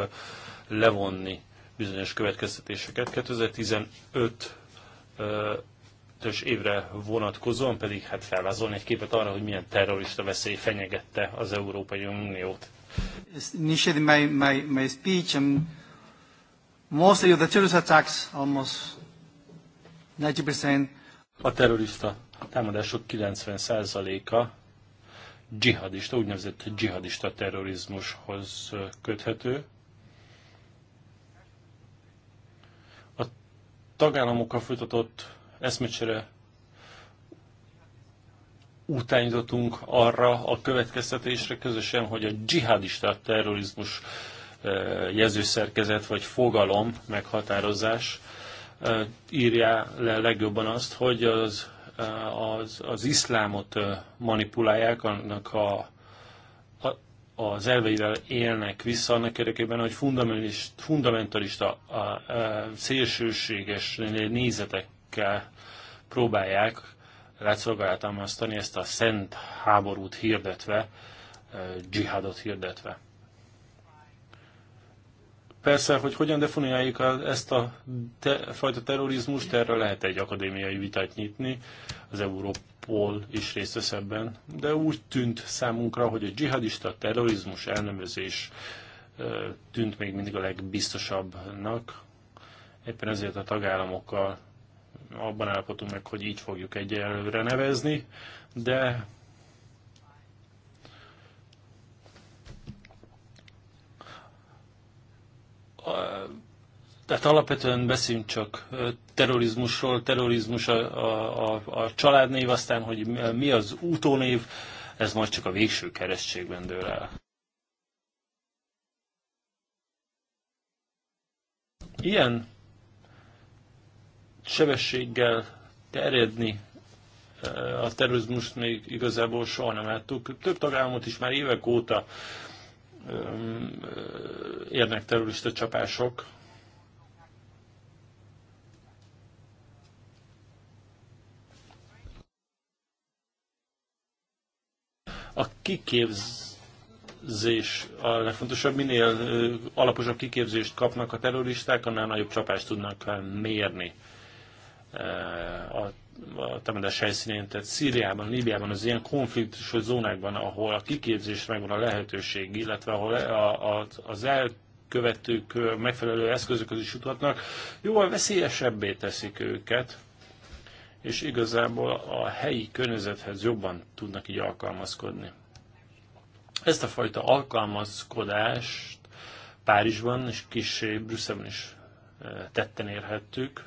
[SPEAKER 2] levonni bizonyos következtetéseket. 2015 2015-ös évre vonatkozóan pedig hát felvázolni egy képet arra, hogy milyen terrorista veszély fenyegette az Európai Uniót. Initiated my, my, my speech and mostly of the terrorist attacks almost 90%. A terrorista támadások 90%-a dzsihadista, úgynevezett dzsihadista terrorizmushoz köthető. A tagállamokkal folytatott eszmecsere utányzatunk arra a következtetésre közösen, hogy a dzsihadista terrorizmus e, jelzőszerkezet vagy fogalom meghatározás e, írja le legjobban azt, hogy az, e, az, az iszlámot manipulálják, annak a, a, az elveivel élnek vissza annak érdekében, hogy fundamentalista, a, a, szélsőséges nézetekkel próbálják rászolgáltámasztani ezt a szent háborút hirdetve, eh, dzsihádot hirdetve. Persze, hogy hogyan definiáljuk ezt a te, fajta terrorizmust, erre lehet egy akadémiai vitát nyitni, az Európol is részt vesz ebben, de úgy tűnt számunkra, hogy a dzsihadista terrorizmus elnevezés eh, tűnt még mindig a legbiztosabbnak, éppen ezért a tagállamokkal abban állapotunk meg, hogy így fogjuk egyelőre nevezni, de tehát alapvetően beszélünk csak terrorizmusról, terrorizmus a, a, a családnév, aztán, hogy mi az útónév, ez majd csak a végső keresztségben dől el. Ilyen sebességgel terjedni eh, a terrorizmust még igazából soha nem láttuk. Több tagállamot is már évek óta eh, érnek terrorista csapások. A kiképzés a legfontosabb, minél eh, alaposabb kiképzést kapnak a terroristák, annál nagyobb csapást tudnak mérni. Eh, a, a támadás helyszínén, tehát Szíriában, Líbiában, az ilyen konfliktus zónákban, ahol a kiképzésre megvan a lehetőség, illetve ahol a, a, az el követők megfelelő eszközökhöz is juthatnak, jóval veszélyesebbé teszik őket, és igazából a helyi környezethez jobban tudnak így alkalmazkodni. Ezt a fajta alkalmazkodást Párizsban és kisebb Brüsszelben is eh, tetten érhettük.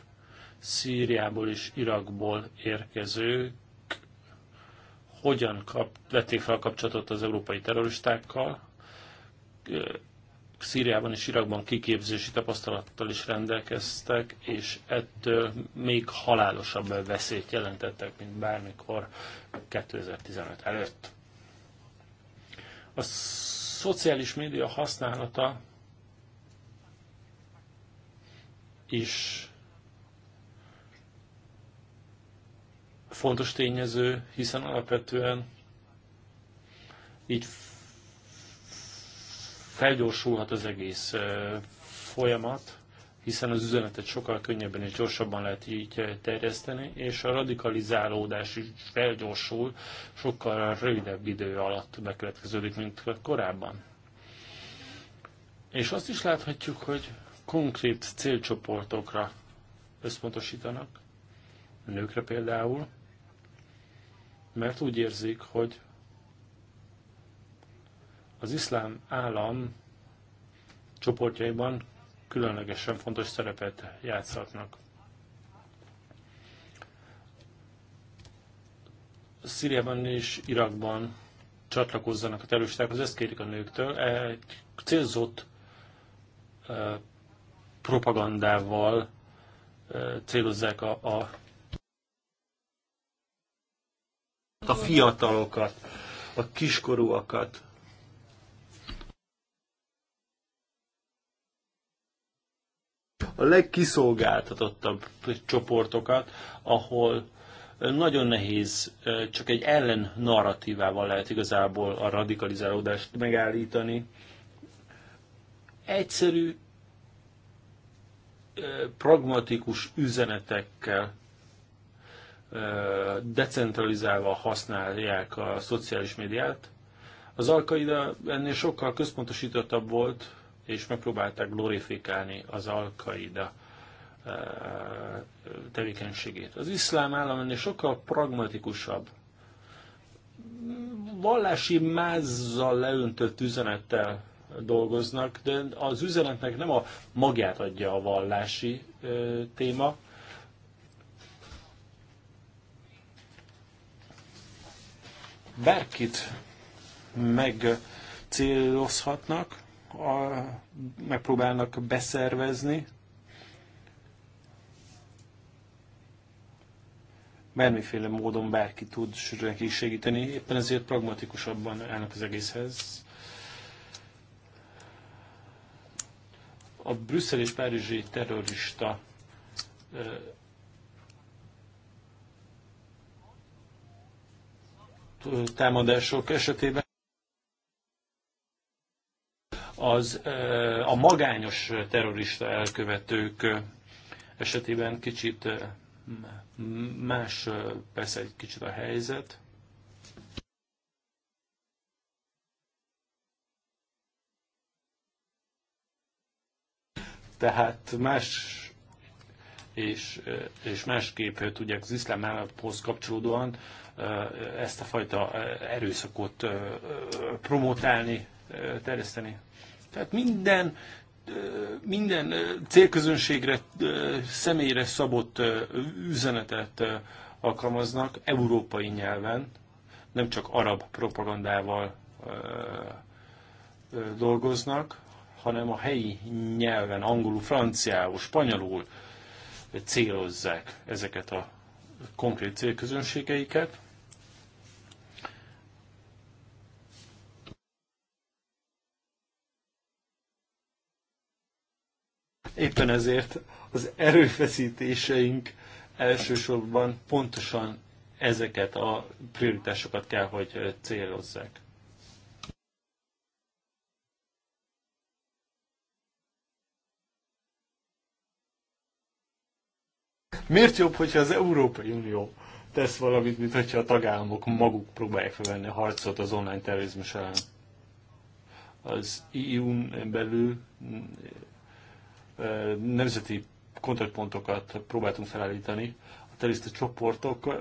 [SPEAKER 2] Szíriából és Irakból érkezők hogyan kap, vették fel a kapcsolatot az európai terroristákkal, Szíriában és Irakban kiképzési tapasztalattal is rendelkeztek, és ettől még halálosabb veszélyt jelentettek, mint bármikor 2015 előtt. A szociális média használata is fontos tényező, hiszen alapvetően így felgyorsulhat az egész folyamat, hiszen az üzenetet sokkal könnyebben és gyorsabban lehet így terjeszteni, és a radikalizálódás is felgyorsul, sokkal rövidebb idő alatt bekövetkeződik, mint korábban. És azt is láthatjuk, hogy konkrét célcsoportokra összpontosítanak, nőkre például, mert úgy érzik, hogy az iszlám állam csoportjaiban különlegesen fontos szerepet játszhatnak. Szíriában és Irakban csatlakozzanak a terroristákhoz, ezt kérik a nőktől. Egy célzott eh, propagandával eh, célozzák a, a a fiatalokat, a kiskorúakat. A legkiszolgáltatottabb csoportokat, ahol nagyon nehéz, csak egy ellen narratívával lehet igazából a radikalizálódást megállítani. Egyszerű, pragmatikus üzenetekkel decentralizálva használják a szociális médiát. Az Alkaida ennél sokkal központosítottabb volt, és megpróbálták glorifikálni az Alkaida tevékenységét. Az iszlám állam ennél sokkal pragmatikusabb, vallási mázzal leöntött üzenettel dolgoznak, de az üzenetnek nem a magját adja a vallási téma, bárkit megcélozhatnak, a, megpróbálnak beszervezni, bármiféle módon bárki tud neki segíteni, éppen ezért pragmatikusabban állnak az egészhez. A brüsszel és párizsi terrorista támadások esetében az a magányos terrorista elkövetők esetében kicsit más persze egy kicsit a helyzet. Tehát más és, és másképp tudják az iszlám állapothoz kapcsolódóan Eh, ezt a fajta eh, erőszakot eh, promotálni, terjeszteni. Tehát minden, minden célközönségre, személyre szabott üzenetet alkalmaznak európai nyelven, nem csak arab propagandával dolgoznak, hanem a helyi nyelven, angolul, franciául, spanyolul célozzák ezeket a konkrét célközönségeiket. Éppen ezért az erőfeszítéseink elsősorban pontosan ezeket a prioritásokat kell, hogy célozzák. Miért jobb, hogyha az Európai Unió tesz valamit, mint hogyha a tagállamok maguk próbálják felvenni a harcot az online terrorizmus ellen? Az EU-n belül nemzeti kontaktpontokat próbáltunk felállítani. A terista csoportok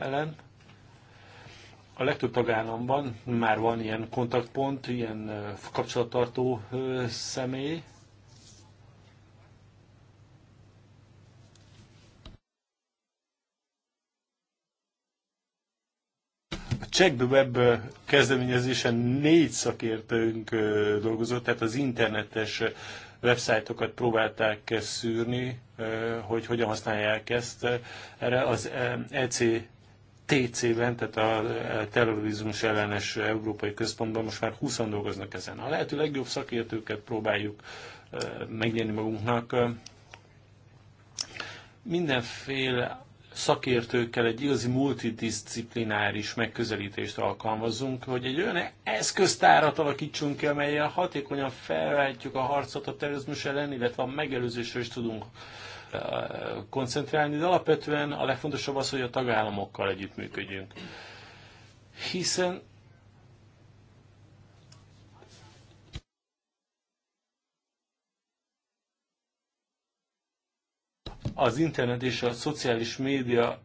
[SPEAKER 2] ellen. A legtöbb tagállamban már van ilyen kontaktpont, ilyen kapcsolattartó személy, Check the Web kezdeményezésen négy szakértőnk dolgozott, tehát az internetes websájtokat próbálták szűrni, hogy hogyan használják ezt. Erre az tc e ben tehát a terrorizmus ellenes Európai Központban most már 20 dolgoznak ezen. A lehető legjobb szakértőket próbáljuk megnyerni magunknak. Mindenféle szakértőkkel egy igazi multidisciplináris megközelítést alkalmazunk, hogy egy olyan eszköztárat alakítsunk ki, amelyel hatékonyan felváltjuk a harcot a terrorizmus ellen, illetve a megelőzésre is tudunk eh, koncentrálni, de alapvetően a legfontosabb az, hogy a tagállamokkal együttműködjünk. Hiszen az internet és a szociális média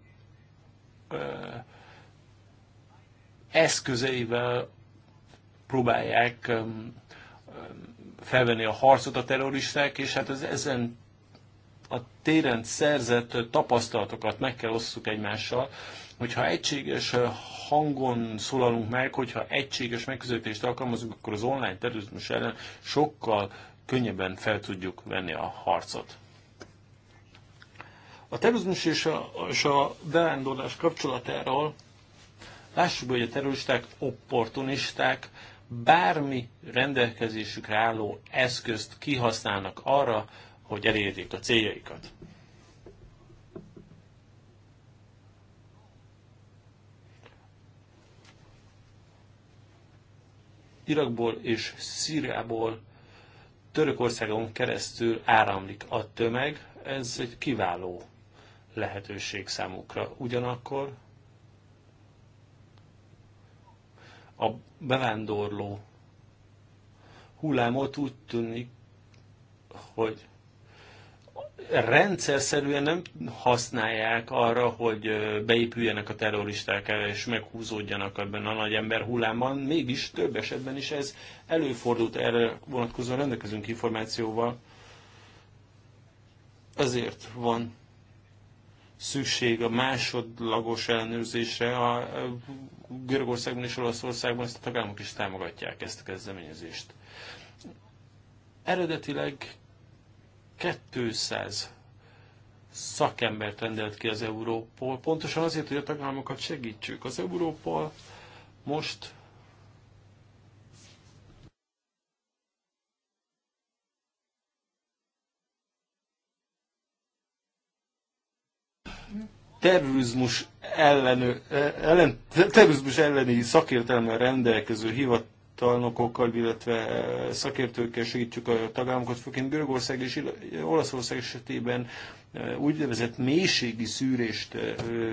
[SPEAKER 2] eszközeivel próbálják felvenni a harcot a terroristák, és hát az ezen a téren szerzett tapasztalatokat meg kell osszuk egymással, hogyha egységes hangon szólalunk meg, hogyha egységes megközelítést alkalmazunk, akkor az online terrorizmus ellen sokkal könnyebben fel tudjuk venni a harcot. A terrorizmus és a, és a bevándorlás kapcsolatáról lássuk, hogy a terroristák opportunisták, bármi rendelkezésükre álló eszközt kihasználnak arra, hogy elérjék a céljaikat. Irakból és Szíriából Törökországon keresztül áramlik a tömeg, ez egy kiváló lehetőség számukra. Ugyanakkor a bevándorló hullámot úgy tűnik, hogy rendszer szerűen nem használják arra, hogy beépüljenek a terroristák el és meghúzódjanak ebben a nagy ember hullámban, mégis több esetben is ez előfordult, erre vonatkozóan rendelkezünk információval. Ezért van szükség a másodlagos ellenőrzésre. A Görögországban és Olaszországban ezt a tagállamok is támogatják ezt a kezdeményezést. Eredetileg 200 szakembert rendelt ki az Európol, pontosan azért, hogy a tagállamokat segítsük. Az Európol most terrorizmus, ellenő, e, ellen, terrorizmus elleni szakértelemmel rendelkező hivatalnokokkal, illetve e, szakértőkkel segítjük a tagállamokat, főként Görögország és Olaszország esetében e, úgynevezett mélységi szűrést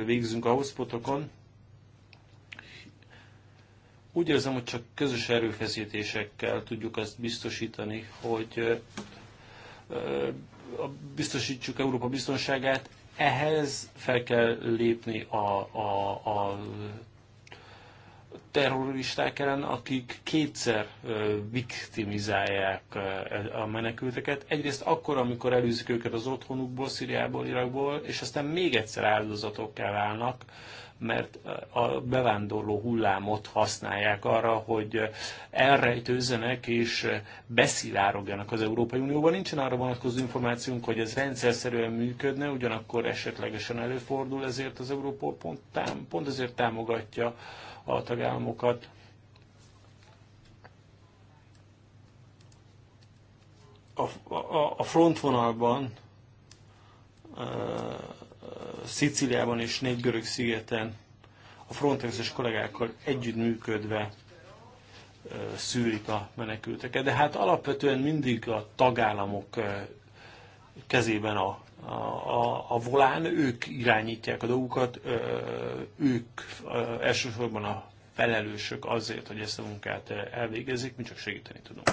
[SPEAKER 2] végzünk a hotspotokon. Úgy érzem, hogy csak közös erőfeszítésekkel tudjuk azt biztosítani, hogy biztosítsuk Európa biztonságát, ehhez fel kell lépni a, a, a terroristák ellen, akik kétszer viktimizálják a menekülteket. Egyrészt akkor, amikor elűzik őket az otthonukból, Szíriából, Irakból, és aztán még egyszer áldozatokká válnak, mert eh, a bevándorló hullámot használják arra, hogy eh, elrejtőzzenek és eh, beszilárogjanak az Európai Unióban. Nincsen arra vonatkozó információnk, hogy ez rendszerszerűen működne, ugyanakkor esetlegesen előfordul, ezért az Európa pont, tám, pont ezért támogatja a tagállamokat a, a, a frontvonalban Szicíliában és négy görög szigeten a Frontex-es kollégákkal együttműködve szűrik a menekülteket. De hát alapvetően mindig a tagállamok kezében a, a, a, volán, ők irányítják a dolgukat, ők elsősorban a felelősök azért, hogy ezt a munkát elvégezik, mi csak segíteni tudunk.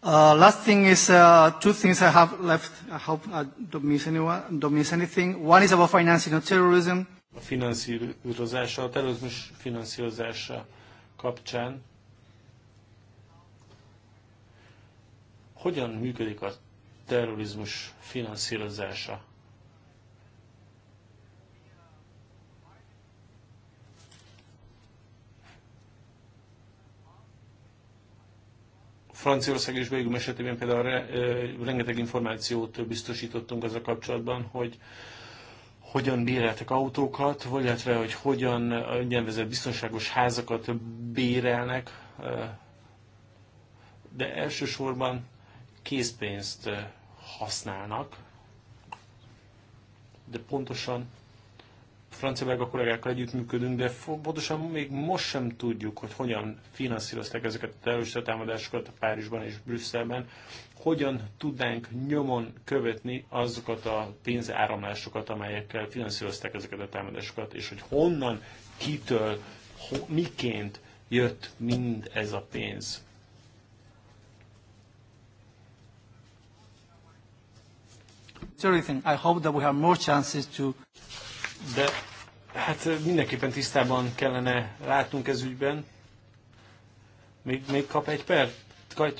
[SPEAKER 2] Uh, last thing is uh, two things I have left. I hope I don't miss, anyone, don't miss anything. One is about financing of terrorism. A finanszírozása, a terrorizmus finanszírozása kapcsán hogyan működik a terrorizmus finanszírozása? Franciaország és Belgium esetében például re, rengeteg információt biztosítottunk a kapcsolatban, hogy hogyan béreltek autókat, vagy illetve, hogy hogyan úgynevezett biztonságos házakat bérelnek, de elsősorban készpénzt használnak, de pontosan francia-belga kollégákkal együttműködünk, de pontosan még most sem tudjuk, hogy hogyan finanszírozták ezeket a terrorista támadásokat Párizsban és Brüsszelben, hogyan tudnánk nyomon követni azokat a pénzáramlásokat, amelyekkel finanszírozták ezeket a támadásokat, és hogy honnan, kitől, ho, miként jött mind ez a pénz. I hope that we have more chances to de hát mindenképpen tisztában kellene látnunk ez ügyben. Még, még kap egy perc,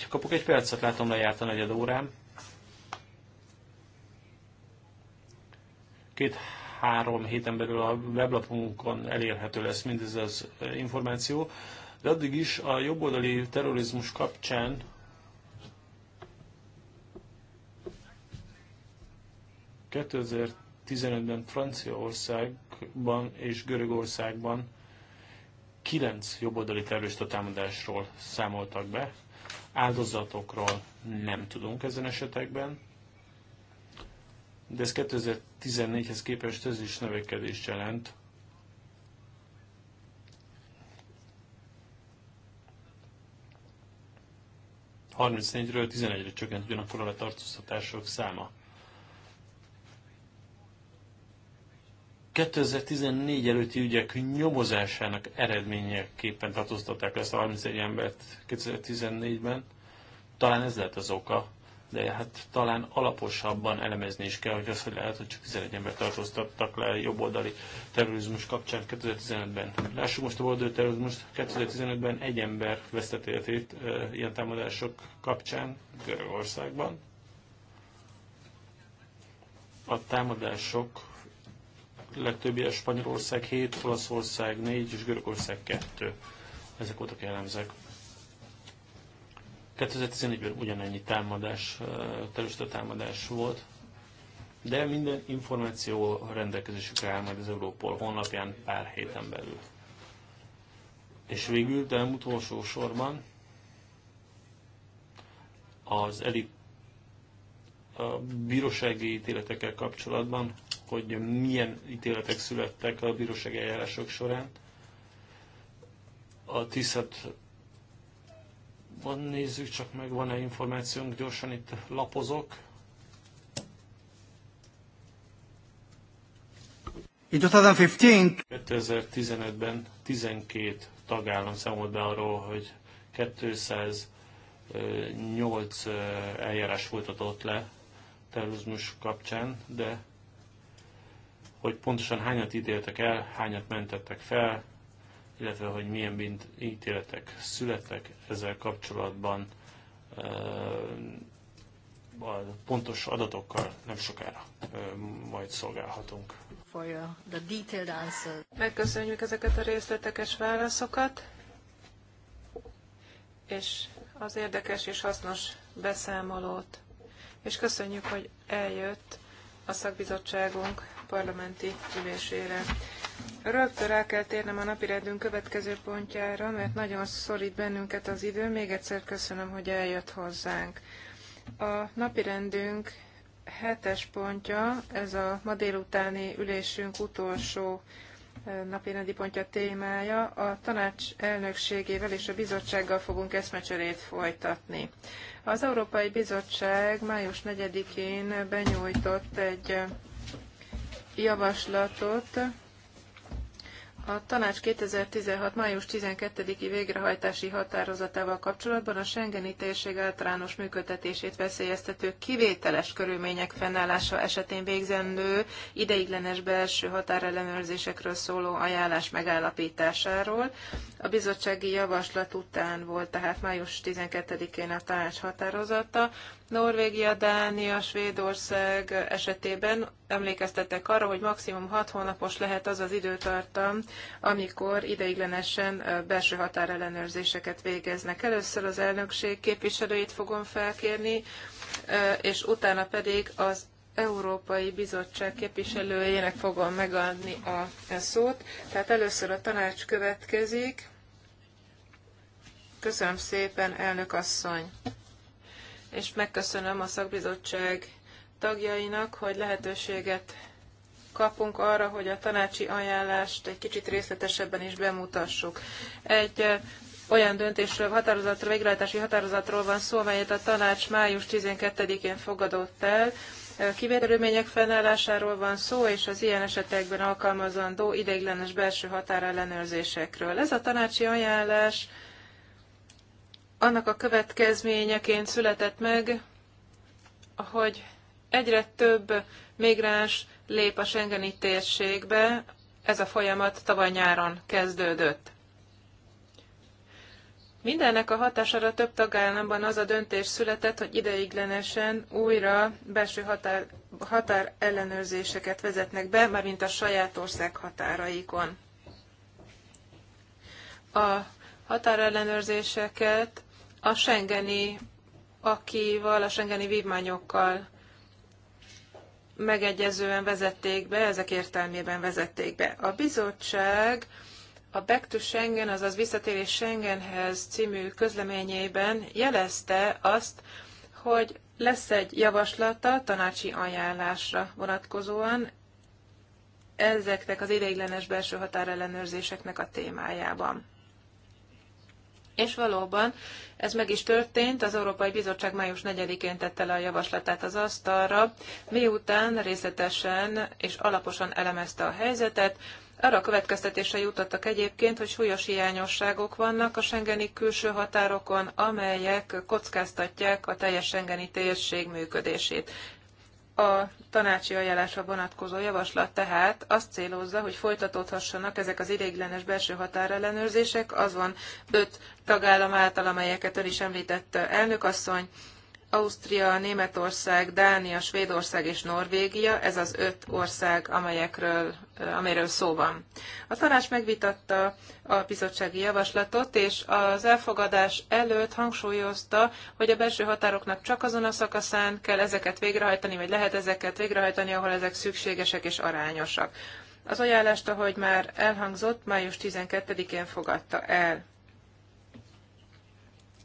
[SPEAKER 2] kapok egy percet, látom lejárt a negyed órám. Két-három héten belül a weblapunkon elérhető lesz mindez az információ, de addig is a jobboldali terrorizmus kapcsán 2015-ben Franciaországban és Görögországban 9 jobboldali terrorista támadásról számoltak be. Áldozatokról nem tudunk ezen esetekben, de ez 2014-hez képest ez is növekedést jelent. ről 11-re csökkent ugyanakkor a letartóztatások száma. 2014 előtti ügyek nyomozásának eredményeképpen tartóztatták ezt a 31 embert 2014-ben. Talán ez lehet az oka, de hát talán alaposabban elemezni is kell, hogy az, hogy lehet, hogy csak 11 embert tartóztattak le jobboldali terrorizmus kapcsán 2015-ben. Lássuk most a boldog terrorizmust. 2015-ben egy ember vesztett életét e, ilyen támadások kapcsán Görögországban. A támadások legtöbbje Spanyolország 7, Olaszország 4 és Görögország 2. Ezek voltak jellemzők. 2014-ben ugyanennyi támadás, terüstő támadás volt, de minden információ rendelkezésükre áll majd az Európol honlapján pár héten belül. És végül, de nem utolsó sorban, az elit a bírósági ítéletekkel kapcsolatban, hogy milyen ítéletek születtek a bírósági eljárások során. A tisztet van, nézzük csak meg, van-e információnk, gyorsan itt lapozok.
[SPEAKER 3] In 2015.
[SPEAKER 2] 2015-ben 12 tagállam számolt be arról, hogy 208 eljárás folytatott le terrorizmus kapcsán, de hogy pontosan hányat ítéltek el, hányat mentettek fel, illetve hogy milyen bint ítéletek születtek ezzel kapcsolatban a pontos adatokkal nem sokára majd szolgálhatunk.
[SPEAKER 1] Megköszönjük ezeket a részletekes válaszokat, és az érdekes és hasznos beszámolót és köszönjük, hogy eljött a szakbizottságunk parlamenti ülésére. Rögtön rá kell térnem a napirendünk következő pontjára, mert nagyon szorít bennünket az idő. Még egyszer köszönöm, hogy eljött hozzánk. A napirendünk hetes pontja, ez a ma délutáni ülésünk utolsó napirendi pontja témája. A tanács elnökségével és a bizottsággal fogunk eszmecserét folytatni. Az Európai Bizottság május 4-én benyújtott egy javaslatot, a tanács 2016. május 12-i végrehajtási határozatával kapcsolatban a Schengeni térség általános működtetését veszélyeztető kivételes körülmények fennállása esetén végzendő ideiglenes belső határellenőrzésekről szóló ajánlás megállapításáról. A bizottsági javaslat után volt tehát május 12-én a tanács határozata. Norvégia, Dánia, Svédország esetében emlékeztettek arra, hogy maximum 6 hónapos lehet az az időtartam, amikor ideiglenesen belső határellenőrzéseket végeznek. Először az elnökség képviselőit fogom felkérni, és utána pedig az Európai Bizottság képviselőjének fogom megadni a szót. Tehát először a tanács következik. Köszönöm szépen, elnök asszony! és megköszönöm a szakbizottság tagjainak, hogy lehetőséget kapunk arra, hogy a tanácsi ajánlást egy kicsit részletesebben is bemutassuk. Egy olyan döntésről, határozatról, végrehajtási határozatról van szó, amelyet a tanács május 12-én fogadott el. Kivételőmények fennállásáról van szó, és az ilyen esetekben alkalmazandó ideiglenes belső határellenőrzésekről. Ez a tanácsi ajánlás annak a következményeként született meg, hogy egyre több migráns lép a Schengeni térségbe, ez a folyamat tavaly nyáron kezdődött. Mindennek a hatására több tagállamban az a döntés született, hogy ideiglenesen újra belső határ, határellenőrzéseket vezetnek be, mint a saját ország határaikon. A határellenőrzéseket a Schengeni akival, a Schengeni vívmányokkal megegyezően vezették be, ezek értelmében vezették be. A bizottság a Back to Schengen, azaz visszatérés Schengenhez című közleményében jelezte azt, hogy lesz egy javaslata tanácsi ajánlásra vonatkozóan ezeknek az ideiglenes belső határellenőrzéseknek a témájában. És valóban ez meg is történt, az Európai Bizottság május 4-én tette le a javaslatát az asztalra, miután részletesen és alaposan elemezte a helyzetet, arra következtetése jutottak egyébként, hogy súlyos hiányosságok vannak a Schengeni külső határokon, amelyek kockáztatják a teljes Schengeni térség működését. A tanácsi ajánlásra vonatkozó javaslat tehát azt célozza, hogy folytatódhassanak ezek az ideiglenes belső határellenőrzések azon öt tagállam által, amelyeket ön is említett elnökasszony, Ausztria, Németország, Dánia, Svédország és Norvégia, ez az öt ország, amelyekről, amelyről szó van. A tanács megvitatta a bizottsági javaslatot, és az elfogadás előtt hangsúlyozta, hogy a belső határoknak csak azon a szakaszán kell ezeket végrehajtani, vagy lehet ezeket végrehajtani, ahol ezek szükségesek és arányosak. Az ajánlást, ahogy már elhangzott, május 12-én fogadta el.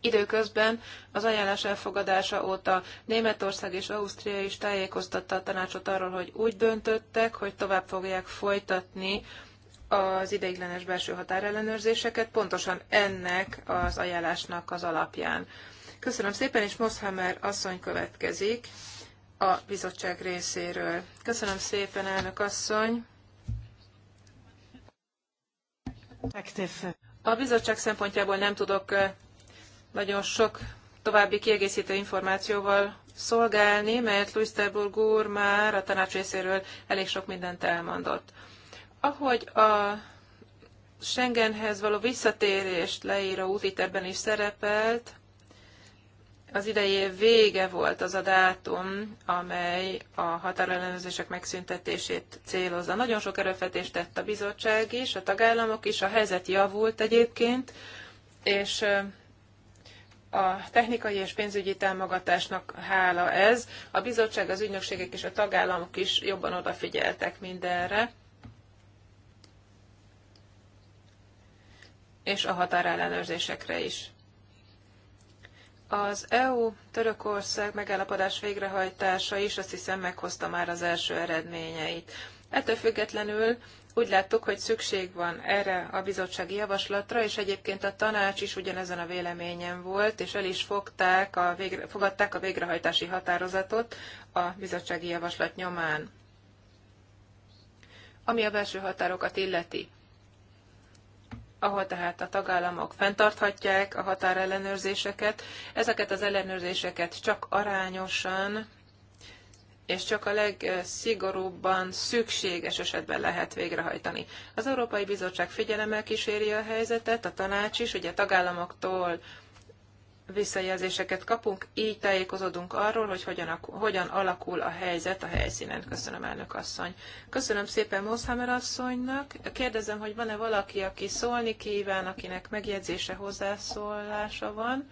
[SPEAKER 1] Időközben az ajánlás elfogadása óta Németország és Ausztria is tájékoztatta a tanácsot arról, hogy úgy döntöttek, hogy tovább fogják folytatni az ideiglenes belső határellenőrzéseket, pontosan ennek az ajánlásnak az alapján. Köszönöm szépen, és Moszhammer asszony következik a bizottság részéről. Köszönöm szépen, elnök asszony! A bizottság szempontjából nem tudok nagyon sok további kiegészítő információval szolgálni, mert Louis Terburg úr már a tanács részéről elég sok mindent elmondott. Ahogy a Schengenhez való visszatérést leíró útiterben is szerepelt, az ideje vége volt az a dátum, amely a határellenőrzések megszüntetését célozza. Nagyon sok erőfetést tett a bizottság is, a tagállamok is, a helyzet javult egyébként, és a technikai és pénzügyi támogatásnak hála ez. A bizottság, az ügynökségek és a tagállamok is jobban odafigyeltek mindenre. és a határellenőrzésekre is. Az EU-Törökország megállapodás végrehajtása is azt hiszem meghozta már az első eredményeit. Ettől függetlenül úgy láttuk, hogy szükség van erre a bizottsági javaslatra, és egyébként a tanács is ugyanezen a véleményen volt, és el is fogták a végre, fogadták a végrehajtási határozatot a bizottsági javaslat nyomán. Ami a belső határokat illeti, ahol tehát a tagállamok fenntarthatják a határellenőrzéseket. Ezeket az ellenőrzéseket csak arányosan és csak a legszigorúbban szükséges esetben lehet végrehajtani. Az Európai Bizottság figyelemmel kíséri a helyzetet, a tanács is, ugye a tagállamoktól visszajelzéseket kapunk, így tájékozódunk arról, hogy hogyan, hogyan alakul a helyzet a helyszínen. Köszönöm, elnök asszony. Köszönöm szépen Moszhammer asszonynak. Kérdezem, hogy van-e valaki, aki szólni kíván, akinek megjegyzése, hozzászólása van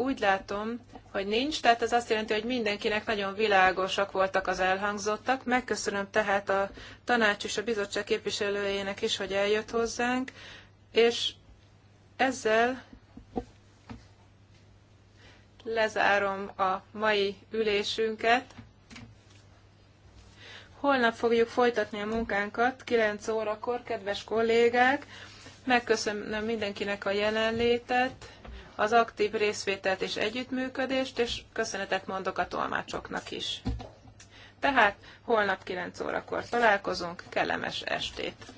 [SPEAKER 1] úgy látom, hogy nincs, tehát ez azt jelenti, hogy mindenkinek nagyon világosak voltak az elhangzottak. Megköszönöm tehát a tanács és a bizottság képviselőjének is, hogy eljött hozzánk, és ezzel lezárom a mai ülésünket. Holnap fogjuk folytatni a munkánkat 9 órakor, kedves kollégák. Megköszönöm mindenkinek a jelenlétet az aktív részvételt és együttműködést, és köszönetet mondok a tolmácsoknak is. Tehát holnap 9 órakor találkozunk, kellemes estét!